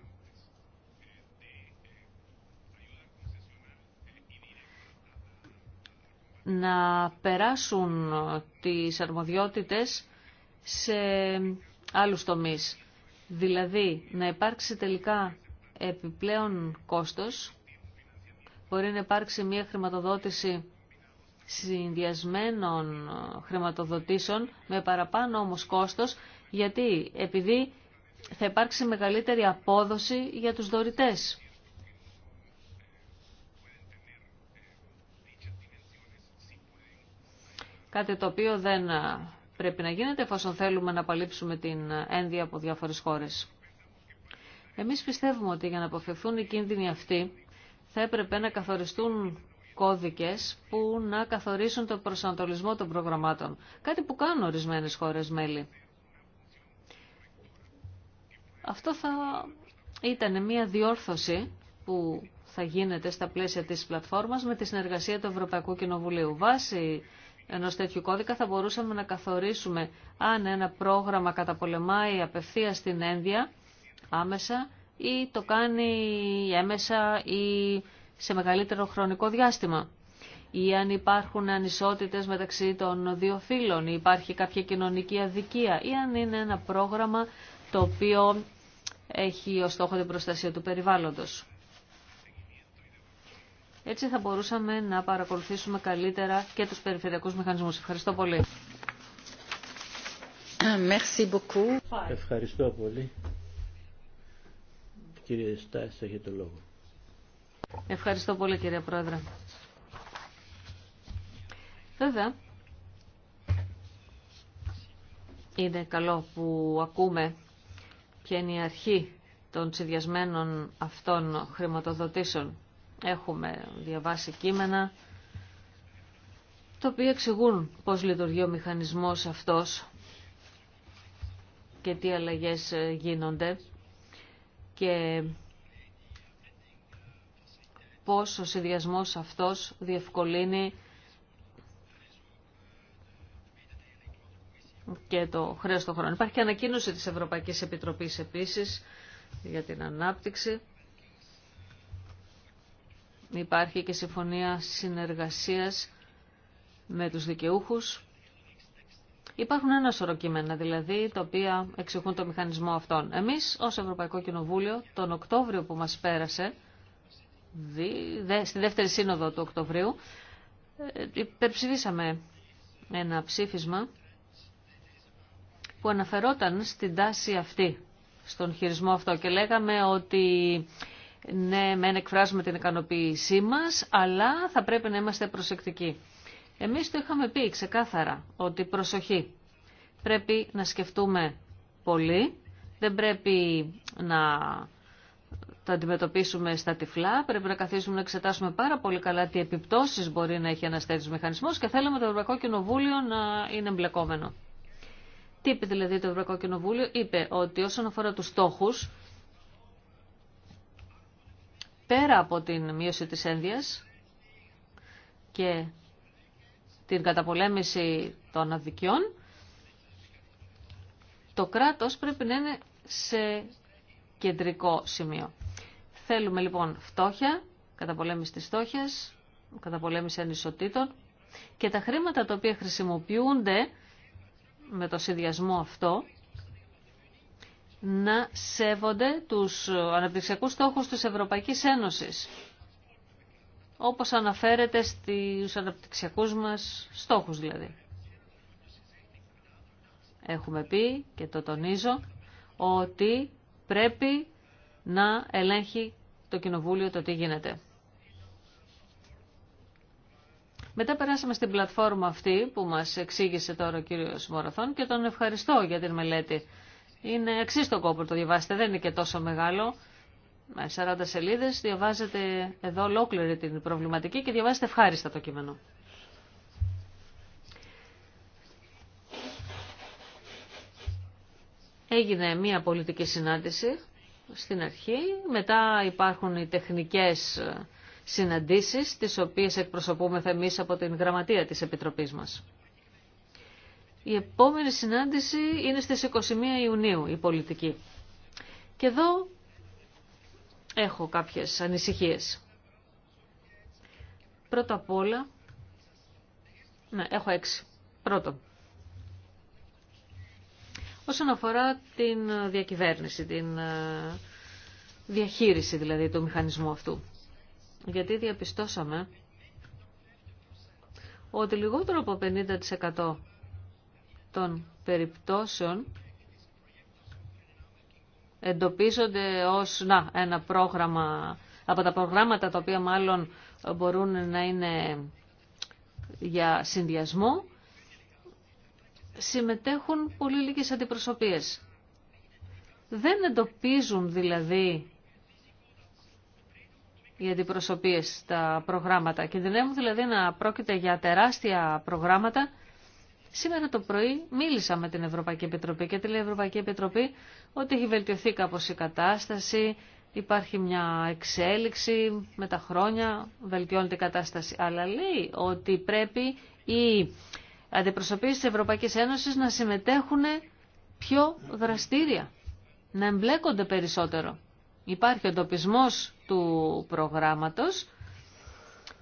να περάσουν τις αρμοδιότητες σε άλλους τομείς. Δηλαδή, να υπάρξει τελικά επιπλέον κόστος μπορεί να υπάρξει μια χρηματοδότηση συνδυασμένων χρηματοδοτήσεων με παραπάνω όμως κόστος γιατί επειδή θα υπάρξει μεγαλύτερη απόδοση για τους δωρητές. Κάτι το οποίο δεν πρέπει να γίνεται εφόσον θέλουμε να παλύψουμε την ένδια από διάφορες χώρες. Εμείς πιστεύουμε ότι για να αποφευθούν οι κίνδυνοι αυτοί θα έπρεπε να καθοριστούν κώδικες που να καθορίσουν τον προσανατολισμό των προγραμμάτων. Κάτι που κάνουν ορισμένες χώρες μέλη. Αυτό θα ήταν μια διόρθωση που θα γίνεται στα πλαίσια της πλατφόρμας με τη συνεργασία του Ευρωπαϊκού Κοινοβουλίου. Βάσει ενός τέτοιου κώδικα θα μπορούσαμε να καθορίσουμε αν ένα πρόγραμμα καταπολεμάει απευθεία την ένδια άμεσα ή το κάνει έμεσα ή σε μεγαλύτερο χρονικό διάστημα ή αν υπάρχουν ανισότητες μεταξύ των δύο φύλων ή υπάρχει κάποια κοινωνική αδικία ή αν είναι ένα πρόγραμμα το οποίο έχει ως στόχο την προστασία του περιβάλλοντος. Έτσι θα μπορούσαμε να παρακολουθήσουμε καλύτερα και τους περιφερειακούς μηχανισμούς. Ευχαριστώ πολύ. Κύριε Στάση, έχετε το λόγο. Ευχαριστώ πολύ κύριε Πρόεδρε. Βέβαια, είναι καλό που ακούμε ποια είναι η αρχή των συνδυασμένων αυτών χρηματοδοτήσεων. Έχουμε διαβάσει κείμενα, τα οποία εξηγούν πώς λειτουργεί ο μηχανισμός αυτός και τι αλλαγές γίνονται και πώς ο συνδυασμός αυτός διευκολύνει και το χρέος των χρόνων. Υπάρχει και ανακοίνωση της Ευρωπαϊκής Επιτροπής επίσης για την ανάπτυξη. Υπάρχει και συμφωνία συνεργασίας με τους δικαιούχους Υπάρχουν ένα σωρό κείμενα δηλαδή τα οποία εξηγούν το μηχανισμό αυτόν. Εμείς ως Ευρωπαϊκό Κοινοβούλιο τον Οκτώβριο που μας πέρασε, στη δεύτερη σύνοδο του Οκτωβρίου, ε, υπερψηφίσαμε ένα ψήφισμα που αναφερόταν στην τάση αυτή, στον χειρισμό αυτό και λέγαμε ότι ναι, μεν εκφράζουμε την ικανοποίησή μας, αλλά θα πρέπει να είμαστε προσεκτικοί. Εμείς το είχαμε πει ξεκάθαρα ότι προσοχή. Πρέπει να σκεφτούμε πολύ, δεν πρέπει να τα αντιμετωπίσουμε στα τυφλά, πρέπει να καθίσουμε να εξετάσουμε πάρα πολύ καλά τι επιπτώσεις μπορεί να έχει ένα τέτοιος μηχανισμός και θέλαμε το Ευρωπαϊκό Κοινοβούλιο να είναι εμπλεκόμενο. Τι είπε δηλαδή το Ευρωπαϊκό Κοινοβούλιο, είπε ότι όσον αφορά τους στόχους, πέρα από την μείωση της ένδυας και την καταπολέμηση των αδικιών, το κράτος πρέπει να είναι σε κεντρικό σημείο. Θέλουμε λοιπόν φτώχεια, καταπολέμηση της φτώχειας, καταπολέμηση ανισοτήτων και τα χρήματα τα οποία χρησιμοποιούνται με το συνδυασμό αυτό να σέβονται τους αναπτυξιακούς στόχους της Ευρωπαϊκής Ένωσης όπως αναφέρεται στους αναπτυξιακούς μας στόχους δηλαδή. Έχουμε πει και το τονίζω ότι πρέπει να ελέγχει το Κοινοβούλιο το τι γίνεται. Μετά περάσαμε στην πλατφόρμα αυτή που μας εξήγησε τώρα ο κύριος Μοραθών και τον ευχαριστώ για την μελέτη. Είναι εξής το κόπο, το διαβάσετε, δεν είναι και τόσο μεγάλο με 40 σελίδες, διαβάζετε εδώ ολόκληρη την προβληματική και διαβάζετε ευχάριστα το κείμενο. Έγινε μία πολιτική συνάντηση στην αρχή, μετά υπάρχουν οι τεχνικές συναντήσεις, τις οποίες εκπροσωπούμε εμείς από την γραμματεία της Επιτροπής μας. Η επόμενη συνάντηση είναι στις 21 Ιουνίου, η πολιτική. Και εδώ έχω κάποιες ανησυχίες. Πρώτα απ' όλα, ναι, έχω έξι. Πρώτον, όσον αφορά την διακυβέρνηση, την ε, διαχείριση δηλαδή του μηχανισμού αυτού. Γιατί διαπιστώσαμε ότι λιγότερο από 50% των περιπτώσεων εντοπίζονται ως να, ένα πρόγραμμα, από τα προγράμματα τα οποία μάλλον μπορούν να είναι για συνδυασμό, συμμετέχουν πολύ λίγες αντιπροσωπείες. Δεν εντοπίζουν δηλαδή οι αντιπροσωπείες τα προγράμματα. Κινδυνεύουν δηλαδή να πρόκειται για τεράστια προγράμματα Σήμερα το πρωί μίλησα με την Ευρωπαϊκή Επιτροπή και τη λέει Ευρωπαϊκή Επιτροπή ότι έχει βελτιωθεί κάπως η κατάσταση, υπάρχει μια εξέλιξη με τα χρόνια, βελτιώνεται η κατάσταση. Αλλά λέει ότι πρέπει οι αντιπροσωπείς της Ευρωπαϊκής Ένωσης να συμμετέχουν πιο δραστήρια, να εμπλέκονται περισσότερο. Υπάρχει ο του προγράμματος,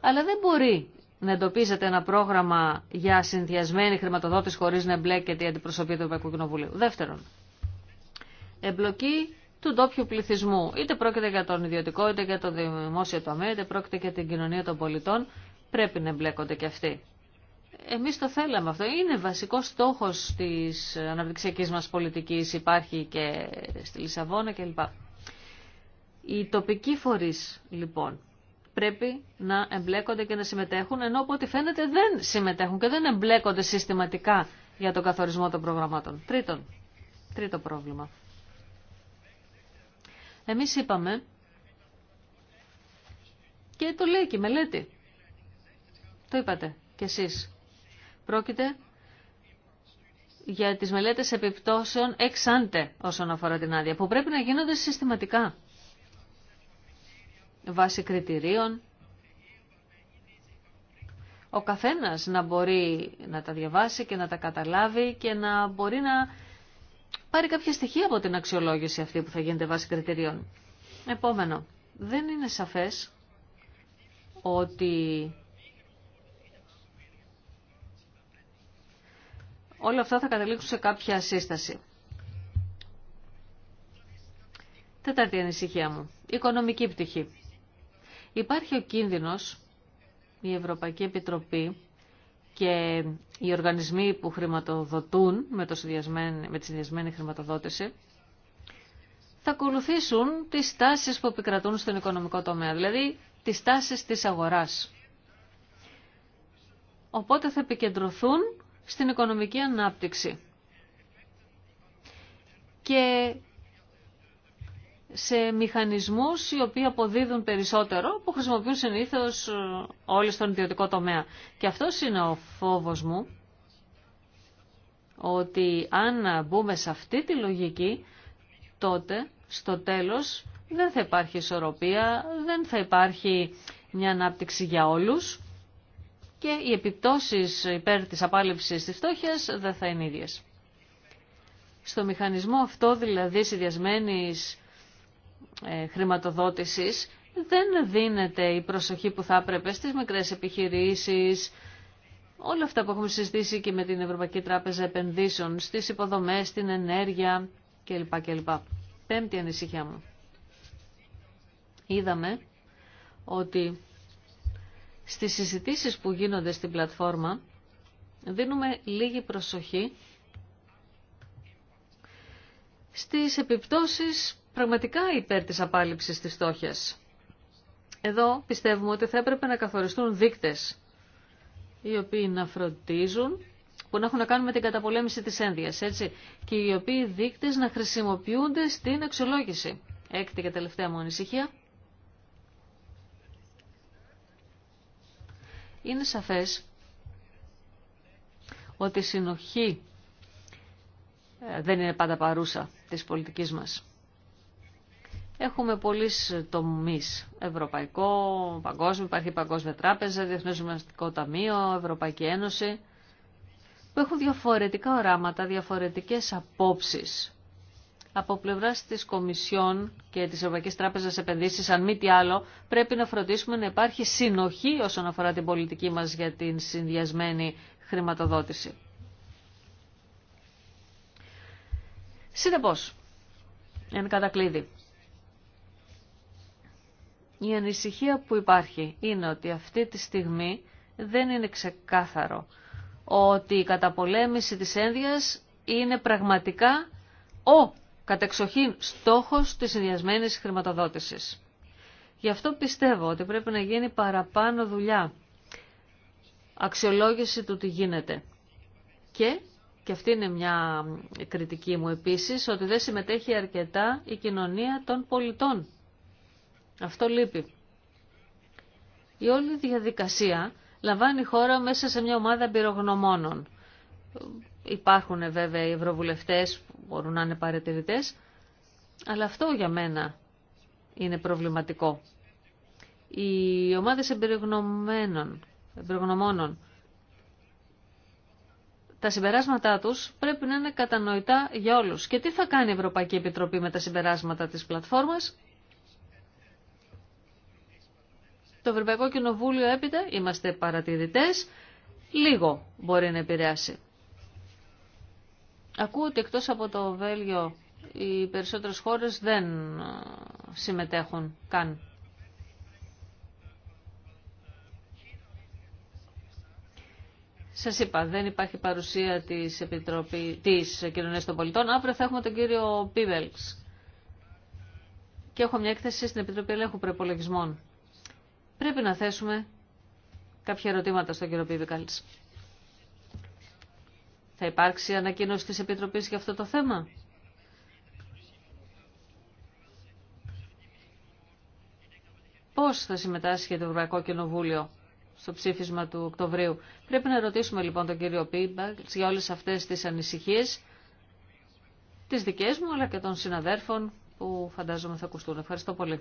αλλά δεν μπορεί να εντοπίζεται ένα πρόγραμμα για συνδυασμένη χρηματοδότηση χωρίς να εμπλέκεται η αντιπροσωπεία του Ευρωπαϊκού Κοινοβουλίου. Δεύτερον, εμπλοκή του ντόπιου πληθυσμού. Είτε πρόκειται για τον ιδιωτικό, είτε για το δημόσιο τομέα, είτε πρόκειται για την κοινωνία των πολιτών, πρέπει να εμπλέκονται και αυτοί. Εμεί το θέλαμε αυτό. Είναι βασικό στόχο τη αναπτυξιακή μα πολιτική Υπάρχει και στη Λισαβόνα κλπ. Οι τοπικοί φορεί, λοιπόν, πρέπει να εμπλέκονται και να συμμετέχουν, ενώ από ό,τι φαίνεται δεν συμμετέχουν και δεν εμπλέκονται συστηματικά για τον καθορισμό των προγραμμάτων. Τρίτον, τρίτο πρόβλημα. Εμείς είπαμε, και το λέει και η μελέτη, το είπατε κι εσείς, πρόκειται για τις μελέτες επιπτώσεων εξάντε όσον αφορά την άδεια, που πρέπει να γίνονται συστηματικά βάσει κριτηρίων. Ο καθένας να μπορεί να τα διαβάσει και να τα καταλάβει και να μπορεί να πάρει κάποια στοιχεία από την αξιολόγηση αυτή που θα γίνεται βάσει κριτηρίων. Επόμενο, δεν είναι σαφές ότι όλα αυτά θα καταλήξουν σε κάποια σύσταση. Τέταρτη ανησυχία μου. Οικονομική πτυχή. Υπάρχει ο κίνδυνος η Ευρωπαϊκή Επιτροπή και οι οργανισμοί που χρηματοδοτούν με, το με τη συνδυασμένη χρηματοδότηση θα ακολουθήσουν τις τάσεις που επικρατούν στον οικονομικό τομέα, δηλαδή τις τάσεις της αγοράς. Οπότε θα επικεντρωθούν στην οικονομική ανάπτυξη. Και σε μηχανισμούς οι οποίοι αποδίδουν περισσότερο, που χρησιμοποιούν συνήθως ε, όλοι στον ιδιωτικό τομέα. Και αυτό είναι ο φόβος μου, ότι αν μπούμε σε αυτή τη λογική, τότε στο τέλος δεν θα υπάρχει ισορροπία, δεν θα υπάρχει μια ανάπτυξη για όλους και οι επιπτώσεις υπέρ της απάλληψης της φτώχειας δεν θα είναι ίδιες. Στο μηχανισμό αυτό δηλαδή συνδυασμένης ε, χρηματοδότησης δεν δίνεται η προσοχή που θα έπρεπε στις μικρές επιχειρήσεις, όλα αυτά που έχουμε συζητήσει και με την Ευρωπαϊκή Τράπεζα Επενδύσεων, στις υποδομές, στην ενέργεια κλπ. κλπ. Πέμπτη ανησυχία μου. Είδαμε ότι στις συζητήσεις που γίνονται στην πλατφόρμα δίνουμε λίγη προσοχή στις επιπτώσεις πραγματικά υπέρ της απάλληψης της στόχιας. Εδώ πιστεύουμε ότι θα έπρεπε να καθοριστούν δείκτες οι οποίοι να φροντίζουν που να έχουν να κάνουν με την καταπολέμηση της ένδυας, έτσι, και οι οποίοι δείκτες να χρησιμοποιούνται στην αξιολόγηση. Έκτη και τελευταία μου ανησυχία. Είναι σαφές ότι η συνοχή ε, δεν είναι πάντα παρούσα της πολιτικής μας. Έχουμε πολλοί τομεί. Ευρωπαϊκό, παγκόσμιο, υπάρχει Παγκόσμια Τράπεζα, Διεθνέ Ταμείο, Ευρωπαϊκή Ένωση, που έχουν διαφορετικά οράματα, διαφορετικέ απόψει. Από πλευρά τη Κομισιόν και τη Ευρωπαϊκή Τράπεζα Επενδύσει, αν μη τι άλλο, πρέπει να φροντίσουμε να υπάρχει συνοχή όσον αφορά την πολιτική μα για την συνδυασμένη χρηματοδότηση. Συνεπώ, εν κατακλείδη, η ανησυχία που υπάρχει είναι ότι αυτή τη στιγμή δεν είναι ξεκάθαρο ότι η καταπολέμηση της ένδυας είναι πραγματικά ο κατεξοχήν στόχος της συνδυασμένης χρηματοδότησης. Γι' αυτό πιστεύω ότι πρέπει να γίνει παραπάνω δουλειά, αξιολόγηση του τι γίνεται. Και, και αυτή είναι μια κριτική μου επίσης, ότι δεν συμμετέχει αρκετά η κοινωνία των πολιτών αυτό λείπει. Η όλη διαδικασία λαμβάνει η χώρα μέσα σε μια ομάδα εμπειρογνωμόνων. Υπάρχουν βέβαια οι ευρωβουλευτές που μπορούν να είναι παρατηρητές, αλλά αυτό για μένα είναι προβληματικό. Οι ομάδες εμπειρογνωμόνων, τα συμπεράσματά τους πρέπει να είναι κατανοητά για όλους. Και τι θα κάνει η Ευρωπαϊκή Επιτροπή με τα συμπεράσματα της πλατφόρμας, το Ευρωπαϊκό Κοινοβούλιο έπειτα είμαστε παρατηρητές, λίγο μπορεί να επηρεάσει. Ακούω ότι εκτός από το Βέλγιο οι περισσότερες χώρες δεν συμμετέχουν καν. Σας είπα, δεν υπάρχει παρουσία της, Επιτροπή, της Κοινωνίας των Πολιτών. Αύριο θα έχουμε τον κύριο Πίβελξ. Και έχω μια έκθεση στην Επιτροπή Ελέγχου Προπολογισμών πρέπει να θέσουμε κάποια ερωτήματα στον κύριο Πίβικαλης. Θα υπάρξει ανακοίνωση της Επιτροπής για αυτό το θέμα. Πώς θα συμμετάσχει το Ευρωπαϊκό Κοινοβούλιο στο ψήφισμα του Οκτωβρίου. Πρέπει να ρωτήσουμε λοιπόν τον κύριο Πίμπαγκ για όλες αυτές τις ανησυχίες, τις δικές μου αλλά και των συναδέρφων που φαντάζομαι θα ακουστούν. Ευχαριστώ πολύ.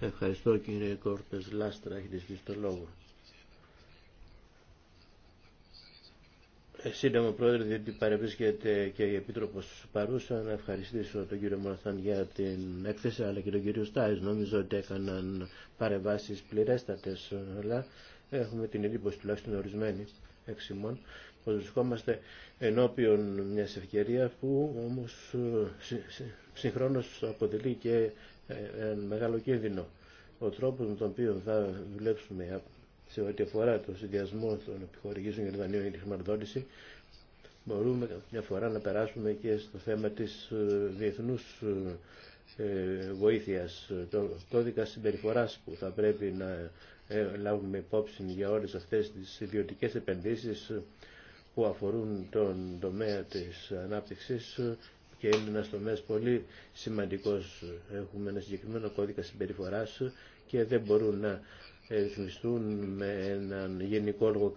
Ευχαριστώ κύριε Κόρτες Λάστρα, έχετε στήσει το λόγο. Ε, σύντομο πρόεδρε, διότι παρευρίσκεται και η Επίτροπος παρούσα, να ευχαριστήσω τον κύριο Μοναθάν για την έκθεση, αλλά και τον κύριο Στάις. Νομίζω ότι έκαναν παρεμβάσει πληρέστατες, αλλά έχουμε την εντύπωση τουλάχιστον ορισμένη εξίμων βρισκόμαστε ενώπιον μιας ευκαιρία που όμως ε, συγχρόνως αποτελεί και ε, ένα μεγάλο κίνδυνο. Ο τρόπος με τον οποίο θα δουλέψουμε σε ό,τι αφορά το συνδυασμό των επιχορηγήσεων για δανείο και τη χρηματοδότηση μπορούμε μια φορά να περάσουμε και στο θέμα της ε, διεθνούς βοήθειας, το κώδικα συμπεριφοράς που θα πρέπει να λάβουμε υπόψη για όλες αυτές τις ιδιωτικές επενδύσεις που αφορούν τον τομέα της ανάπτυξης και είναι ένας τομέας πολύ σημαντικός. Έχουμε ένα συγκεκριμένο κώδικα συμπεριφοράς και δεν μπορούν να ρυθμιστούν με έναν γενικό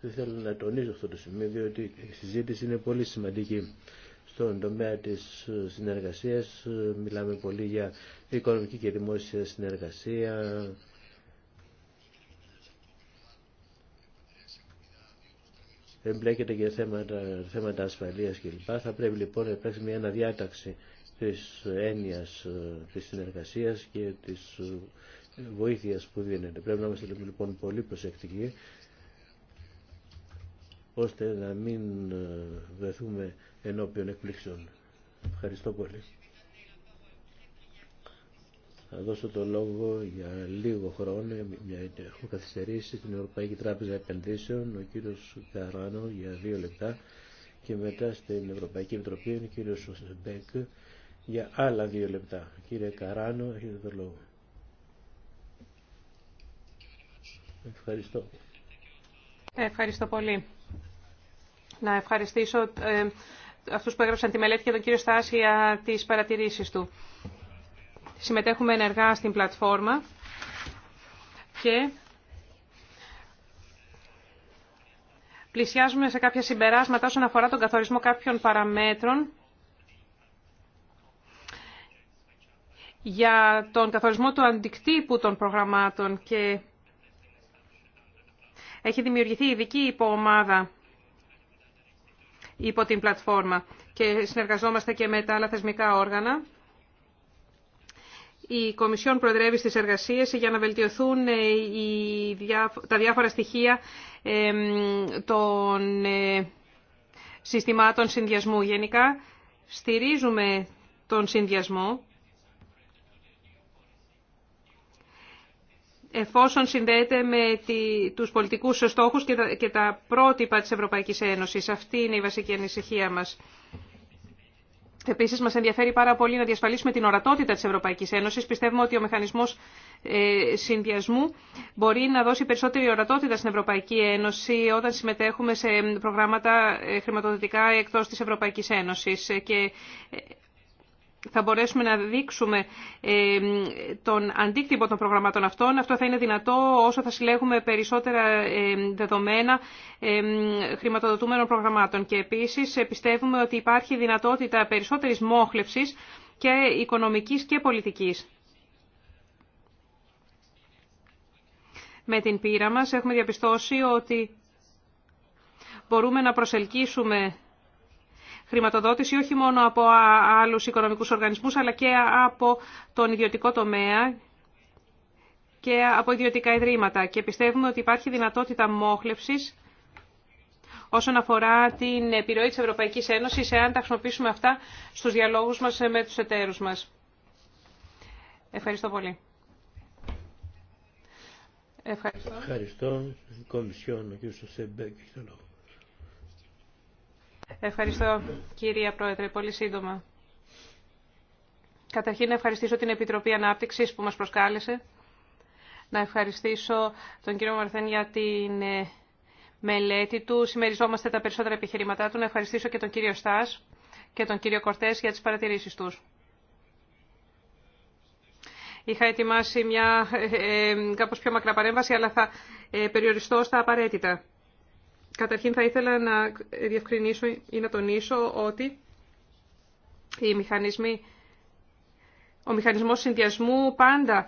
Δεν Θέλω να τονίζω αυτό το σημείο, διότι η συζήτηση είναι πολύ σημαντική. Στον τομέα της συνεργασίας μιλάμε πολύ για οικονομική και δημόσια συνεργασία, εμπλέκεται και θέματα, θέματα ασφαλείας κλπ. Θα πρέπει λοιπόν να υπάρξει μια αναδιάταξη της έννοιας ε, της συνεργασίας και της ε, βοήθειας που δίνεται. Πρέπει να είμαστε λοιπόν, λοιπόν πολύ προσεκτικοί ώστε να μην ε, βρεθούμε ενώπιον εκπλήξεων. Ευχαριστώ πολύ. Θα δώσω το λόγο για λίγο χρόνο. έχω καθυστερήσει την Ευρωπαϊκή Τράπεζα Επενδύσεων, ο κύριος Καράνο για δύο λεπτά και μετά στην Ευρωπαϊκή Επιτροπή ο κύριος Μπέκ για άλλα δύο λεπτά. Κύριε Καράνο, έχετε το λόγο. Ευχαριστώ. Ευχαριστώ πολύ. Να ευχαριστήσω ε, αυτούς που έγραψαν τη μελέτη και τον κύριο Στάση για τις παρατηρήσεις του συμμετέχουμε ενεργά στην πλατφόρμα και πλησιάζουμε σε κάποια συμπεράσματα όσον αφορά τον καθορισμό κάποιων παραμέτρων για τον καθορισμό του αντικτύπου των προγραμμάτων και έχει δημιουργηθεί ειδική υποομάδα υπό την πλατφόρμα και συνεργαζόμαστε και με τα άλλα θεσμικά όργανα η Κομισιόν προεδρεύει στις εργασίες για να βελτιωθούν ε, τα διάφορα στοιχεία των ε, συστημάτων συνδυασμού. Γενικά, στηρίζουμε τον συνδυασμό εφόσον συνδέεται με τους πολιτικούς στόχους και τα πρότυπα της Ευρωπαϊκής Ένωσης. Αυτή είναι η βασική ανησυχία μας. Επίση, μα ενδιαφέρει πάρα πολύ να διασφαλίσουμε την ορατότητα τη Ευρωπαϊκή Ένωση. Πιστεύουμε ότι ο μηχανισμός ε, συνδυασμού μπορεί να δώσει περισσότερη ορατότητα στην Ευρωπαϊκή Ένωση όταν συμμετέχουμε σε ε, προγράμματα ε, χρηματοδοτικά εκτός της Ευρωπαϊκής Ένωσης. Και θα μπορέσουμε να δείξουμε ε, τον αντίκτυπο των προγραμμάτων αυτών. Αυτό θα είναι δυνατό όσο θα συλλέγουμε περισσότερα ε, δεδομένα ε, χρηματοδοτούμενων προγραμμάτων. Και επίσης πιστεύουμε ότι υπάρχει δυνατότητα περισσότερης μόχλευσης και οικονομικής και πολιτικής. Με την πείρα μας έχουμε διαπιστώσει ότι μπορούμε να προσελκύσουμε χρηματοδότηση όχι μόνο από άλλους οικονομικούς οργανισμούς αλλά και από τον ιδιωτικό τομέα και από ιδιωτικά ιδρύματα και πιστεύουμε ότι υπάρχει δυνατότητα μόχλευσης όσον αφορά την επιρροή της Ευρωπαϊκής Ένωσης, εάν τα χρησιμοποιήσουμε αυτά στους διαλόγους μας με τους εταίρους μας. Ευχαριστώ πολύ. Ευχαριστώ. Ευχαριστώ. Κομισιόν, Ευχαριστώ, κυρία Πρόεδρε. Πολύ σύντομα. Καταρχήν, να ευχαριστήσω την Επιτροπή Ανάπτυξης που μας προσκάλεσε. Να ευχαριστήσω τον κύριο Μαρθέν για την ε, μελέτη του. Συμμεριζόμαστε τα περισσότερα επιχειρήματά του. Να ευχαριστήσω και τον κύριο Στάς και τον κύριο Κορτές για τις παρατηρήσεις τους. Είχα ετοιμάσει μια ε, ε, κάπως πιο μακρά παρέμβαση, αλλά θα περιοριστώ στα απαραίτητα. Καταρχήν θα ήθελα να διευκρινίσω ή να τονίσω ότι ο μηχανισμός συνδυασμού πάντα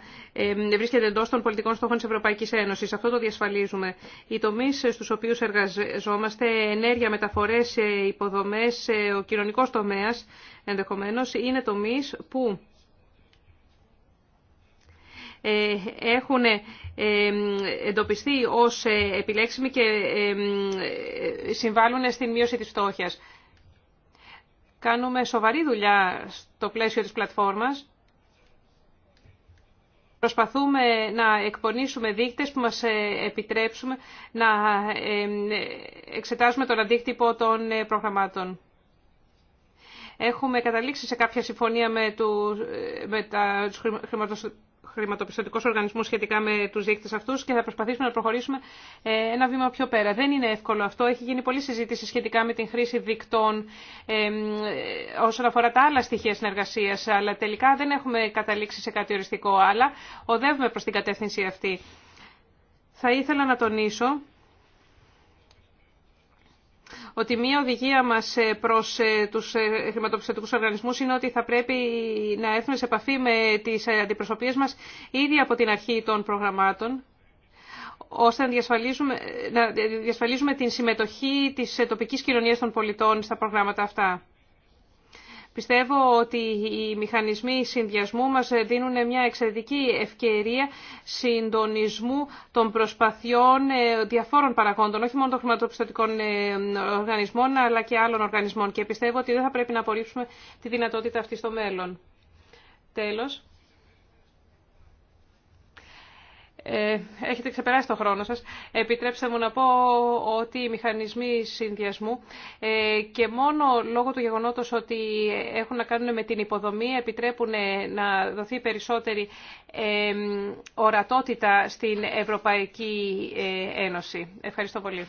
βρίσκεται εντός των πολιτικών στόχων της Ευρωπαϊκής Ένωσης. Αυτό το διασφαλίζουμε. Οι τομείς στους οποίους εργαζόμαστε, ενέργεια, μεταφορές, ε, υποδομές, ε, ο κοινωνικός τομέας ενδεχομένως, είναι τομείς που ε, έχουν ε, εντοπιστεί ως ε, επιλέξιμοι και συμβάλλουν στην μείωση της φτώχειας. Κάνουμε σοβαρή δουλειά στο πλαίσιο της πλατφόρμας. Προσπαθούμε να εκπονήσουμε δείκτες που μας επιτρέψουν να εξετάσουμε τον αντίκτυπο των προγραμμάτων. Έχουμε καταλήξει σε κάποια συμφωνία με, τους, με χρηματοπιστωτικό οργανισμό σχετικά με του δείκτε αυτού και θα προσπαθήσουμε να προχωρήσουμε ε, ένα βήμα πιο πέρα. Δεν είναι εύκολο αυτό. Έχει γίνει πολλή συζήτηση σχετικά με την χρήση δικτών ε, ε, όσον αφορά τα άλλα στοιχεία συνεργασία, αλλά τελικά δεν έχουμε καταλήξει σε κάτι οριστικό, αλλά οδεύουμε προ την κατεύθυνση αυτή. Θα ήθελα να τονίσω ότι μία οδηγία μας ε, προς ε, τους ε, χρηματοπιστωτικούς οργανισμούς είναι ότι θα πρέπει να έρθουμε σε επαφή με τις αντιπροσωπείες μας ήδη από την αρχή των προγραμμάτων ώστε να διασφαλίζουμε, να διασφαλίσουμε την συμμετοχή της τοπικής κοινωνίας των πολιτών στα προγράμματα αυτά. Πιστεύω ότι οι μηχανισμοί συνδυασμού μας δίνουν μια εξαιρετική ευκαιρία συντονισμού των προσπαθειών ε, διαφόρων παραγόντων, όχι μόνο των χρηματοπιστωτικών ε, οργανισμών, αλλά και άλλων οργανισμών. Και πιστεύω ότι δεν θα πρέπει να απορρίψουμε τη δυνατότητα αυτή στο μέλλον. Τέλος. Ε, έχετε ξεπεράσει το χρόνο σας. Επιτρέψτε μου να πω ότι οι μηχανισμοί συνδυασμού ε, και μόνο λόγω του γεγονότος ότι έχουν να κάνουν με την υποδομή επιτρέπουν ε, να δοθεί περισσότερη ορατότητα στην Ευρωπαϊκή Ένωση. Ευχαριστώ πολύ.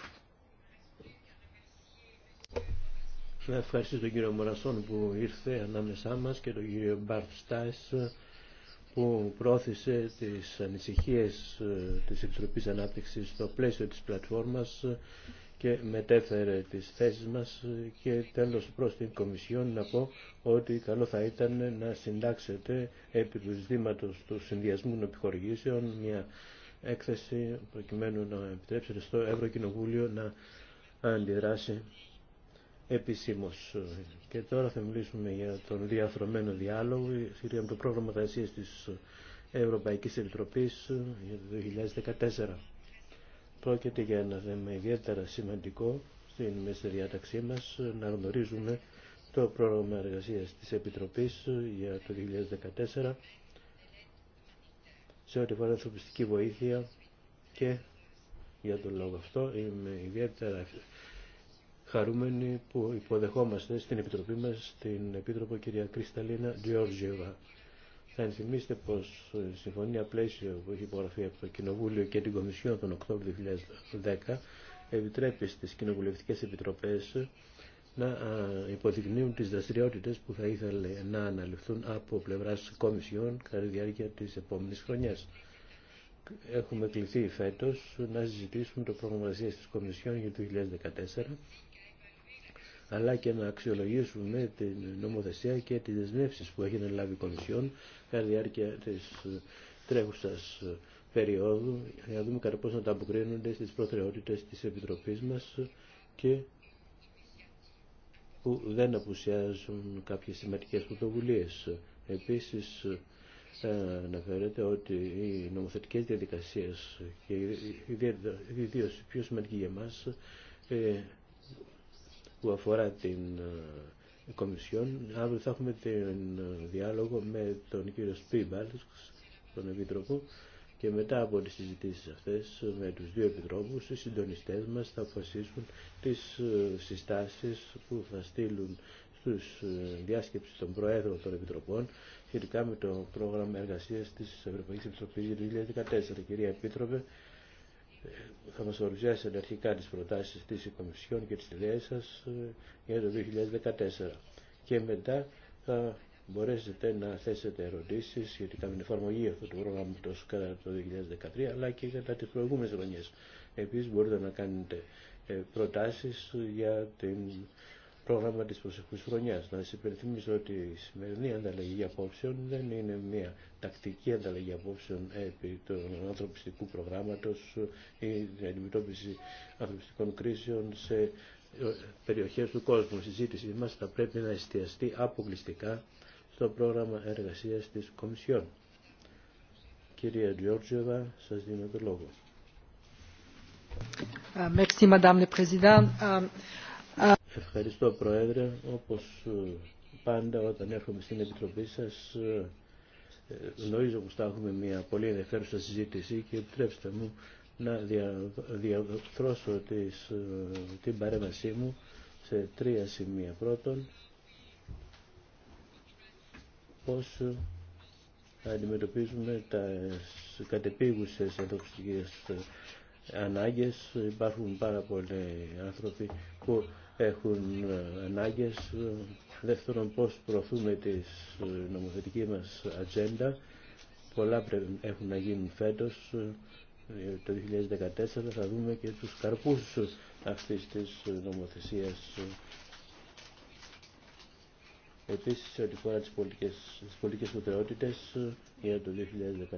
τον κύριο που ήρθε ανάμεσά μας και τον κύριο που πρόθεσε τις ανησυχίες ε, της Επιτροπής Ανάπτυξης στο πλαίσιο της πλατφόρμας και μετέφερε τις θέσεις μας και τέλος προς την Κομισιόν να πω ότι καλό θα ήταν να συντάξετε επί του ζητήματος του συνδυασμού επιχορηγήσεων μια έκθεση προκειμένου να επιτρέψετε στο Ευρωκοινοβούλιο να αντιδράσει επισήμως. Και τώρα θα μιλήσουμε για τον διαφρομένο διάλογο σχετικά με το πρόγραμμα εργασίας της Ευρωπαϊκής Επιτροπής για το 2014. Πρόκειται για ένα θέμα ιδιαίτερα σημαντικό στην μεσαιριάταξή διάταξή μας να γνωρίζουμε το πρόγραμμα εργασίας της Επιτροπής για το 2014 σε ό,τι αφορά ανθρωπιστική βοήθεια και για τον λόγο αυτό είμαι ιδιαίτερα χαρούμενοι που υποδεχόμαστε στην Επιτροπή μας την Επίτροπο κυρία Κρυσταλίνα Γεώργιεβα. Θα ενθυμίστε πως η συμφωνία πλαίσιο που έχει υπογραφεί από το Κοινοβούλιο και την Κομισιόν τον Οκτώβριο 2010 επιτρέπει στις κοινοβουλευτικές επιτροπές να υποδεικνύουν τις δραστηριότητες που θα ήθελε να αναλυφθούν από πλευράς Κομισιόν κατά τη διάρκεια της επόμενης χρονιάς. Έχουμε κληθεί φέτος να συζητήσουμε το πρόγραμμα της Κομισιόν για το 2014 αλλά και να αξιολογήσουμε την νομοθεσία και τις δεσμεύσεις που έχει λάβει η Κομισιόν κατά τη διάρκεια της τρέχουσας περίοδου για να δούμε κατά πώς να τα αποκρίνονται στις προτεραιότητες της Επιτροπής μας και που δεν απουσιάζουν κάποιες σημαντικές πρωτοβουλίε. Επίσης αναφέρεται ότι οι νομοθετικές διαδικασίες και ιδίως οι πιο σημαντικοί για μας που αφορά την ε, Κομισιόν. Αύριο θα έχουμε τον ε, διάλογο με τον κύριο Σπίμπαλς, τον Επίτροπο, και μετά από τις συζητήσεις αυτές με τους δύο επιτρόπους, οι συντονιστές μας θα αποφασίσουν τις ε, συστάσεις που θα στείλουν στους διάσκεψεις των Προέδρων των Επιτροπών σχετικά με το πρόγραμμα εργασίας της Ευρωπαϊκής Επιτροπής 2014. Κυρία Επίτροπε, ε, θα μας παρουσιάσετε αρχικά τις προτάσεις της Κομισιόν και τις ιδέες σας ε, για το 2014 και μετά θα μπορέσετε να θέσετε ερωτήσεις σχετικά με την εφαρμογή αυτού του πρόγραμματος κατά το 2013 αλλά και κατά τις προηγούμενες χρονιές. Επίσης μπορείτε να κάνετε ε, προτάσεις για την πρόγραμμα της προσεχούς χρονιάς. Να συμπεριθυμίσω ότι η σημερινή ανταλλαγή απόψεων δεν είναι μια τακτική ανταλλαγή απόψεων επί του ανθρωπιστικού προγράμματος ή την αντιμετώπιση ανθρωπιστικών κρίσεων σε ε, περιοχές του κόσμου. Η συζήτηση μας θα πρέπει να εστιαστεί αποκλειστικά στο πρόγραμμα εργασίας της Κομισιόν. Κυρία Γιορτζεβα, σας δίνω το λόγο. Ε, merci, Ευχαριστώ Πρόεδρε. Όπως ε, πάντα όταν έρχομαι στην Επιτροπή σας ε, ε, γνωρίζω πως θα έχουμε μια πολύ ενδιαφέρουσα συζήτηση και επιτρέψτε μου να διαδρώσω την παρέμβασή μου σε τρία σημεία. Πρώτον, πώς θα αντιμετωπίζουμε τα κατεπίγουσες ανθρωπιστικές ανάγκες. Υπάρχουν πάρα πολλοί άνθρωποι που έχουν ε, ανάγκες. Ε, δεύτερον, πώς προωθούμε τη ε, νομοθετική μας ατζέντα. Πολλά πρέπει, έχουν να γίνουν φέτος. Το 2014 θα δούμε και τους καρπούς αυτής της νομοθεσίας. Επίσης, ό,τι φορά τις πολιτικές, τις πολιτικές προτεραιότητες για το 2014,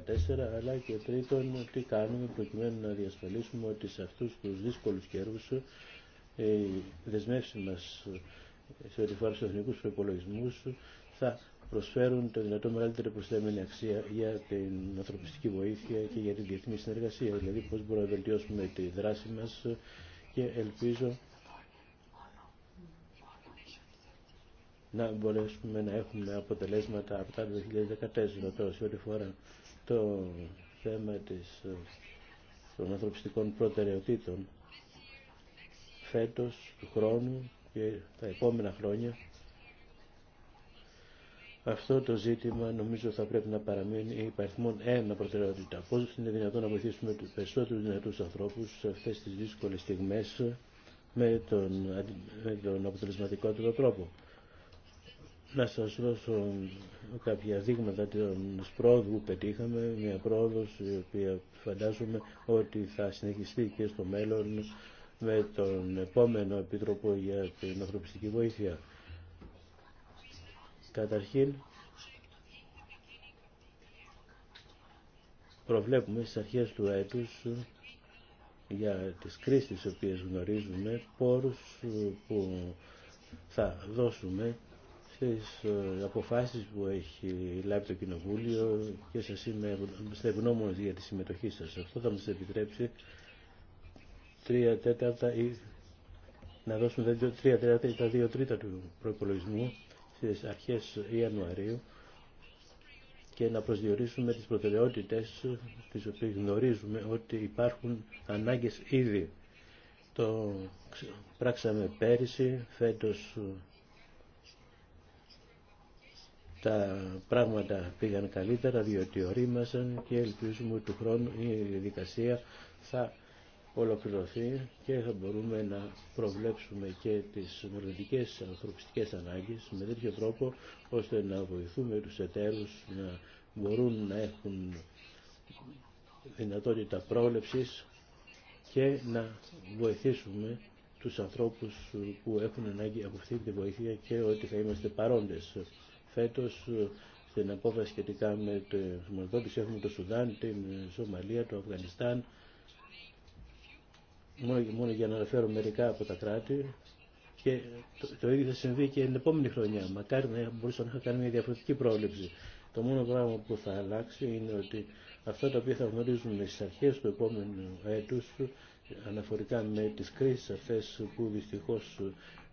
αλλά και τρίτον, τι κάνουμε προκειμένου να διασφαλίσουμε ότι σε αυτούς τους δύσκολους καιρούς ε, οι δεσμεύσει μας ε, σε ό,τι αφορά στους εθνικού προπολογισμού θα προσφέρουν το δυνατό μεγαλύτερη προσθέμενη αξία για την ανθρωπιστική βοήθεια και για την διεθνή συνεργασία. Δηλαδή πώ μπορούμε να βελτιώσουμε τη δράση μας και ελπίζω να μπορέσουμε να έχουμε αποτελέσματα από τα 2014 τώρα σε ό,τι φορά το θέμα της, ε, των ανθρωπιστικών προτεραιοτήτων φέτος, του χρόνου και τα επόμενα χρόνια αυτό το ζήτημα νομίζω θα πρέπει να παραμείνει υπαριθμόν ένα προτεραιότητα. Πώς είναι δυνατόν να βοηθήσουμε τους περισσότερους δυνατούς ανθρώπους σε αυτές τις δύσκολες στιγμές με τον, με τον αποτελεσματικότερο τρόπο. Να σας δώσω κάποια δείγματα της πρόοδου που πετύχαμε, μια πρόοδος η οποία φαντάζομαι ότι θα συνεχιστεί και στο μέλλον με τον επόμενο Επίτροπο για την Ανθρωπιστική Βοήθεια. Καταρχήν, προβλέπουμε στις αρχές του έτους για τις κρίσεις τις οποίες γνωρίζουμε πόρους που θα δώσουμε στις αποφάσεις που έχει λάβει το Κοινοβούλιο και σας είμαι ευγνώμονος για τη συμμετοχή σας. Αυτό θα μας επιτρέψει τρία τέταρτα ή να τα δύο τρίτα του προπολογισμού στις αρχές Ιανουαρίου και να προσδιορίσουμε τις προτεραιότητες τις οποίες γνωρίζουμε ότι υπάρχουν ανάγκες ήδη. Το πράξαμε πέρυσι, φέτος τα πράγματα πήγαν καλύτερα διότι ορίμασαν και ελπίζουμε του χρόνου η διαδικασία θα ολοκληρωθεί και θα μπορούμε να προβλέψουμε και τις μελλοντικές ανθρωπιστικές ανάγκες με τέτοιο τρόπο ώστε να βοηθούμε τους εταίρους να μπορούν να έχουν δυνατότητα πρόληψης και να βοηθήσουμε τους ανθρώπους που έχουν ανάγκη από αυτή τη βοήθεια και ότι θα είμαστε παρόντες. Φέτος στην απόφαση σχετικά με τη χρηματοδότηση έχουμε το Σουδάν, την Σομαλία, το Αφγανιστάν, μόνο για να αναφέρω μερικά από τα κράτη, και το, ίδιο θα συμβεί και την επόμενη χρονιά. Μακάρι να μπορούσα να είχα κάνει μια διαφορετική πρόληψη. Το μόνο πράγμα που θα αλλάξει είναι ότι αυτά τα οποία θα γνωρίζουμε στι αρχέ του επόμενου έτου, αναφορικά με τι κρίσει αυτέ που δυστυχώ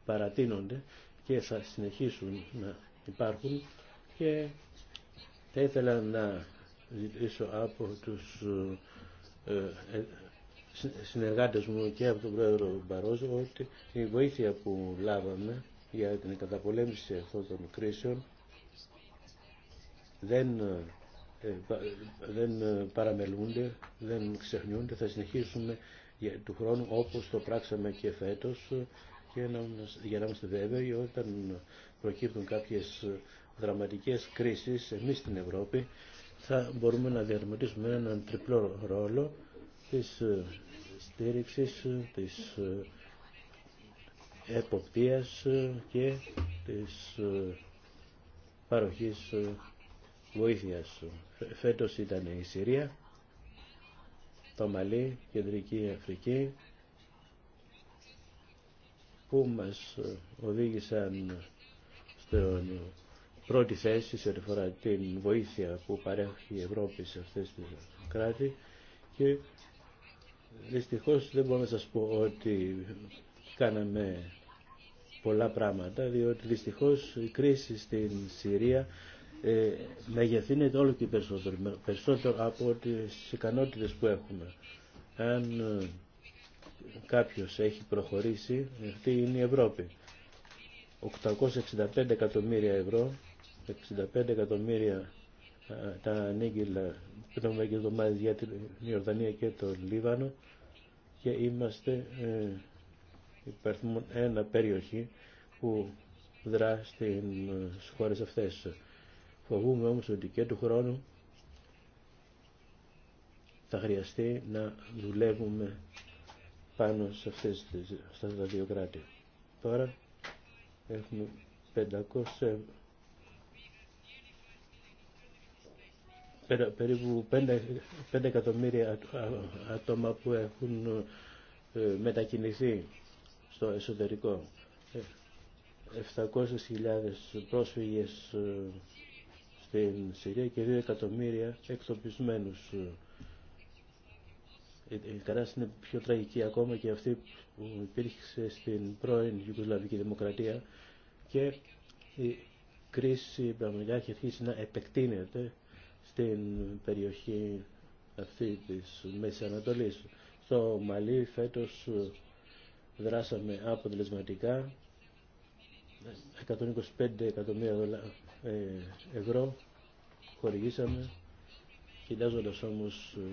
παρατείνονται και θα συνεχίσουν να υπάρχουν και θα ήθελα να ζητήσω από τους ε, ε, συνεργάτες μου και από τον πρόεδρο Μπαρόζο ότι η βοήθεια που λάβαμε για την καταπολέμηση αυτών των κρίσεων δεν, ε, δεν παραμελούνται, δεν ξεχνιούνται, θα συνεχίσουμε του χρόνου όπως το πράξαμε και φέτος ε, και να, για να είμαστε βέβαιοι όταν προκύπτουν κάποιες ε, δραματικές κρίσεις εμείς στην Ευρώπη θα μπορούμε να διαρμονίσουμε έναν τριπλό ρόλο της στήριξης, ε, της ε, εποπτείας ε, και της παροχής βοήθειας. Φέτος ήταν η Συρία, το Μαλί, Κεντρική Αφρική, που μας οδήγησαν στην πρώτη θέση σε φορά την βοήθεια που παρέχει η Ευρώπη σε αυτές τις κράτη και Δυστυχώς δεν μπορώ να σας πω ότι κάναμε πολλά πράγματα, διότι δυστυχώς η κρίση στην Συρία ε, μεγεθύνεται όλο και περισσότερο, περισσότερο από τις ικανότητες που έχουμε. Αν ε, κάποιος έχει προχωρήσει, αυτή είναι η Ευρώπη. 865 εκατομμύρια ευρώ, 65 εκατομμύρια τα ανήγγυλα που τα εβδομάδες για την Ιορδανία και το Λίβανο και είμαστε ε, ένα περιοχή που δρά ε, στις χώρες αυτές. Φοβούμε όμως ότι και του χρόνου θα χρειαστεί να δουλεύουμε πάνω σε αυτές τις, αυτά τα δύο κράτη. Τώρα έχουμε 500 περίπου 5 εκατομμύρια άτομα που έχουν ε, μετακινηθεί στο εσωτερικό. 700.000 ε, πρόσφυγες ε, στην Συρία και 2 εκατομμύρια εκτοπισμένους. Η κατάσταση είναι πιο τραγική ακόμα και αυτή που υπήρχε στην πρώην Ιουγκοσλαβική Δημοκρατία και η κρίση πραγματικά έχει αρχίσει να επεκτείνεται στην περιοχή αυτή της Μέση Ανατολής. Στο Μαλί φέτος ε, δράσαμε αποτελεσματικά 125 εκατομμύρια ε, ευρώ χορηγήσαμε. Κοιτάζοντα όμω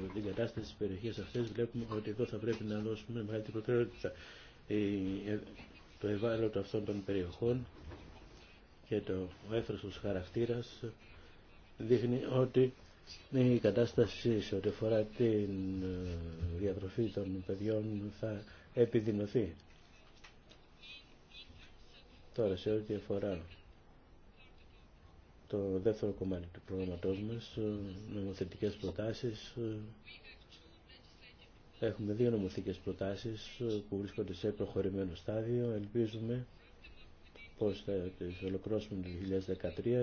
ε, την κατάσταση τη περιοχή αυτή, βλέπουμε ότι εδώ θα πρέπει να δώσουμε μεγάλη προτεραιότητα. Το ευάλωτο αυτών των περιοχών και το έφραστο χαρακτήρα δείχνει ότι η κατάσταση σε ό,τι αφορά την ε, διατροφή των παιδιών θα επιδεινωθεί. Τώρα σε ό,τι αφορά το δεύτερο κομμάτι του προγραμματός μας, ε, νομοθετικές προτάσεις. Ε, έχουμε δύο νομοθετικές προτάσεις που βρίσκονται σε προχωρημένο στάδιο. Ελπίζουμε πως θα τις ολοκληρώσουμε το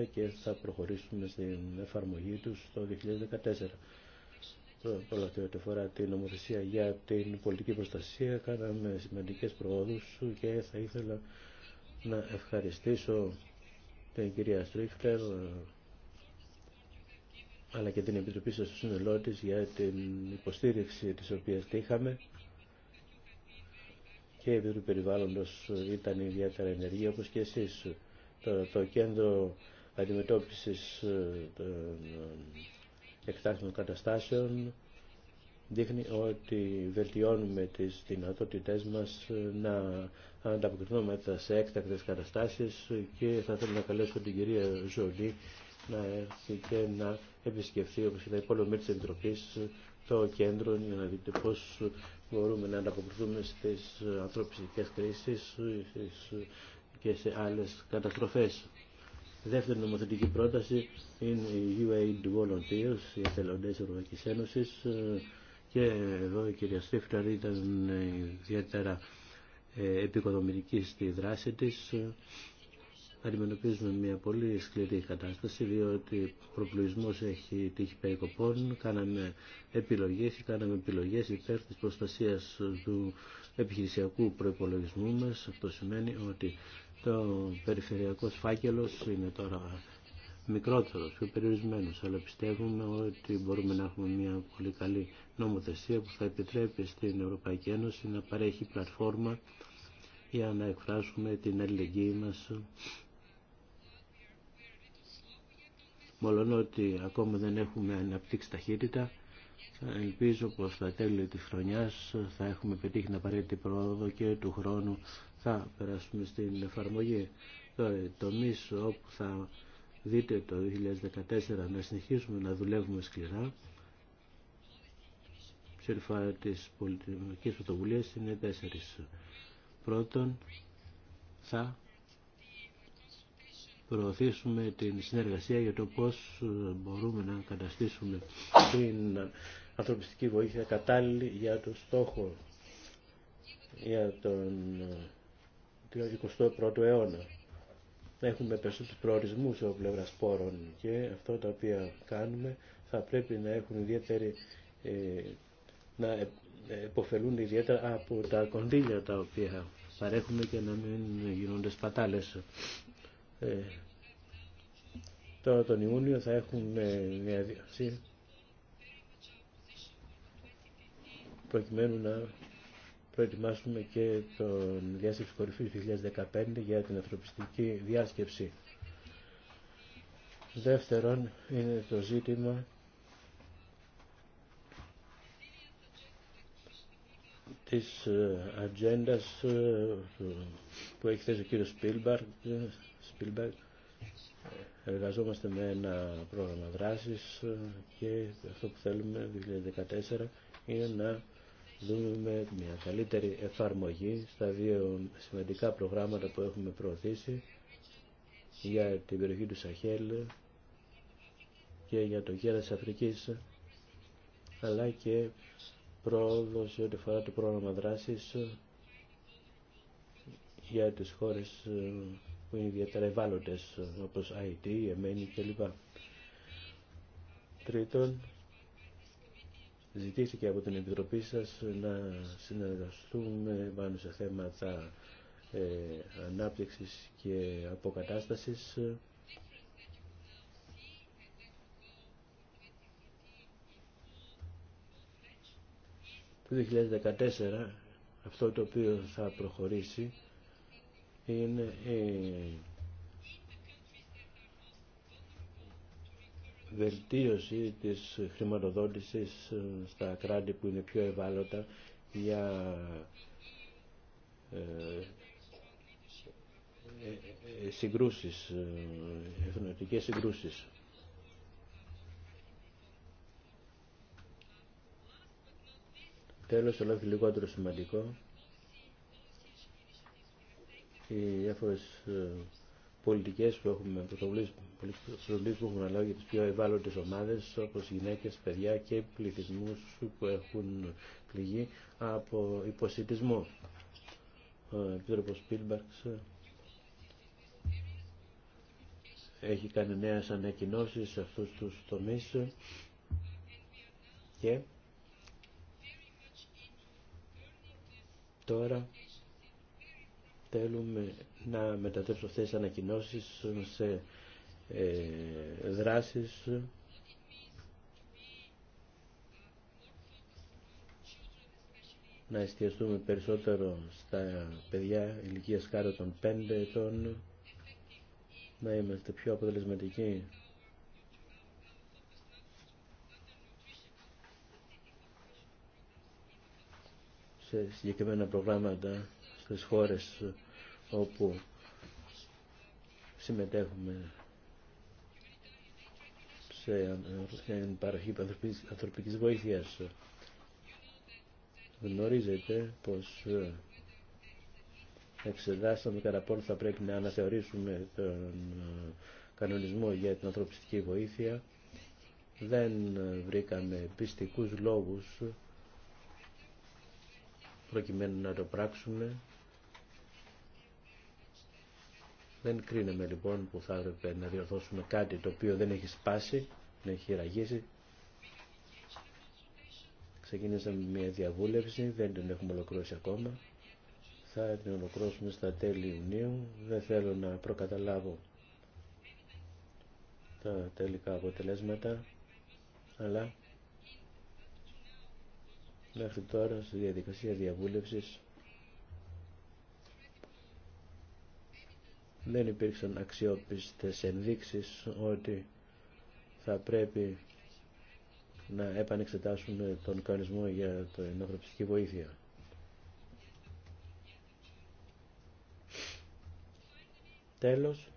2013 και θα προχωρήσουμε στην εφαρμογή τους το 2014. Πρώτα αυτά ό,τι αφορά την νομοθεσία για την πολιτική προστασία κάναμε σημαντικές προόδους και θα ήθελα να ευχαριστήσω την κυρία Στρίφτερ αλλά και την Επιτροπή σας στο σύνολό για την υποστήριξη της οποίας είχαμε και επειδή του περιβάλλοντος ήταν ιδιαίτερα ενεργή όπως και εσείς. το κέντρο αντιμετώπισης ε, των ε, εκτάσεων καταστάσεων δείχνει ότι βελτιώνουμε τις δυνατότητές μας ε, να ανταποκριθούμε σε έκτακτες καταστάσεις και θα θέλω να καλέσω την κυρία Ζωλή να έρθει και να επισκεφθεί όπως και τα υπόλοιπα μέλη της Επιτροπής το κέντρο για να δείτε πώς μπορούμε να ανταποκριθούμε στις ανθρωπιστικές κρίσεις και σε άλλες καταστροφές. Δεύτερη νομοθετική πρόταση είναι η UAID Volunteers, οι εθελοντές της Ευρωπαϊκής Ένωσης και εδώ η κυρία Στίφταρ ήταν ιδιαίτερα ε, επικοδομητική στη δράση της αντιμετωπίζουμε μια πολύ σκληρή κατάσταση διότι ο προπλοισμός έχει τύχει περικοπών, κάναμε επιλογές και κάναμε επιλογές υπέρ της προστασίας του επιχειρησιακού προϋπολογισμού μας. Αυτό σημαίνει ότι το περιφερειακό φάκελος είναι τώρα μικρότερο πιο περιορισμένο. αλλά πιστεύουμε ότι μπορούμε να έχουμε μια πολύ καλή νομοθεσία που θα επιτρέπει στην Ευρωπαϊκή Ένωση να παρέχει πλατφόρμα για να εκφράσουμε την αλληλεγγύη μας μόλον ότι ακόμα δεν έχουμε αναπτύξει ταχύτητα. Ελπίζω πως στα τέλη της χρονιάς θα έχουμε πετύχει την απαραίτητη πρόοδο και του χρόνου θα περάσουμε στην εφαρμογή. Το μισό όπου θα δείτε το 2014 να συνεχίσουμε να δουλεύουμε σκληρά ψήφα της πολιτικής πρωτοβουλίας είναι τέσσερις. Πρώτον, θα προωθήσουμε την συνεργασία για το πώς ε, μπορούμε να καταστήσουμε την ανθρωπιστική βοήθεια κατάλληλη για το στόχο για τον 21ο ε, αιώνα. Έχουμε περισσότερους προορισμούς από πλευρά πόρων και αυτό τα οποία κάνουμε θα πρέπει να έχουν ιδιαίτερη ε, να υποφελούν ιδιαίτερα από τα κονδύλια τα οποία παρέχουμε και να μην γίνονται σπατάλες. Ε, τώρα τον Ιούνιο θα έχουν μια διαδικασία προκειμένου να προετοιμάσουμε και τον διάσκεψη κορυφή του 2015 για την ανθρωπιστική διάσκεψη. Δεύτερον είναι το ζήτημα της ε, ατζέντα ε, που έχει θέσει ο κύριος Σπίλμπαρκ Spielberg εργαζόμαστε με ένα πρόγραμμα δράσης και αυτό που θέλουμε 2014 είναι να δούμε μια καλύτερη εφαρμογή στα δύο σημαντικά προγράμματα που έχουμε προωθήσει για την περιοχή του Σαχέλ και για το γέρα της Αφρικής αλλά και πρόοδο σε ό,τι αφορά το πρόγραμμα δράσης για τις χώρες που είναι ιδιαίτερα ευάλωτε όπως IT, εμένη κλπ. Τρίτον, ζητήθηκε από την Επιτροπή σας να συνεργαστούμε πάνω σε θέματα ε, ανάπτυξης και αποκατάστασης Το 2014 αυτό το οποίο θα προχωρήσει είναι η βελτίωση της χρηματοδότησης στα κράτη που είναι πιο ευάλωτα για ε, ε, ε, συγκρούσεις, εθνοτικές συγκρούσεις. Τέλος, αλλά λιγότερο σημαντικό, οι διάφορε ε, πολιτικές που έχουμε, πρωτοβουλίες, που έχουμε αναλάβει για τις πιο ευάλωτε ομάδες όπω γυναίκε, παιδιά και πληθυσμού που έχουν πληγεί από υποσυτισμό. Ο Επίτροπος Πίλμπαρξ ε, έχει κάνει νέες ανακοινώσεις σε αυτούς τους τομείς ε, και τώρα θέλουμε να μετατρέψω αυτές τις ανακοινώσεις σε ε, δράσεις να εστιαστούμε περισσότερο στα παιδιά ηλικίας κάτω των 5 ετών, να είμαστε πιο αποτελεσματικοί. σε συγκεκριμένα προγράμματα στις χώρες όπου συμμετέχουμε σε παροχή ανθρωπικής βοήθειας. Γνωρίζετε πως εξετάσαμε κατά πόσο θα πρέπει να αναθεωρήσουμε τον κανονισμό για την ανθρωπιστική βοήθεια. Δεν βρήκαμε πιστικούς λόγους προκειμένου να το πράξουμε Δεν κρίνουμε λοιπόν που θα έπρεπε να διορθώσουμε κάτι το οποίο δεν έχει σπάσει, δεν έχει ραγίσει. Ξεκινήσαμε μια διαβούλευση, δεν την έχουμε ολοκληρώσει ακόμα. Θα την ολοκληρώσουμε στα τέλη Ιουνίου. Δεν θέλω να προκαταλάβω τα τελικά αποτελέσματα, αλλά μέχρι τώρα στη διαδικασία διαβούλευσης δεν υπήρξαν αξιόπιστες ενδείξεις ότι θα πρέπει να επανεξετάσουμε τον κανονισμό για την ανθρωπιστική βοήθεια. Τέλος,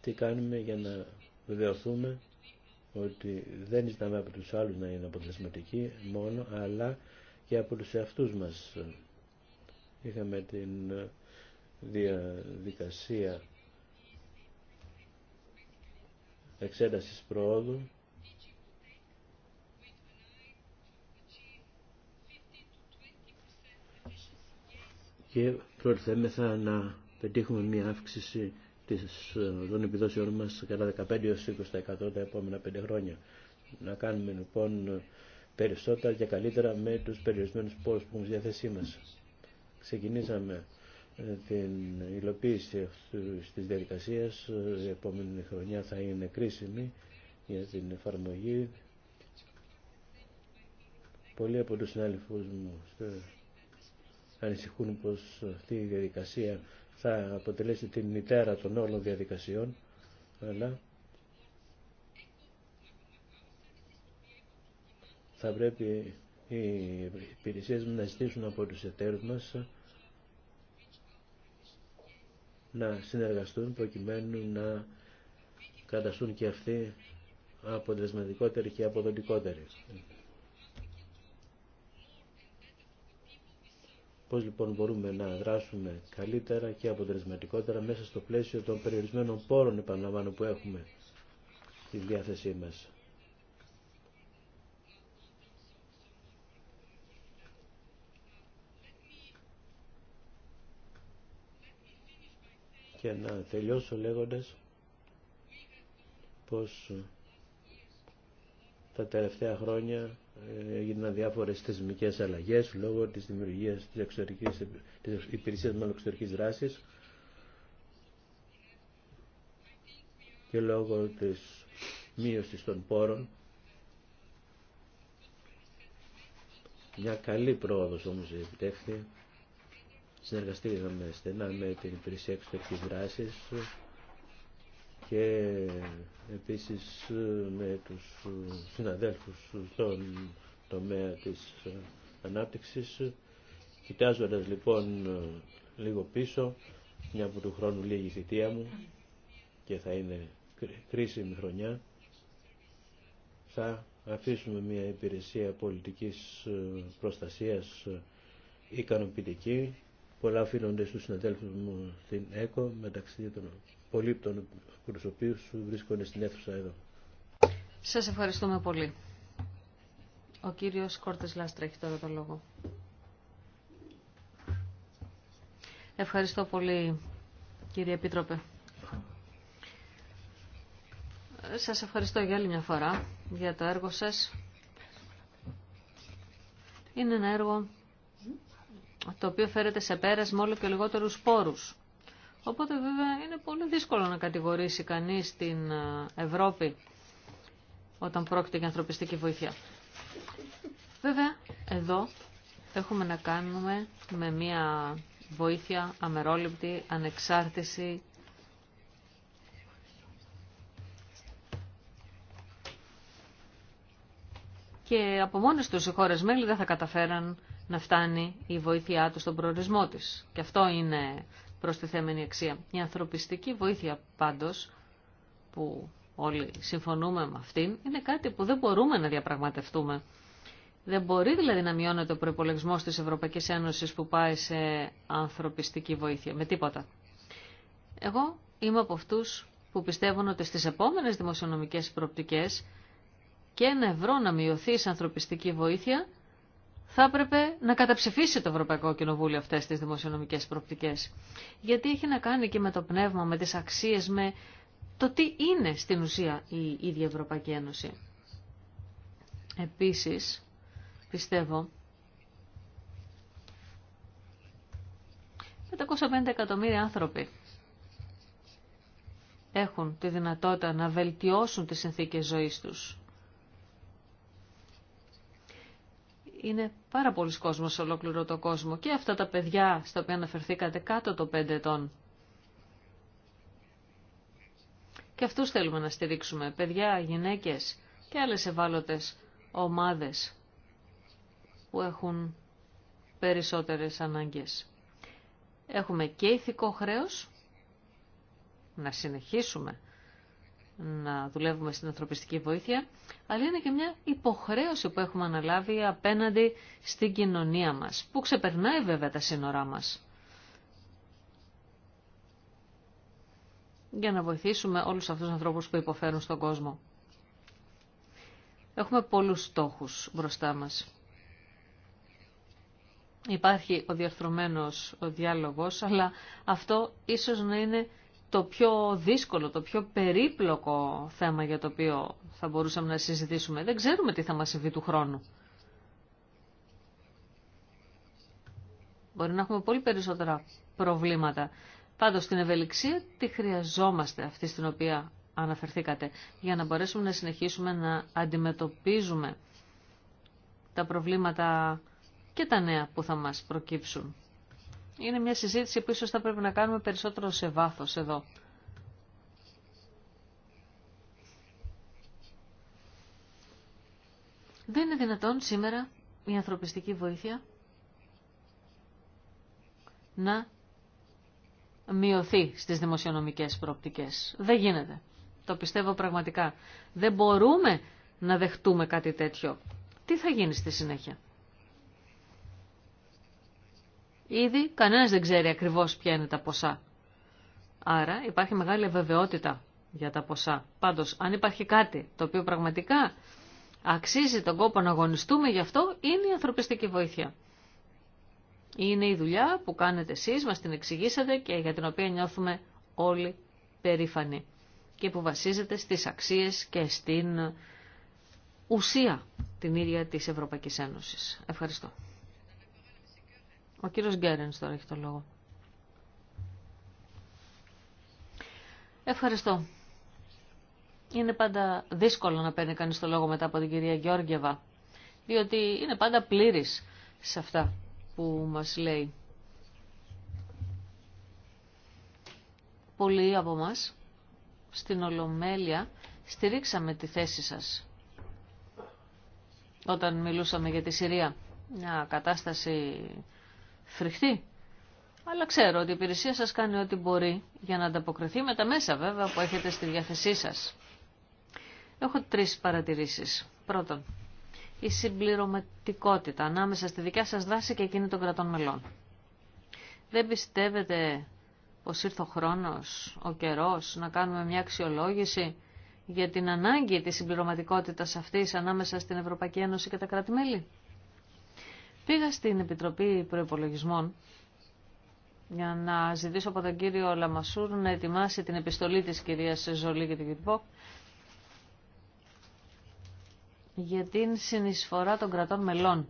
τι κάνουμε για να βεβαιωθούμε ότι δεν ζητάμε από τους άλλους να είναι αποτελεσματικοί μόνο, αλλά και από τους εαυτούς μας Είχαμε την ε, διαδικασία εξέτασης προόδου και προερθέμεθα να πετύχουμε μια αύξηση της, ε, των επιδόσεων μας κατά 15-20% τα επόμενα πέντε χρόνια. Να κάνουμε λοιπόν ε, περισσότερα και καλύτερα με τους περιορισμένους πόρους που έχουμε στη διάθεσή μας ξεκινήσαμε ε, την υλοποίηση αυτής της διαδικασίας. Ε, η επόμενη χρονιά θα είναι κρίσιμη για την εφαρμογή. Πολλοί από τους συνάδελφους μου ε, ανησυχούν πως αυτή η διαδικασία θα αποτελέσει την μητέρα των όλων διαδικασιών, αλλά θα πρέπει οι υπηρεσίες μου να ζητήσουν από τους εταίρους μας να συνεργαστούν προκειμένου να καταστούν και αυτοί αποτελεσματικότεροι και αποδοτικότεροι. Πώς λοιπόν μπορούμε να δράσουμε καλύτερα και αποτελεσματικότερα μέσα στο πλαίσιο των περιορισμένων πόρων επαναλαμβάνω που έχουμε στη διάθεσή μας. και να τελειώσω λέγοντας πως ε, τα τελευταία χρόνια ε, έγιναν διάφορες θεσμικές αλλαγές λόγω της δημιουργίας της, εξωτερικής, της υπηρεσίας μάλλον δράσης και λόγω της μείωσης των πόρων. Μια καλή πρόοδος όμως επιτεύχθη συνεργαστήκαμε στενά με την υπηρεσία εξωτερικής δράσης και επίσης με τους συναδέλφους στον τομέα της ανάπτυξης. Κοιτάζοντας λοιπόν λίγο πίσω, μια από του χρόνου λίγη θητεία μου και θα είναι κρίσιμη χρονιά, θα αφήσουμε μια υπηρεσία πολιτικής προστασίας ικανοποιητική πολλά οφείλονται στους συναδέλφους μου στην ΕΚΟ μεταξύ των πολύπτων προσωπείων που βρίσκονται στην αίθουσα εδώ. Σας ευχαριστούμε πολύ. Ο κύριος Κόρτες Λάστρα έχει τώρα το λόγο. Ευχαριστώ πολύ κύριε Επίτροπε. Σας ευχαριστώ για άλλη μια φορά για το έργο σας. Είναι ένα έργο το οποίο φέρεται σε πέρασμα όλο και λιγότερους σπόρους. Οπότε βέβαια είναι πολύ δύσκολο να κατηγορήσει κανείς την ε, Ευρώπη όταν πρόκειται για ανθρωπιστική βοήθεια. Βέβαια, εδώ έχουμε να κάνουμε με μια βοήθεια αμερόληπτη, ανεξάρτηση και από μόνες τους οι χώρες μέλη δεν θα καταφέραν να φτάνει η βοήθειά του στον προορισμό της. Και αυτό είναι προστιθέμενη αξία. Η ανθρωπιστική βοήθεια πάντως, που όλοι συμφωνούμε με αυτήν, είναι κάτι που δεν μπορούμε να διαπραγματευτούμε. Δεν μπορεί δηλαδή να μειώνεται ο προπολογισμό τη Ευρωπαϊκή Ένωση που πάει σε ανθρωπιστική βοήθεια. Με τίποτα. Εγώ είμαι από αυτού που πιστεύουν ότι στι επόμενε δημοσιονομικέ προοπτικέ και ένα ευρώ να μειωθεί σε ανθρωπιστική βοήθεια θα έπρεπε να καταψηφίσει το Ευρωπαϊκό Κοινοβούλιο αυτές τις δημοσιονομικές προοπτικές. Γιατί έχει να κάνει και με το πνεύμα, με τις αξίες, με το τι είναι στην ουσία η ίδια Ευρωπαϊκή Ένωση. Επίσης, πιστεύω, 550 εκατομμύρια άνθρωποι έχουν τη δυνατότητα να βελτιώσουν τις συνθήκες ζωής τους. είναι πάρα πολλοί κόσμος σε ολόκληρο το κόσμο και αυτά τα παιδιά στα οποία αναφερθήκατε κάτω το 5 ετών. Και αυτούς θέλουμε να στηρίξουμε, παιδιά, γυναίκες και άλλες ευάλωτες ομάδες που έχουν περισσότερες ανάγκες. Έχουμε και ηθικό χρέος να συνεχίσουμε να δουλεύουμε στην ανθρωπιστική βοήθεια, αλλά είναι και μια υποχρέωση που έχουμε αναλάβει απέναντι στην κοινωνία μας, που ξεπερνάει βέβαια τα σύνορά μας. Για να βοηθήσουμε όλους αυτούς τους ανθρώπους που υποφέρουν στον κόσμο. Έχουμε πολλούς στόχους μπροστά μας. Υπάρχει ο διαρθρωμένος ο διάλογος, αλλά αυτό ίσως να είναι το πιο δύσκολο, το πιο περίπλοκο θέμα για το οποίο θα μπορούσαμε να συζητήσουμε. Δεν ξέρουμε τι θα μας συμβεί του χρόνου. Μπορεί να έχουμε πολύ περισσότερα προβλήματα. Πάντως την ευελιξία τη χρειαζόμαστε αυτή στην οποία αναφερθήκατε για να μπορέσουμε να συνεχίσουμε να αντιμετωπίζουμε τα προβλήματα και τα νέα που θα μας προκύψουν είναι μια συζήτηση που ίσως θα πρέπει να κάνουμε περισσότερο σε βάθος εδώ. Δεν είναι δυνατόν σήμερα η ανθρωπιστική βοήθεια να μειωθεί στις δημοσιονομικές προοπτικές. Δεν γίνεται. Το πιστεύω πραγματικά. Δεν μπορούμε να δεχτούμε κάτι τέτοιο. Τι θα γίνει στη συνέχεια. Ήδη κανένας δεν ξέρει ακριβώς ποια είναι τα ποσά. Άρα υπάρχει μεγάλη βεβαιότητα για τα ποσά. Πάντως, αν υπάρχει κάτι το οποίο πραγματικά αξίζει τον κόπο να αγωνιστούμε γι' αυτό, είναι η ανθρωπιστική βοήθεια. Είναι η δουλειά που κάνετε εσείς, μας την εξηγήσατε και για την οποία νιώθουμε όλοι περήφανοι και που βασίζεται στις αξίες και στην ουσία την ίδια της Ευρωπαϊκής Ένωσης. Ευχαριστώ. Ο κύριος Γκέρενς τώρα έχει το λόγο. Ευχαριστώ. Είναι πάντα δύσκολο να παίρνει κανείς το λόγο μετά από την κυρία Γιώργεβα, διότι είναι πάντα πλήρης σε αυτά που μας λέει. Πολλοί από μας στην Ολομέλεια στηρίξαμε τη θέση σας όταν μιλούσαμε για τη Συρία. Μια κατάσταση φρικτή. Αλλά ξέρω ότι η υπηρεσία σας κάνει ό,τι μπορεί για να ανταποκριθεί με τα μέσα βέβαια που έχετε στη διάθεσή σας. Έχω τρεις παρατηρήσεις. Πρώτον, η συμπληρωματικότητα ανάμεσα στη δικιά σας δράση και εκείνη των κρατών μελών. Δεν πιστεύετε πως ήρθε ο χρόνος, ο καιρός, να κάνουμε μια αξιολόγηση για την ανάγκη της συμπληρωματικότητας αυτής ανάμεσα στην Ευρωπαϊκή Ένωση και τα κράτη-μέλη. Πήγα στην Επιτροπή προπολογισμών για να ζητήσω από τον κύριο Λαμασούρ να ετοιμάσει την επιστολή της κυρίας Ζολή και την Κυρπό για την συνεισφορά των κρατών μελών.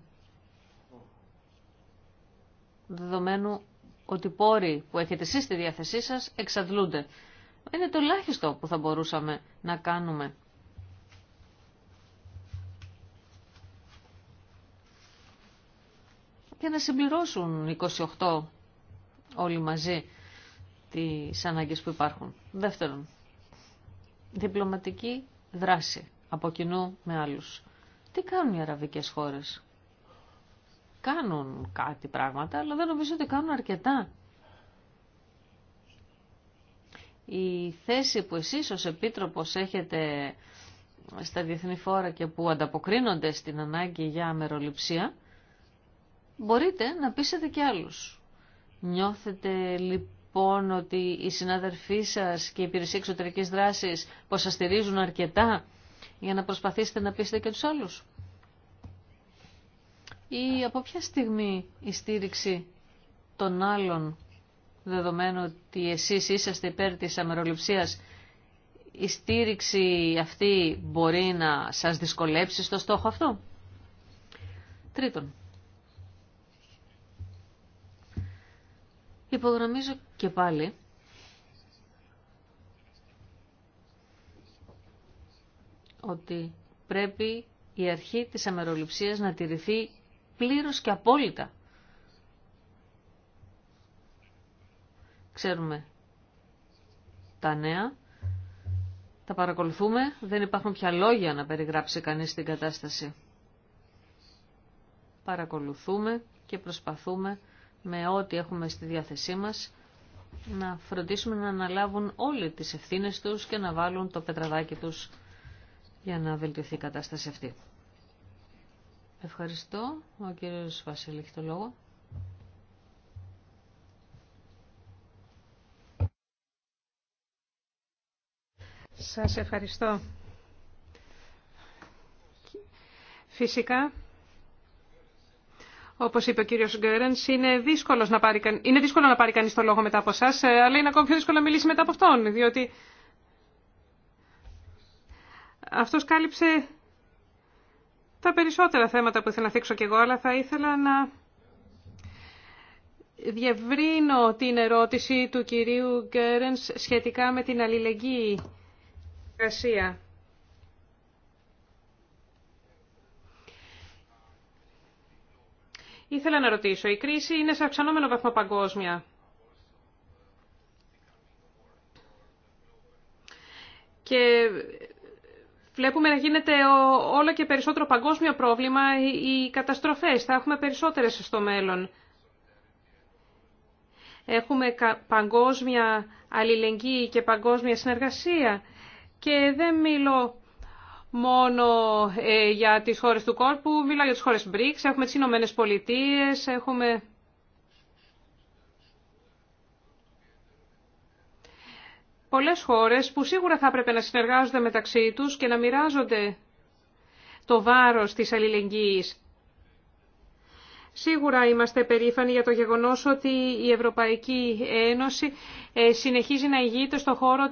Δεδομένου ότι οι πόροι που έχετε εσείς στη διάθεσή σας εξαντλούνται. Είναι το ελάχιστο που θα μπορούσαμε να κάνουμε και να συμπληρώσουν 28 όλοι μαζί τις ανάγκες που υπάρχουν. Δεύτερον, διπλωματική δράση από κοινού με άλλους. Τι κάνουν οι αραβικές χώρες. Κάνουν κάτι πράγματα, αλλά δεν νομίζω ότι κάνουν αρκετά. Η θέση που εσείς ως Επίτροπος έχετε στα διεθνή φόρα και που ανταποκρίνονται στην ανάγκη για αμεροληψία, μπορείτε να πείσετε και άλλους. Νιώθετε λοιπόν ότι οι συναδελφοί σας και η υπηρεσία εξωτερικής δράσης που σας στηρίζουν αρκετά για να προσπαθήσετε να πείσετε και τους άλλους. Ή από ποια στιγμή η στήριξη των άλλων, δεδομένου ότι εσείς είσαστε υπέρ της αμεροληψίας, η στήριξη αυτή μπορεί να σας δυσκολέψει στο στόχο αυτό. Τρίτον, Υπογραμμίζω και πάλι ότι πρέπει η αρχή της αμεροληψίας να τηρηθεί πλήρως και απόλυτα. Ξέρουμε τα νέα, τα παρακολουθούμε, δεν υπάρχουν πια λόγια να περιγράψει κανείς την κατάσταση. Παρακολουθούμε και προσπαθούμε με ό,τι έχουμε στη διάθεσή μας να φροντίσουμε να αναλάβουν όλοι τις ευθύνες τους και να βάλουν το πετραδάκι τους για να βελτιωθεί η κατάσταση αυτή. Ευχαριστώ. Ο κύριος Βασίλη έχει το λόγο. Σας ευχαριστώ. Φυσικά όπως είπε ο κύριο Γκέρεν, είναι, να πάρει, είναι δύσκολο να πάρει κανεί το λόγο μετά από εσά, ε, αλλά είναι ακόμη πιο δύσκολο να μιλήσει μετά από αυτόν, διότι αυτός κάλυψε τα περισσότερα θέματα που ήθελα να θίξω και εγώ, αλλά θα ήθελα να διευρύνω την ερώτηση του κυρίου Γκέρενς σχετικά με την αλληλεγγύη εργασία. Ήθελα να ρωτήσω, η κρίση είναι σε αυξανόμενο βαθμό παγκόσμια. Και βλέπουμε να γίνεται όλο και περισσότερο παγκόσμιο πρόβλημα οι καταστροφές. Θα έχουμε περισσότερες στο μέλλον. Έχουμε παγκόσμια αλληλεγγύη και παγκόσμια συνεργασία. Και δεν μιλώ μόνο ε, για τις χώρες του κόρπου, μιλάω για τις χώρες BRICS, έχουμε τις Ηνωμένε Πολιτείες, έχουμε... Πολλές χώρες που σίγουρα θα έπρεπε να συνεργάζονται μεταξύ τους και να μοιράζονται το βάρος της αλληλεγγύης. Σίγουρα είμαστε περήφανοι για το γεγονός ότι η Ευρωπαϊκή Ένωση ε, συνεχίζει να ηγείται στο χώρο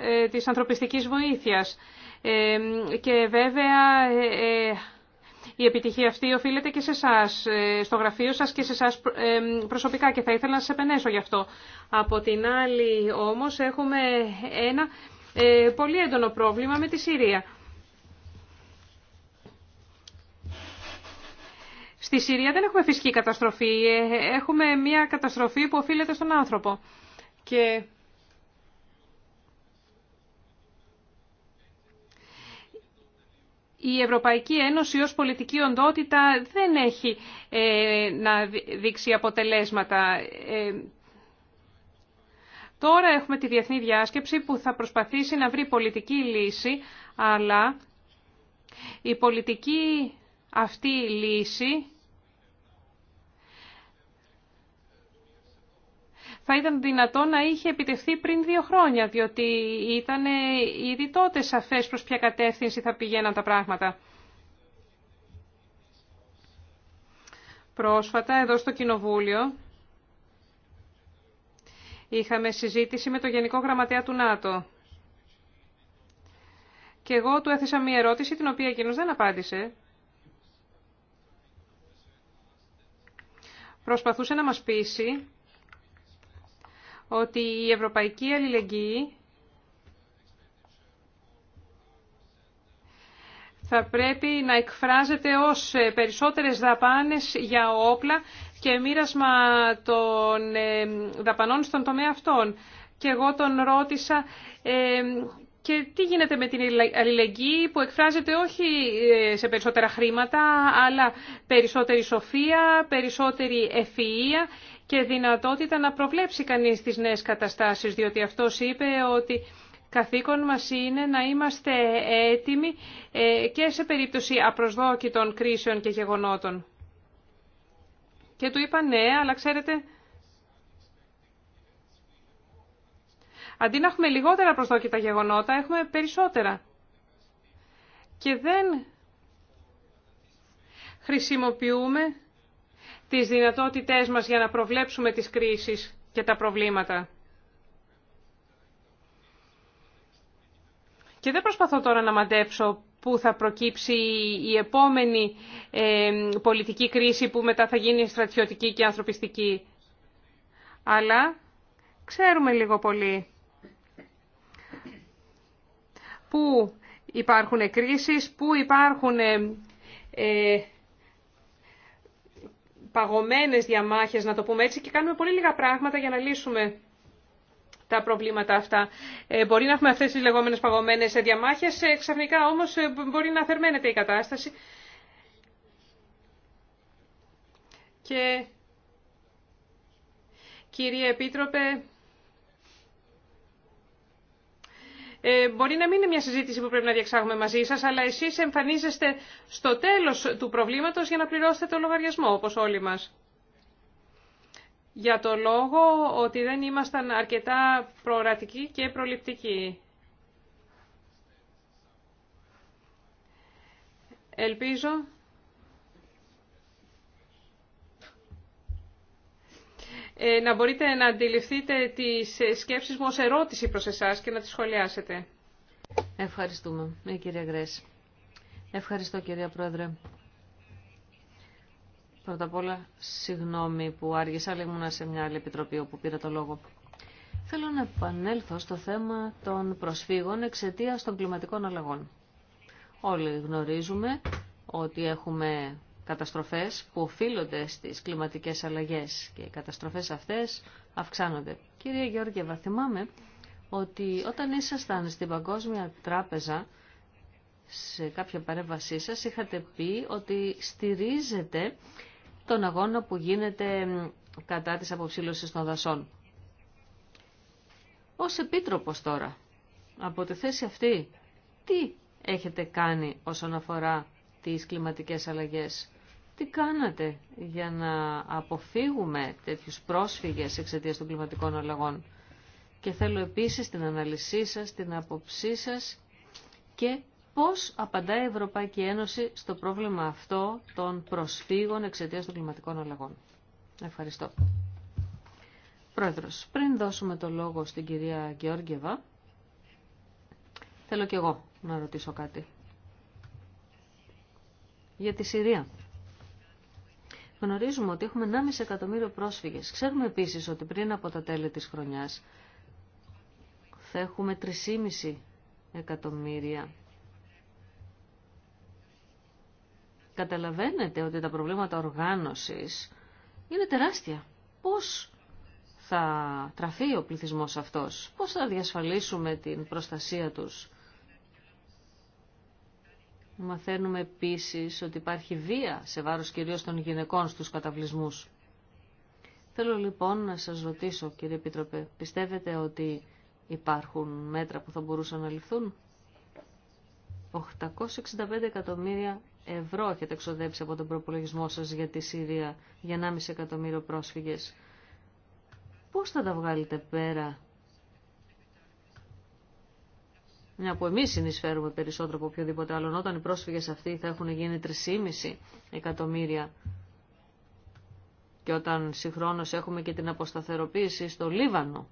ε, της ανθρωπιστικής βοήθειας και βέβαια ε, ε, η επιτυχία αυτή οφείλεται και σε εσά, ε, στο γραφείο σας και σε εσά προσωπικά και θα ήθελα να σας επενέσω γι' αυτό. Από την άλλη όμως έχουμε ένα πολύ έντονο πρόβλημα με τη Συρία. Στη Συρία δεν έχουμε φυσική καταστροφή, έχουμε μια καταστροφή που οφείλεται στον άνθρωπο. Και η Ευρωπαϊκή Ένωση ως πολιτική οντότητα δεν έχει ε, να δείξει αποτελέσματα. Ε, τώρα έχουμε τη διεθνή διάσκεψη που θα προσπαθήσει να βρει πολιτική λύση, αλλά η πολιτική αυτή λύση θα ήταν δυνατό να είχε επιτευχθεί πριν δύο χρόνια, διότι ήταν ε, ήδη τότε σαφές προς ποια κατεύθυνση θα πηγαίναν τα πράγματα. Πρόσφατα, εδώ στο Κοινοβούλιο, είχαμε συζήτηση με το Γενικό Γραμματέα του ΝΑΤΟ. Και εγώ του έθεσα μία ερώτηση, την οποία εκείνος δεν απάντησε. Προσπαθούσε να μας πείσει ότι η ευρωπαϊκή αλληλεγγύη θα πρέπει να εκφράζεται ως περισσότερες δαπάνες για όπλα και μοίρασμα των ε, δαπανών στον τομέα αυτών. Και εγώ τον ρώτησα, ε, και τι γίνεται με την αλληλεγγύη που εκφράζεται όχι ε, σε περισσότερα χρήματα, αλλά περισσότερη σοφία, περισσότερη ευφυΐα και δυνατότητα να προβλέψει κανείς τις νέες καταστάσεις, διότι αυτός είπε ότι καθήκον μας είναι να είμαστε έτοιμοι ε, και σε περίπτωση απροσδόκητων κρίσεων και γεγονότων. Και του είπα ναι, αλλά ξέρετε, Αντί να έχουμε λιγότερα προσδόκητα γεγονότα, έχουμε περισσότερα. Και δεν χρησιμοποιούμε τις δυνατότητές μας για να προβλέψουμε τις κρίσεις και τα προβλήματα. Και δεν προσπαθώ τώρα να μαντέψω που θα προκύψει η επόμενη ε, πολιτική κρίση που μετά θα γίνει στρατιωτική και ανθρωπιστική. Αλλά ξέρουμε λίγο πολύ που υπάρχουν κρίσεις, που υπάρχουν ε, ε, παγωμένες διαμάχες, να το πούμε έτσι, και κάνουμε πολύ λίγα πράγματα για να λύσουμε τα προβλήματα αυτά. Ε, μπορεί να έχουμε αυτές τις λεγόμενες παγωμένες διαμάχες, ε, ξαφνικά όμως ε, μπορεί να θερμαίνεται η κατάσταση. Και κύριε Επίτροπε, Ε, μπορεί να μην είναι μια συζήτηση που πρέπει να διεξάγουμε μαζί σας, αλλά εσείς εμφανίζεστε στο τέλος του προβλήματος για να πληρώσετε το λογαριασμό, όπως όλοι μας. Για το λόγο ότι δεν ήμασταν αρκετά προορατικοί και προληπτικοί. Ελπίζω Ε, να μπορείτε να αντιληφθείτε τις ε, σκέψεις μου ως ερώτηση προς εσάς και να τις σχολιάσετε. Ευχαριστούμε, η ε, κυρία Γκρέση. Ευχαριστώ, κυρία Πρόεδρε. Πρώτα απ' όλα, συγγνώμη που άργησα, αλλά ήμουνα σε μια άλλη επιτροπή όπου πήρα το λόγο. Θέλω να επανέλθω στο θέμα των προσφύγων εξαιτία των κλιματικών αλλαγών. Όλοι γνωρίζουμε ότι έχουμε καταστροφές που οφείλονται στις κλιματικές αλλαγές και οι καταστροφές αυτές αυξάνονται. Κύριε Γεώργιεβα, θυμάμαι ότι όταν ήσασταν στην Παγκόσμια Τράπεζα σε κάποια παρέμβασή σας είχατε πει ότι στηρίζετε τον αγώνα που γίνεται κατά της αποψήλωσης των δασών. Ως επίτροπος τώρα, από τη θέση αυτή, τι έχετε κάνει όσον αφορά τις κλιματικές αλλαγές. Τι κάνατε για να αποφύγουμε τέτοιους πρόσφυγες εξαιτίας των κλιματικών αλλαγών. Και θέλω επίσης την αναλυσή σας, την άποψή σας και πώς απαντά η Ευρωπαϊκή Ένωση στο πρόβλημα αυτό των προσφύγων εξαιτίας των κλιματικών αλλαγών. Ευχαριστώ. Πρόεδρος, πριν δώσουμε το λόγο στην κυρία Γεώργιεβα, θέλω και εγώ να ρωτήσω κάτι. Για τη Συρία. Γνωρίζουμε ότι έχουμε 1,5 εκατομμύριο πρόσφυγες. Ξέρουμε επίσης ότι πριν από τα τέλη της χρονιάς θα έχουμε 3,5 εκατομμύρια. Καταλαβαίνετε ότι τα προβλήματα οργάνωσης είναι τεράστια. Πώς θα τραφεί ο πληθυσμός αυτός, πώς θα διασφαλίσουμε την προστασία τους. Μαθαίνουμε επίσης ότι υπάρχει βία σε βάρος κυρίως των γυναικών στους καταβλισμούς. Θέλω λοιπόν να σας ρωτήσω κύριε Επίτροπε, πιστεύετε ότι υπάρχουν μέτρα που θα μπορούσαν να ληφθούν? 865 εκατομμύρια ευρώ έχετε εξοδέψει από τον προπολογισμό σας για τη Συρία για 1,5 εκατομμύριο πρόσφυγες. Πώς θα τα βγάλετε πέρα μια που εμείς συνεισφέρουμε περισσότερο από οποιοδήποτε άλλο όταν οι πρόσφυγες αυτοί θα έχουν γίνει 3,5 εκατομμύρια και όταν συγχρόνως έχουμε και την αποσταθεροποίηση στο Λίβανο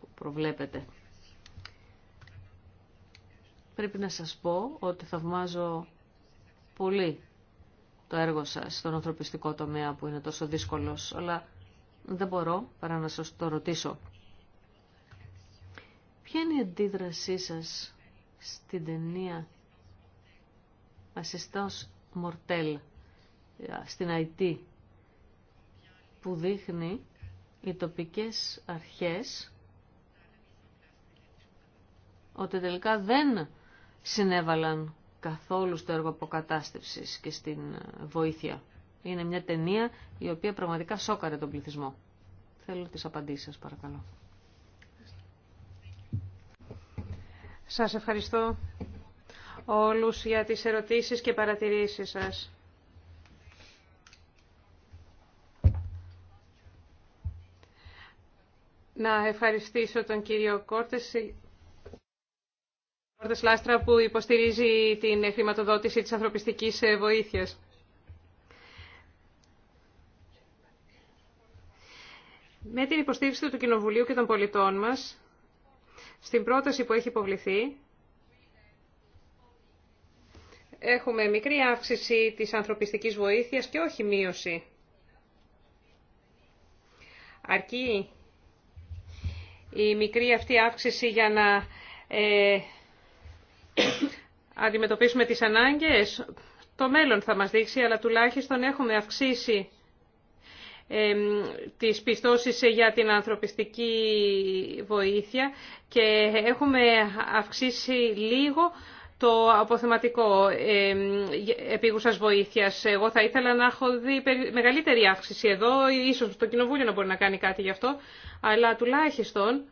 που προβλέπετε. Πρέπει να σας πω ότι θαυμάζω πολύ το έργο σας στον ανθρωπιστικό τομέα που είναι τόσο δύσκολος, αλλά δεν μπορώ παρά να σας το ρωτήσω. Ποια είναι η αντίδρασή σας στην ταινία Ασιστός Μορτέλ στην IT που δείχνει οι τοπικές αρχές ότι τελικά δεν συνέβαλαν καθόλου στο έργο αποκατάστευσης και στην ε, βοήθεια. Είναι μια ταινία η οποία πραγματικά σόκαρε τον πληθυσμό. Θέλω τις απαντήσεις σας παρακαλώ. Σας ευχαριστώ όλους για τις ερωτήσεις και παρατηρήσεις σας. Να ευχαριστήσω τον κύριο Κόρτες, Κόρτες Λάστρα που υποστηρίζει την χρηματοδότηση της ανθρωπιστικής βοήθειας. Με την υποστήριξη του Κοινοβουλίου και των πολιτών μας, στην πρόταση που έχει υποβληθεί έχουμε μικρή αύξηση της ανθρωπιστικής βοήθειας και όχι μείωση. Αρκεί η μικρή αυτή αύξηση για να ε, αντιμετωπίσουμε τις ανάγκες. Το μέλλον θα μας δείξει, αλλά τουλάχιστον έχουμε αυξήσει τις πιστώσεις για την ανθρωπιστική βοήθεια και έχουμε αυξήσει λίγο το αποθεματικό επίγουσας βοήθειας. Εγώ θα ήθελα να έχω δει μεγαλύτερη αύξηση εδώ, ίσως το Κοινοβούλιο να μπορεί να κάνει κάτι γι' αυτό, αλλά τουλάχιστον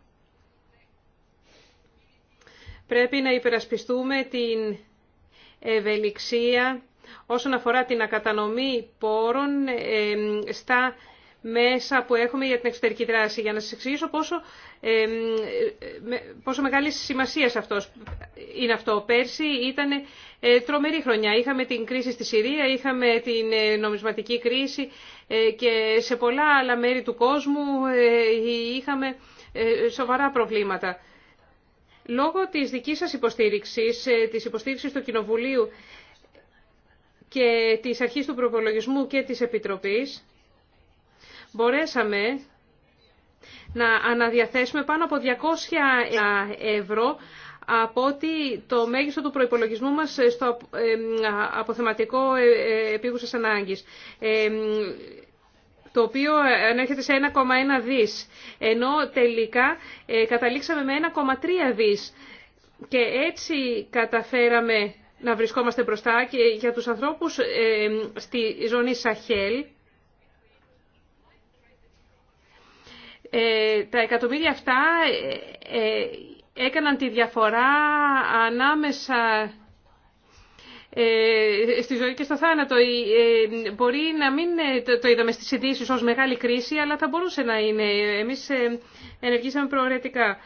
πρέπει να υπερασπιστούμε την ευελιξία όσον αφορά την ακατανομή πόρων στα μέσα που έχουμε για την εξωτερική δράση. Για να σας εξηγήσω πόσο, ε, πόσο μεγάλη σημασία αυτός είναι αυτό. Πέρσι ήταν ε, τρομερή χρονιά. Είχαμε την κρίση στη Συρία, είχαμε την ε, νομισματική κρίση ε, και σε πολλά άλλα μέρη του κόσμου είχαμε σοβαρά προβλήματα. Λόγω της δικής σας υποστήριξης, της υποστήριξης του Κοινοβουλίου και της αρχής του προπολογισμού και της Επιτροπής, μπορέσαμε να αναδιαθέσουμε πάνω από 200 ευρώ από το μέγιστο του προϋπολογισμού μας στο αποθεματικό ε, ε, επίγουσας ανάγκης, το οποίο ανέρχεται σε 1,1 δις, ενώ τελικά ε, καταλήξαμε με 1,3 δις και έτσι καταφέραμε να βρισκόμαστε μπροστά και για τους ανθρώπους ε, στη ζώνη Σαχέλ. Ε, τα εκατομμύρια αυτά ε, έκαναν τη διαφορά ανάμεσα στη ζωή και στο θάνατο. Μπορεί να μην το είδαμε στις ειδήσει ως μεγάλη κρίση, αλλά θα μπορούσε να είναι. Εμείς ενεργήσαμε προαιρετικά.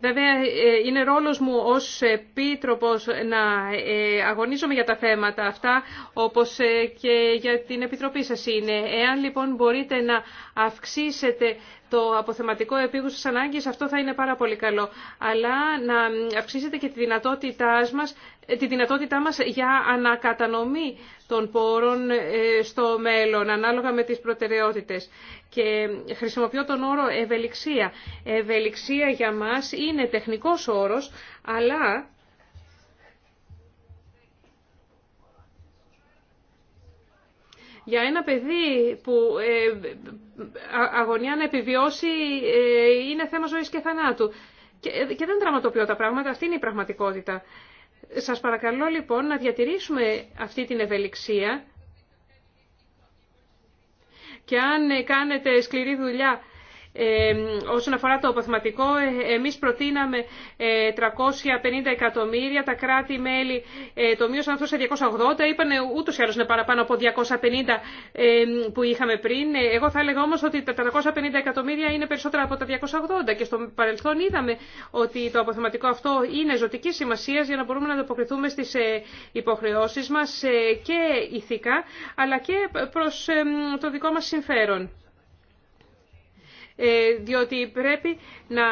Βέβαια, ε, είναι ρόλος μου ως επίτροπος να ε, αγωνίζομαι για τα θέματα αυτά, όπως ε, και για την επιτροπή σας είναι. Εάν λοιπόν μπορείτε να αυξήσετε το αποθεματικό επίγους ανάγκης, αυτό θα είναι πάρα πολύ καλό. Αλλά να αυξήσετε και τη δυνατότητά μας, τη δυνατότητά μας για ανακατανομή των πόρων στο μέλλον, ανάλογα με τις προτεραιότητες. Και χρησιμοποιώ τον όρο ευελιξία. Ευελιξία για μας είναι τεχνικός όρος, αλλά για ένα παιδί που ε, αγωνιά να επιβιώσει ε, είναι θέμα ζωής και θανάτου. Και ε, δεν δραματοποιώ τα πράγματα, αυτή είναι η πραγματικότητα. Σας παρακαλώ λοιπόν να διατηρήσουμε αυτή την ευελιξία και αν κάνετε σκληρή δουλειά όσον αφορά το αποθηματικό, ε, εμείς προτείναμε 350 ε, εκατομμύρια, τα κράτη-μέλη ε, το μείωσαν αυτό σε 280, είπαν ούτως ή άλλως είναι παραπάνω από 250 που είχαμε πριν. Εγώ θα έλεγα όμως ότι τα 350 εκατομμύρια είναι περισσότερα από τα 280 και στο παρελθόν είδαμε ότι το αποθεματικό αυτό είναι ζωτική σημασία για να μπορούμε να ανταποκριθούμε στις υποχρεώσεις μας και ηθικά αλλά και προς το δικό μας συμφέρον. Ε, διότι πρέπει να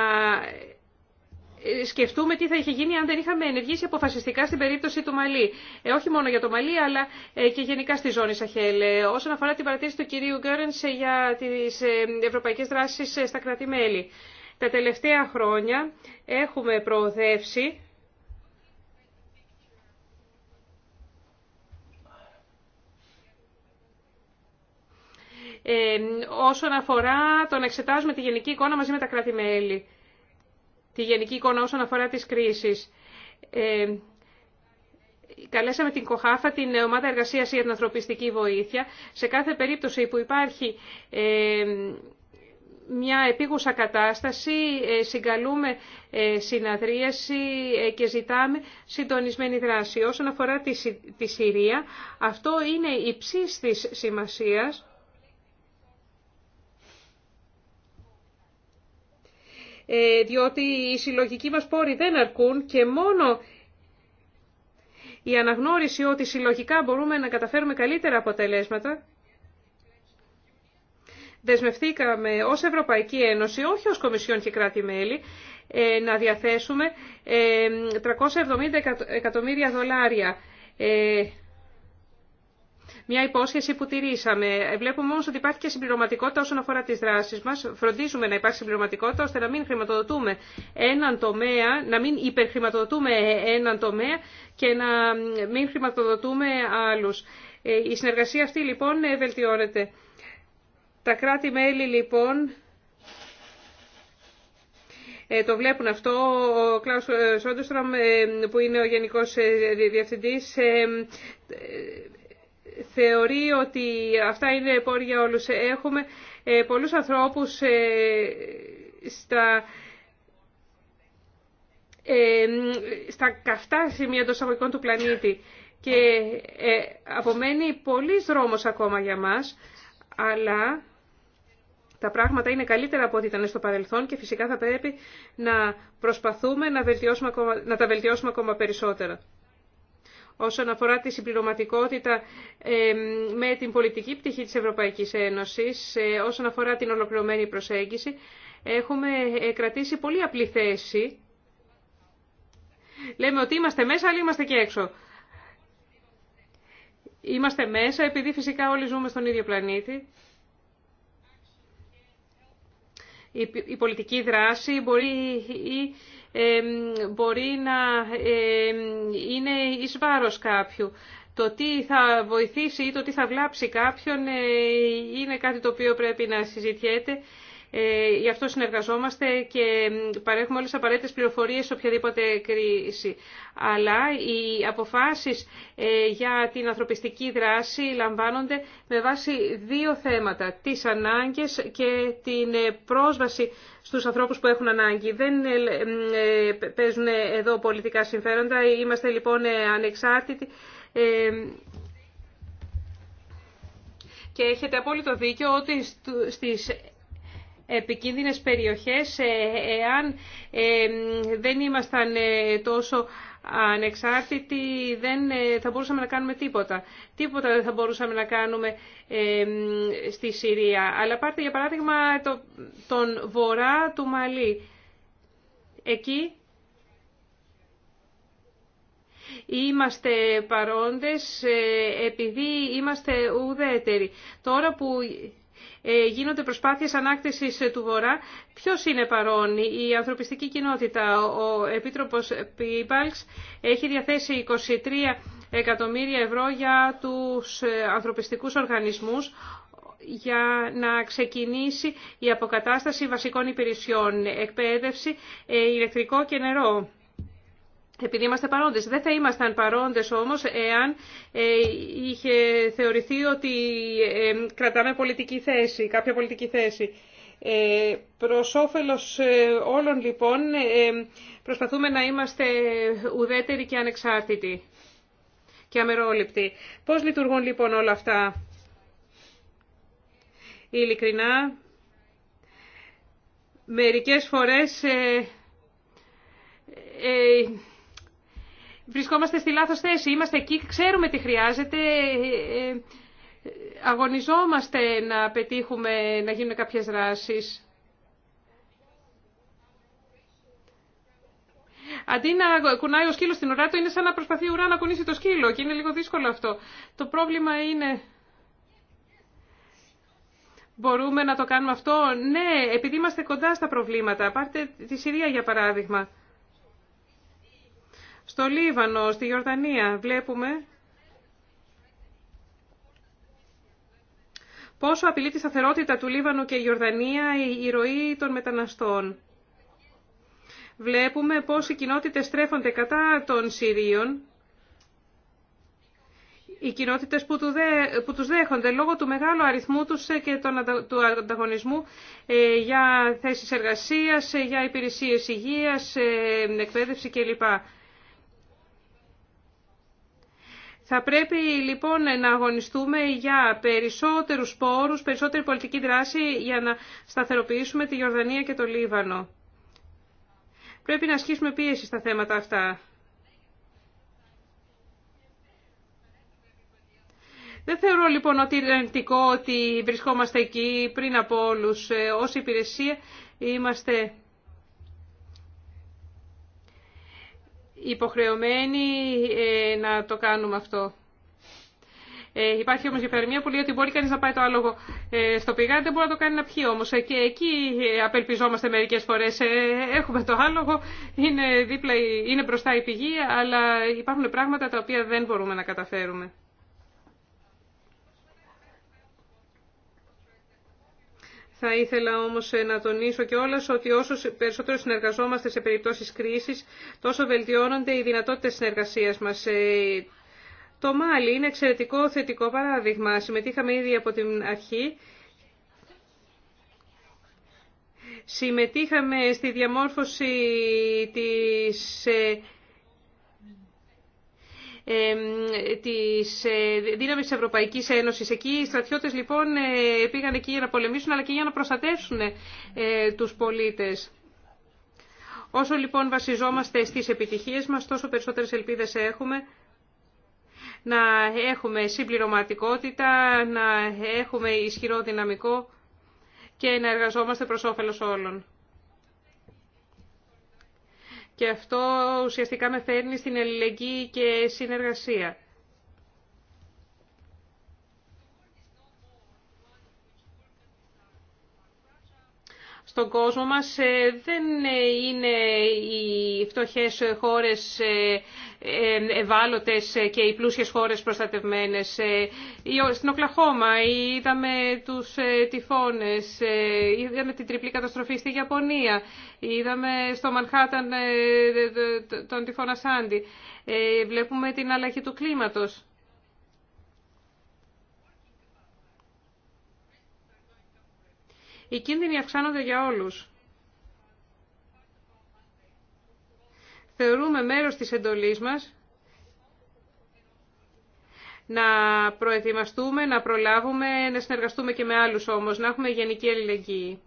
ε, σκεφτούμε τι θα είχε γίνει αν δεν είχαμε ενεργήσει αποφασιστικά στην περίπτωση του Μαλή. Ε, όχι μόνο για το Μαλή, αλλά ε, και γενικά στη ζώνη Σαχέλ. όσον αφορά την παρατήρηση του κυρίου Γκέρενς για τις ευρωπαϊκές δράσεις στα κράτη-μέλη. Τα τελευταία χρόνια έχουμε προοδεύσει όσον αφορά τον εξετάζουμε τη γενική εικόνα μαζί με τα κράτη-μέλη. Τη γενική εικόνα όσον αφορά τις κρίσεις. καλέσαμε την ΚΟΧΑΦΑ, την Ομάδα Εργασίας για την Ανθρωπιστική Βοήθεια. Σε κάθε περίπτωση που υπάρχει μια επίγουσα κατάσταση, ε, συγκαλούμε ε, συναδρίαση ε, και ζητάμε συντονισμένη δράση. Όσον αφορά τη Συρία, αυτό είναι υψίστης σημασίας Ε, διότι οι συλλογικοί μας πόροι δεν αρκούν και μόνο η αναγνώριση ότι συλλογικά μπορούμε να καταφέρουμε καλύτερα αποτελέσματα. Δεσμευτήκαμε ως Ευρωπαϊκή Ένωση, όχι ως Κομισιόν και κράτη-μέλη, ε, να διαθέσουμε 370 ε, εκατομμύρια δολάρια μια υπόσχεση που τηρήσαμε. Βλέπουμε όμω ότι υπάρχει και συμπληρωματικότητα όσον αφορά τι δράσει μα. Φροντίζουμε να υπάρχει συμπληρωματικότητα ώστε να μην χρηματοδοτούμε έναν τομέα, να μην υπερχρηματοδοτούμε έναν τομέα και να μην χρηματοδοτούμε άλλου. Ε, η συνεργασία αυτή λοιπόν ε, βελτιώνεται. Τα κράτη-μέλη λοιπόν ε, το βλέπουν αυτό. Ο Κλάους ε, που είναι ο Γενικός Διευθυντής θεωρεί ότι αυτά είναι πόρια για όλους. Έχουμε ε, πολλούς ανθρώπους ε, στα ε, στα καυτά σημεία των σαγωγικών του πλανήτη και απομένει πολλής δρόμος ακόμα για μας, αλλά τα πράγματα είναι καλύτερα από ό,τι ήταν στο παρελθόν και φυσικά θα πρέπει να προσπαθούμε να, βελτιώσουμε να τα βελτιώσουμε ακόμα περισσότερα όσον αφορά τη συμπληρωματικότητα με την πολιτική πτυχή της Ευρωπαϊκής Ένωσης, ε, όσον αφορά την ολοκληρωμένη προσέγγιση, έχουμε ε, κρατήσει πολύ απλή θέση. Λέμε ότι είμαστε μέσα, αλλά είμαστε και έξω. Είμαστε μέσα επειδή φυσικά όλοι ζούμε στον ίδιο πλανήτη. Η πολιτική δράση μπορεί μπορεί να είναι εις βάρος κάποιου. Το τι θα βοηθήσει ή το τι θα βλάψει κάποιον ε, είναι κάτι το οποίο πρέπει να συζητιέται ε, γι' αυτό συνεργαζόμαστε και παρέχουμε όλες τις απαραίτητες πληροφορίες σε οποιαδήποτε κρίση. Αλλά οι αποφάσεις ε, για την ανθρωπιστική δράση λαμβάνονται με βάση δύο θέματα, τις ανάγκες και την ε, πρόσβαση στους ανθρώπους που έχουν ανάγκη. Δεν παίζουν εδώ πολιτικά συμφέροντα, είμαστε λοιπόν ανεξάρτητοι και έχετε απόλυτο δίκιο ότι στις επικίνδυνες περιοχές ε, εάν ε, δεν ήμασταν ε, τόσο ανεξάρτητοι δεν θα μπορούσαμε να κάνουμε τίποτα. Τίποτα δεν θα μπορούσαμε να κάνουμε στη Συρία. Αλλά πάρτε για παράδειγμα τον βορρά του Μαλή. Εκεί Είμαστε παρόντες επειδή είμαστε ουδέτεροι. Τώρα που ε, γίνονται προσπάθειες ανάκτησης του Βορρά. Ποιος είναι παρόν, η ανθρωπιστική κοινότητα. Ο Επίτροπος Πίμπαλξ έχει διαθέσει 23 εκατομμύρια ευρώ για τους ε, ανθρωπιστικούς οργανισμούς για να ξεκινήσει η αποκατάσταση βασικών υπηρεσιών, εκπαίδευση, ε, ηλεκτρικό και νερό επειδή είμαστε παρόντες. Δεν θα ήμασταν παρόντες όμως εάν ε, είχε θεωρηθεί ότι ε, κρατάμε πολιτική θέση, κάποια πολιτική θέση. Ε, προς όφελος ε, όλων λοιπόν προσπαθούμε να είμαστε ουδέτεροι και ανεξάρτητοι και αμερόληπτοι. Πώς λειτουργούν λοιπόν όλα αυτά. Ειλικρινά, μερικές φορές ε, βρισκόμαστε στη λάθος θέση. Είμαστε εκεί, ξέρουμε τι χρειάζεται, ε, ε, αγωνιζόμαστε να πετύχουμε, να γίνουν κάποιες δράσεις. Αντί να κουνάει ο σκύλο στην ουρά του, είναι σαν να προσπαθεί η ουρά να κουνήσει το σκύλο και είναι λίγο δύσκολο αυτό. Το πρόβλημα είναι. Μπορούμε να το κάνουμε αυτό. Ναι, επειδή είμαστε κοντά στα προβλήματα. Πάρτε τη Συρία για παράδειγμα. Στο Λίβανο, στη Γιορδανία, βλέπουμε πόσο απειλεί τη σταθερότητα του Λίβανου και η Γιορδανία η ροή των μεταναστών. Βλέπουμε πώς οι κοινότητες στρέφονται κατά των Συρίων, οι κοινότητες που, του που τους δέχονται λόγω του μεγάλου αριθμού τους και του ανταγωνισμού ε, για θέσεις εργασίας, ε, για υπηρεσίες υγείας, ε, εκπαίδευση κλπ. Θα πρέπει λοιπόν να αγωνιστούμε για περισσότερους πόρους, περισσότερη πολιτική δράση για να σταθεροποιήσουμε τη Ιορδανία και το Λίβανο. Πρέπει να ασκήσουμε πίεση στα θέματα αυτά. Δεν θεωρώ λοιπόν ότι είναι αρνητικό ότι βρισκόμαστε εκεί πριν από όλους. Ε, ως υπηρεσία είμαστε υποχρεωμένοι ε, να το κάνουμε αυτό. Ε, υπάρχει όμως η εφαρμία που λέει ότι μπορεί κανείς να πάει το άλογο ε, στο πηγάρι, δεν μπορεί να το κάνει να πιει όμως. Ε, και εκεί απελπιζόμαστε μερικέ φορέ. έχουμε το άλογο, είναι, δίπλα, είναι μπροστά η πηγή, αλλά υπάρχουν πράγματα τα οποία δεν μπορούμε να καταφέρουμε. Θα ήθελα όμως ε, να τονίσω και όλας ότι όσο περισσότερο συνεργαζόμαστε σε περιπτώσεις κρίσης, τόσο βελτιώνονται οι δυνατότητες συνεργασίας μας. Ε, το Μάλι είναι εξαιρετικό θετικό παράδειγμα. Συμμετείχαμε ήδη από την αρχή. Συμμετείχαμε στη διαμόρφωση της ε, της ε, δύναμης της Ευρωπαϊκής Ένωσης. Εκεί οι στρατιώτες λοιπόν ε, πήγαν εκεί για να πολεμήσουν αλλά και για να προστατεύσουν ε, τους πολίτες. Όσο λοιπόν βασιζόμαστε στις επιτυχίες μας, τόσο περισσότερες ελπίδες έχουμε να έχουμε συμπληρωματικότητα, να έχουμε ισχυρό δυναμικό και να εργαζόμαστε προς όφελος όλων. Και αυτό ουσιαστικά με φέρνει στην ελληνική και συνεργασία. στον κόσμο μας ε, δεν ε, είναι οι φτωχές χώρες ε, ευάλωτες και οι πλούσιες χώρες προστατευμένες. Στην Οκλαχώμα είδαμε τους τυφώνες, είδαμε την τριπλή καταστροφή στη Ιαπωνία, είδαμε στο Μανχάταν τον τυφώνα Σάντι, βλέπουμε την αλλαγή του κλίματος. Οι κίνδυνοι αυξάνονται για όλους. Θεωρούμε μέρος της εντολής μας να προετοιμαστούμε, να προλάβουμε, να συνεργαστούμε και με άλλους όμως, να έχουμε γενική αλληλεγγύη.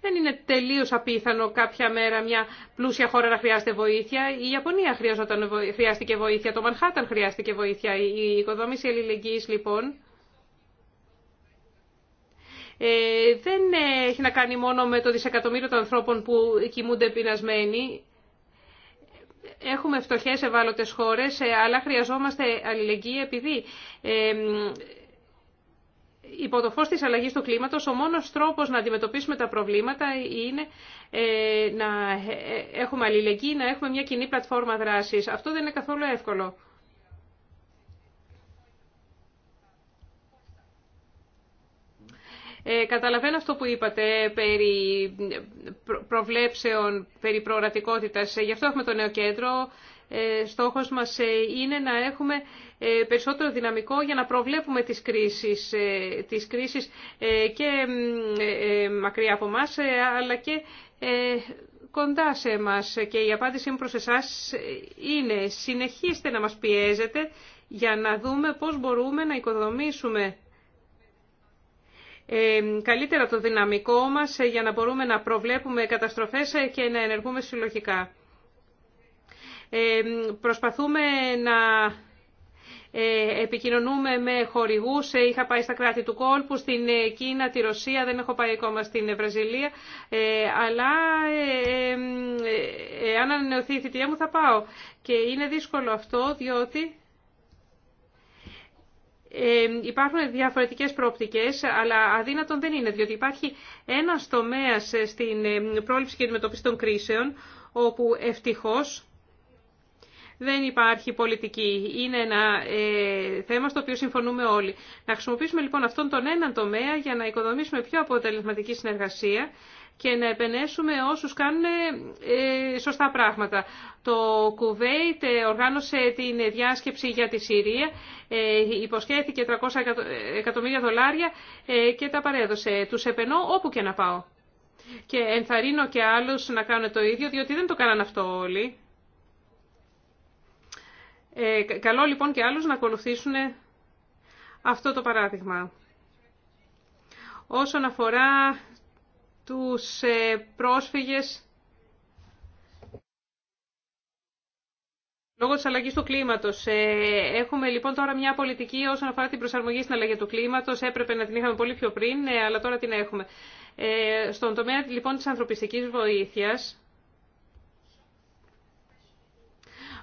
Δεν είναι τελείω απίθανο κάποια μέρα μια πλούσια χώρα να χρειάζεται βοήθεια. Η Ιαπωνία χρειαζόταν, χρειάστηκε βοήθεια, το Μανχάταν χρειάστηκε βοήθεια. Η οικοδόμηση αλληλεγγύη λοιπόν ε, δεν έχει να κάνει μόνο με το δισεκατομμύριο των ανθρώπων που κοιμούνται πεινασμένοι. Έχουμε φτωχέ ευάλωτε χώρε, ε, αλλά χρειαζόμαστε αλληλεγγύη επειδή ε, υπό το φως της αλλαγής του κλίματος, ο μόνος τρόπος να αντιμετωπίσουμε τα προβλήματα είναι ε, να ε, ε, έχουμε αλληλεγγύη, να έχουμε μια κοινή πλατφόρμα δράσης. Αυτό δεν είναι καθόλου εύκολο. Ε, καταλαβαίνω αυτό που είπατε περί προβλέψεων, περί προορατικότητας. Γι' αυτό έχουμε το νέο κέντρο ε, στόχος μας ε, είναι να έχουμε ε, περισσότερο δυναμικό για να προβλέπουμε τις κρίσεις, τις κρίσεις και μακριά από μας, αλλά και κοντά σε μας Και η απάντησή μου προς εσάς είναι συνεχίστε να μας πιέζετε για να δούμε πώς μπορούμε να οικοδομήσουμε καλύτερα το δυναμικό μας για να μπορούμε να προβλέπουμε καταστροφές και να ενεργούμε συλλογικά. Ε, προσπαθούμε να ε, επικοινωνούμε με χορηγούς. Ε, είχα πάει στα κράτη του κόλπου, στην Κίνα, τη Ρωσία, δεν έχω πάει ακόμα στην Βραζιλία. Αλλά αν ανανεωθεί η θητεία μου θα πάω. Και είναι δύσκολο αυτό διότι... Ε, υπάρχουν διαφορετικές προοπτικές, αλλά αδύνατον δεν είναι, διότι υπάρχει ένα τομέας στην πρόληψη και αντιμετώπιση των κρίσεων, όπου ευτυχώς δεν υπάρχει πολιτική. Είναι ένα ε, θέμα στο οποίο συμφωνούμε όλοι. Να χρησιμοποιήσουμε λοιπόν αυτόν τον έναν τομέα για να οικοδομήσουμε πιο αποτελεσματική συνεργασία και να επενέσουμε όσους κάνουν ε, σωστά πράγματα. Το Κουβέιτ ε, οργάνωσε την διάσκεψη για τη Συρία, ε, υποσχέθηκε 300 εκατομμύρια δολάρια ε, και τα παρέδωσε. Τους επενώ όπου και να πάω. Και ενθαρρύνω και άλλους να κάνουν το ίδιο, διότι δεν το κάνανε αυτό όλοι. Ε, καλό λοιπόν και άλλους να ακολουθήσουν αυτό το παράδειγμα. Όσον αφορά τους ε, πρόσφυγες Λόγω της αλλαγής του κλίματο. Ε, έχουμε λοιπόν τώρα μια πολιτική όσον αφορά την προσαρμογή στην αλλαγή του κλίματος. Έπρεπε να την είχαμε πολύ πιο πριν, ε, αλλά τώρα την έχουμε. στον τομέα λοιπόν της ανθρωπιστικής βοήθειας...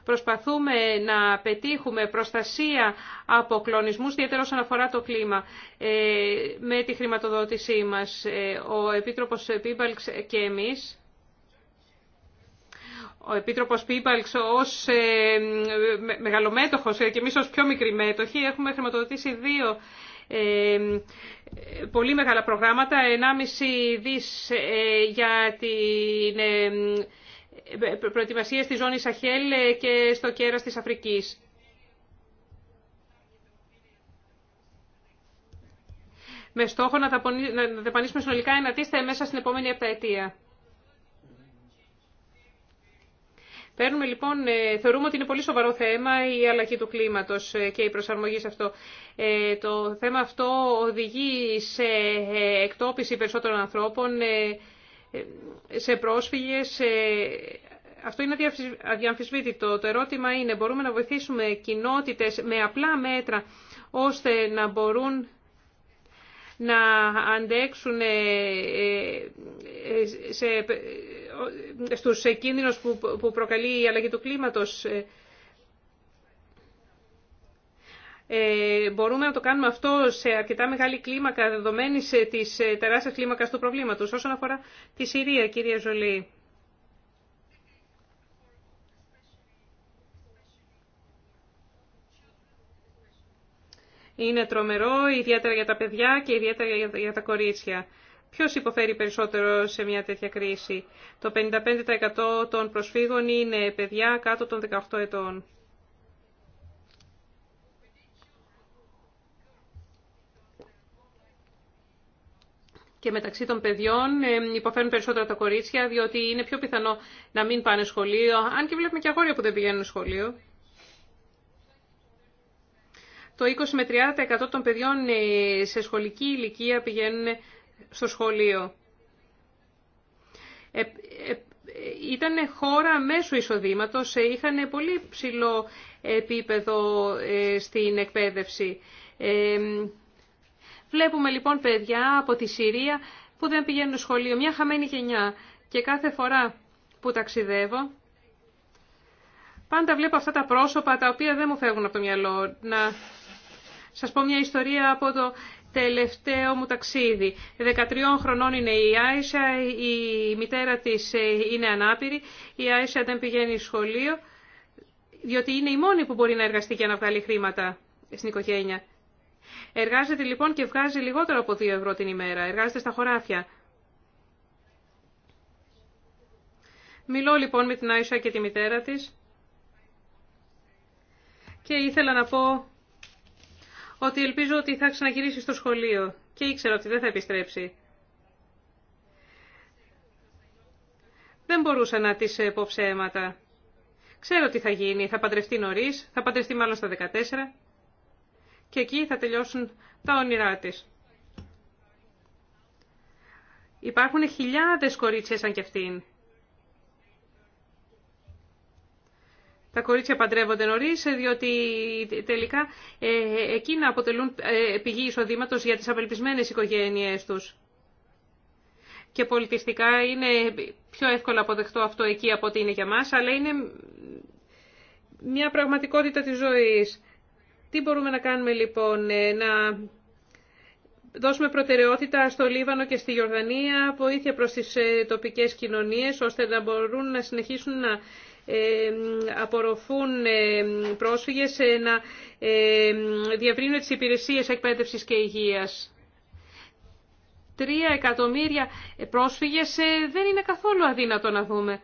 Προσπαθούμε να πετύχουμε προστασία από κλονισμού ιδιαίτερα όσον αφορά το κλίμα, ε, με τη χρηματοδότησή μας. Ε, ο Επίτροπος Πίμπαλξ και εμείς ο Επίτροπος Πίμπαλξ ως ε, μεγαλομέτοχος και εμείς ως πιο μικροί μέτοχοι έχουμε χρηματοδοτήσει δύο πολύ μεγάλα προγράμματα, 1,5 δις για την προετοιμασία στη ζώνη Σαχέλ ε, και στο κέρας της Αφρικής. με στόχο να, να πανίσουμε συνολικά ένα τίστα μέσα στην επόμενη επταετία. Παίρνουμε λοιπόν, ε, θεωρούμε ότι είναι πολύ σοβαρό θέμα η αλλαγή του κλίματος ε, και η προσαρμογή σε αυτό. το θέμα αυτό οδηγεί σε εκτόπιση περισσότερων ανθρώπων, σε πρόσφυγες. Αυτό είναι αδιαμφισβήτητο. Το ερώτημα είναι, μπορούμε να βοηθήσουμε κοινότητες με απλά μέτρα, ώστε να μπορούν να αντέξουν ε, ε, σε, ε, στους κίνδυνους που προκαλεί η αλλαγή του κλίματος ε, μπορούμε να το κάνουμε αυτό σε αρκετά μεγάλη κλίμακα δεδομένη ε, τη ε, τεράστια κλίμακα του προβλήματο. Όσον αφορά τη Συρία, κύριε Ζολή. Είναι τρομερό, ιδιαίτερα για τα παιδιά και ιδιαίτερα για, για τα κορίτσια. Ποιος υποφέρει περισσότερο σε μια τέτοια κρίση. Το 55% των προσφύγων είναι παιδιά κάτω των 18 ετών. και μεταξύ των παιδιών ε, υποφέρουν περισσότερα τα κορίτσια, διότι είναι πιο πιθανό να μην πάνε σχολείο, αν και βλέπουμε και αγόρια που δεν πηγαίνουν σχολείο. Το 20 με 30% των παιδιών ε, σε σχολική ηλικία πηγαίνουν στο σχολείο. Ε, ε, ήταν χώρα μέσου εισοδήματος, ε, είχαν πολύ ψηλό επίπεδο στην εκπαίδευση. Βλέπουμε λοιπόν παιδιά από τη Συρία που δεν πηγαίνουν σχολείο, μια χαμένη γενιά. Και κάθε φορά που ταξιδεύω, πάντα βλέπω αυτά τα πρόσωπα τα οποία δεν μου φεύγουν από το μυαλό. Να σας πω μια ιστορία από το τελευταίο μου ταξίδι. 13 χρονών είναι η Άισα, η μητέρα της ε, είναι ανάπηρη, η Άισα δεν πηγαίνει σχολείο, διότι είναι η μόνη που μπορεί να εργαστεί και να βγάλει χρήματα στην οικογένεια. Εργάζεται λοιπόν και βγάζει λιγότερο από 2 ευρώ την ημέρα. Εργάζεται στα χωράφια. Μιλώ λοιπόν με την Άισα και τη μητέρα της και ήθελα να πω ότι ελπίζω ότι θα ξαναγυρίσει στο σχολείο και ήξερα ότι δεν θα επιστρέψει. Δεν μπορούσα να της ε, πω ψέματα. Ξέρω τι θα γίνει. Θα παντρευτεί νωρίς, θα παντρευτεί μάλλον στα 14 και εκεί θα τελειώσουν τα όνειρά της. Υπάρχουν χιλιάδες κορίτσια σαν κι αυτήν. Τα κορίτσια παντρεύονται νωρί διότι τελικά ε, εκείνα αποτελούν ε, πηγή εισοδήματος για τις απελπισμένες οικογένειές τους. Και πολιτιστικά είναι πιο εύκολο αποδεχτό αυτό εκεί από ότι είναι για μας, αλλά είναι μια πραγματικότητα της ζωής. Τι μπορούμε να κάνουμε λοιπόν, ε, να δώσουμε προτεραιότητα στο Λίβανο και στη Ιορδανία, βοήθεια προς τις ε, τοπικές κοινωνίες, ώστε να μπορούν να συνεχίσουν να ε, απορροφούν πρόσφυγες, να διαβρύνουν τις υπηρεσίες εκπαίδευσης και υγείας. Τρία εκατομμύρια πρόσφυγες δεν είναι καθόλου αδύνατο να δούμε.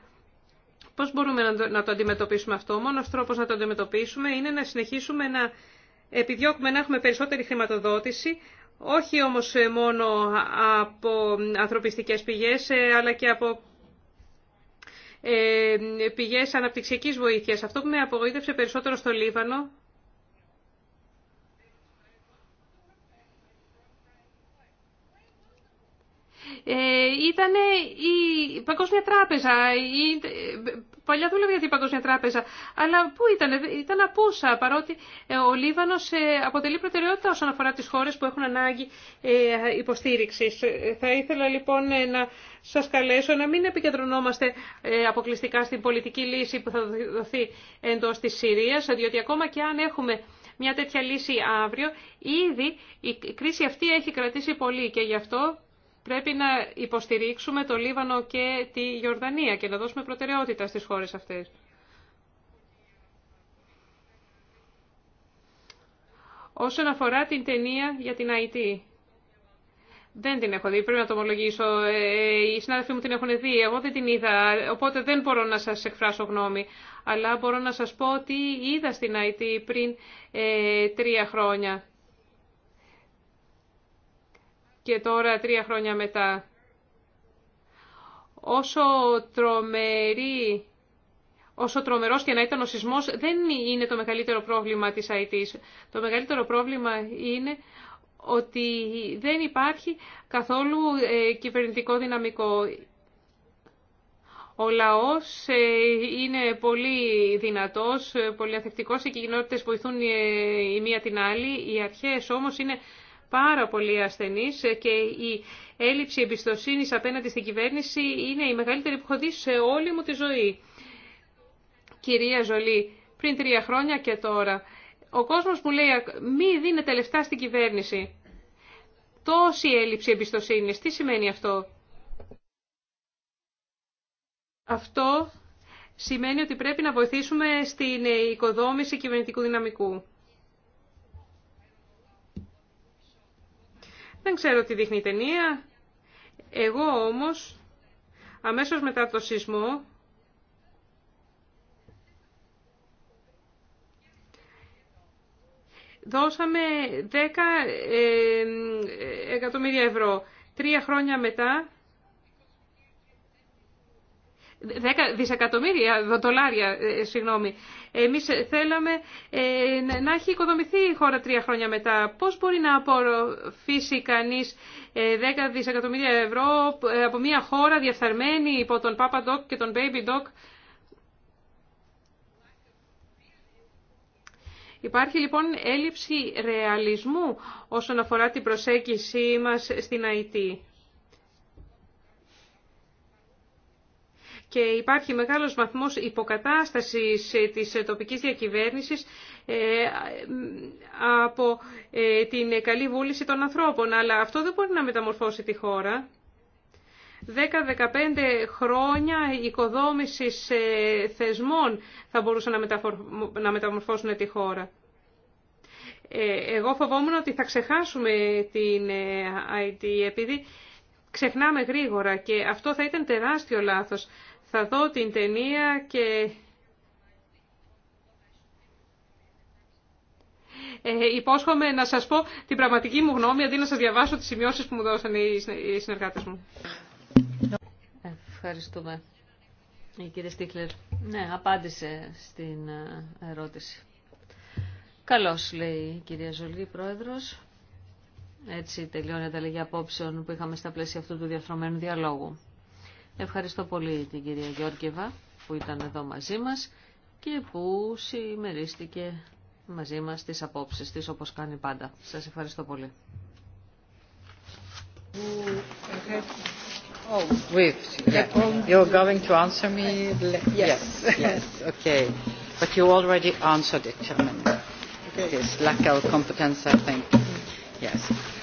Πώς μπορούμε να το αντιμετωπίσουμε αυτό. Ο μόνος τρόπος να το αντιμετωπίσουμε είναι να συνεχίσουμε να επιδιώκουμε να έχουμε περισσότερη χρηματοδότηση, όχι όμως ε, μόνο από ανθρωπιστικές πηγές, ε, αλλά και από ε, πηγές αναπτυξιακής βοήθειας. Αυτό που με απογοήτευσε περισσότερο στο Λίβανο Ε, ήταν η Παγκόσμια Τράπεζα. Η... Παλιά δούλευε για την Παγκόσμια Τράπεζα. Αλλά πού ήταν, ήταν απούσα, παρότι ε, ο Λίβανος ε, αποτελεί προτεραιότητα όσον αφορά τις χώρες που έχουν ανάγκη υποστήριξης. Θα ήθελα λοιπόν να σας καλέσω να μην επικεντρωνόμαστε αποκλειστικά στην πολιτική λύση που θα δοθεί εντό τη Συρίας, διότι ακόμα και αν έχουμε μια τέτοια λύση αύριο, ήδη η κρίση αυτή έχει κρατήσει πολύ και γι' αυτό Πρέπει να υποστηρίξουμε το Λίβανο και τη Γιορδανία και να δώσουμε προτεραιότητα στις χώρες αυτές. Όσον αφορά την ταινία για την IT, δεν την έχω δει, πρέπει να το ομολογήσω. Ε, ε, οι συνάδελφοί μου την έχουν δει, εγώ δεν την είδα, οπότε δεν μπορώ να σας εκφράσω γνώμη. Αλλά μπορώ να σας πω ότι είδα στην IT πριν ε, τρία χρόνια και τώρα τρία χρόνια μετά. Όσο τρομερή, όσο τρομερός και να ήταν ο σεισμός, δεν είναι το μεγαλύτερο πρόβλημα της IT. Το μεγαλύτερο πρόβλημα είναι ότι δεν υπάρχει καθόλου ε, κυβερνητικό δυναμικό. Ο λαός ε, είναι πολύ δυνατός, ε, πολύ αθεκτικός, οι κοινότητες βοηθούν η μία την άλλη, οι αρχές όμως είναι πάρα πολλοί ασθενεί και η έλλειψη εμπιστοσύνη απέναντι στην κυβέρνηση είναι η μεγαλύτερη που έχω δει σε όλη μου τη ζωή. Κυρία Ζολή, πριν τρία χρόνια και τώρα, ο κόσμος μου λέει μη δίνετε λεφτά στην κυβέρνηση. Τόση έλλειψη εμπιστοσύνη. τι σημαίνει αυτό. Αυτό σημαίνει ότι πρέπει να βοηθήσουμε στην οικοδόμηση κυβερνητικού δυναμικού. Δεν ξέρω τι δείχνει η ταινία. Εγώ όμως, αμέσως μετά το σεισμό, δώσαμε 10 ε, ε, εκατομμύρια ευρώ. Τρία χρόνια μετά 10 δισεκατομμύρια δολάρια, ε, συγγνώμη. Εμείς θέλαμε ε, να έχει οικοδομηθεί η χώρα τρία χρόνια μετά. Πώς μπορεί να απορροφήσει κανείς 10 ε, δισεκατομμύρια ευρώ από μια χώρα διαφθαρμένη υπό τον Papa Doc και τον Baby Doc. Υπάρχει λοιπόν έλλειψη ρεαλισμού όσον αφορά την προσέγγιση μας στην Αιτή. και υπάρχει μεγάλος βαθμός υποκατάστασης ε, της ε, τοπικής διακυβέρνησης ε, από την καλή βούληση των ανθρώπων. Αλλά αυτό δεν μπορεί να μεταμορφώσει τη χώρα. 10-15 χρόνια οικοδόμησης θεσμών θα μπορούσαν να μεταμορφώσουν τη χώρα. Εγώ φοβόμουν ότι θα ξεχάσουμε την IT επειδή ξεχνάμε γρήγορα και αυτό θα ήταν τεράστιο λάθος θα δω την ταινία και ε, υπόσχομαι να σας πω την πραγματική μου γνώμη αντί να σας διαβάσω τις σημειώσεις που μου δώσαν οι συνεργάτες μου. Ευχαριστούμε. Η κύριε Στίχλερ Ναι, απάντησε στην ε, ερώτηση. Καλώς, λέει η κυρία Ζολή, πρόεδρος. Έτσι τελειώνει η ανταλλαγή απόψεων που είχαμε στα πλαίσια αυτού του διαφρομένου διαλόγου. Ευχαριστώ πολύ την κυρία Γιώργεβα που ήταν εδώ μαζί μας και που συμμερίστηκε μαζί μας τις απόψεις της όπως κάνει πάντα. Σας ευχαριστώ πολύ. Oh, wait. Yeah. You're going to answer me? Yes. Yes. Okay. But you already answered it. Okay. This lack of competence, I think. Yes.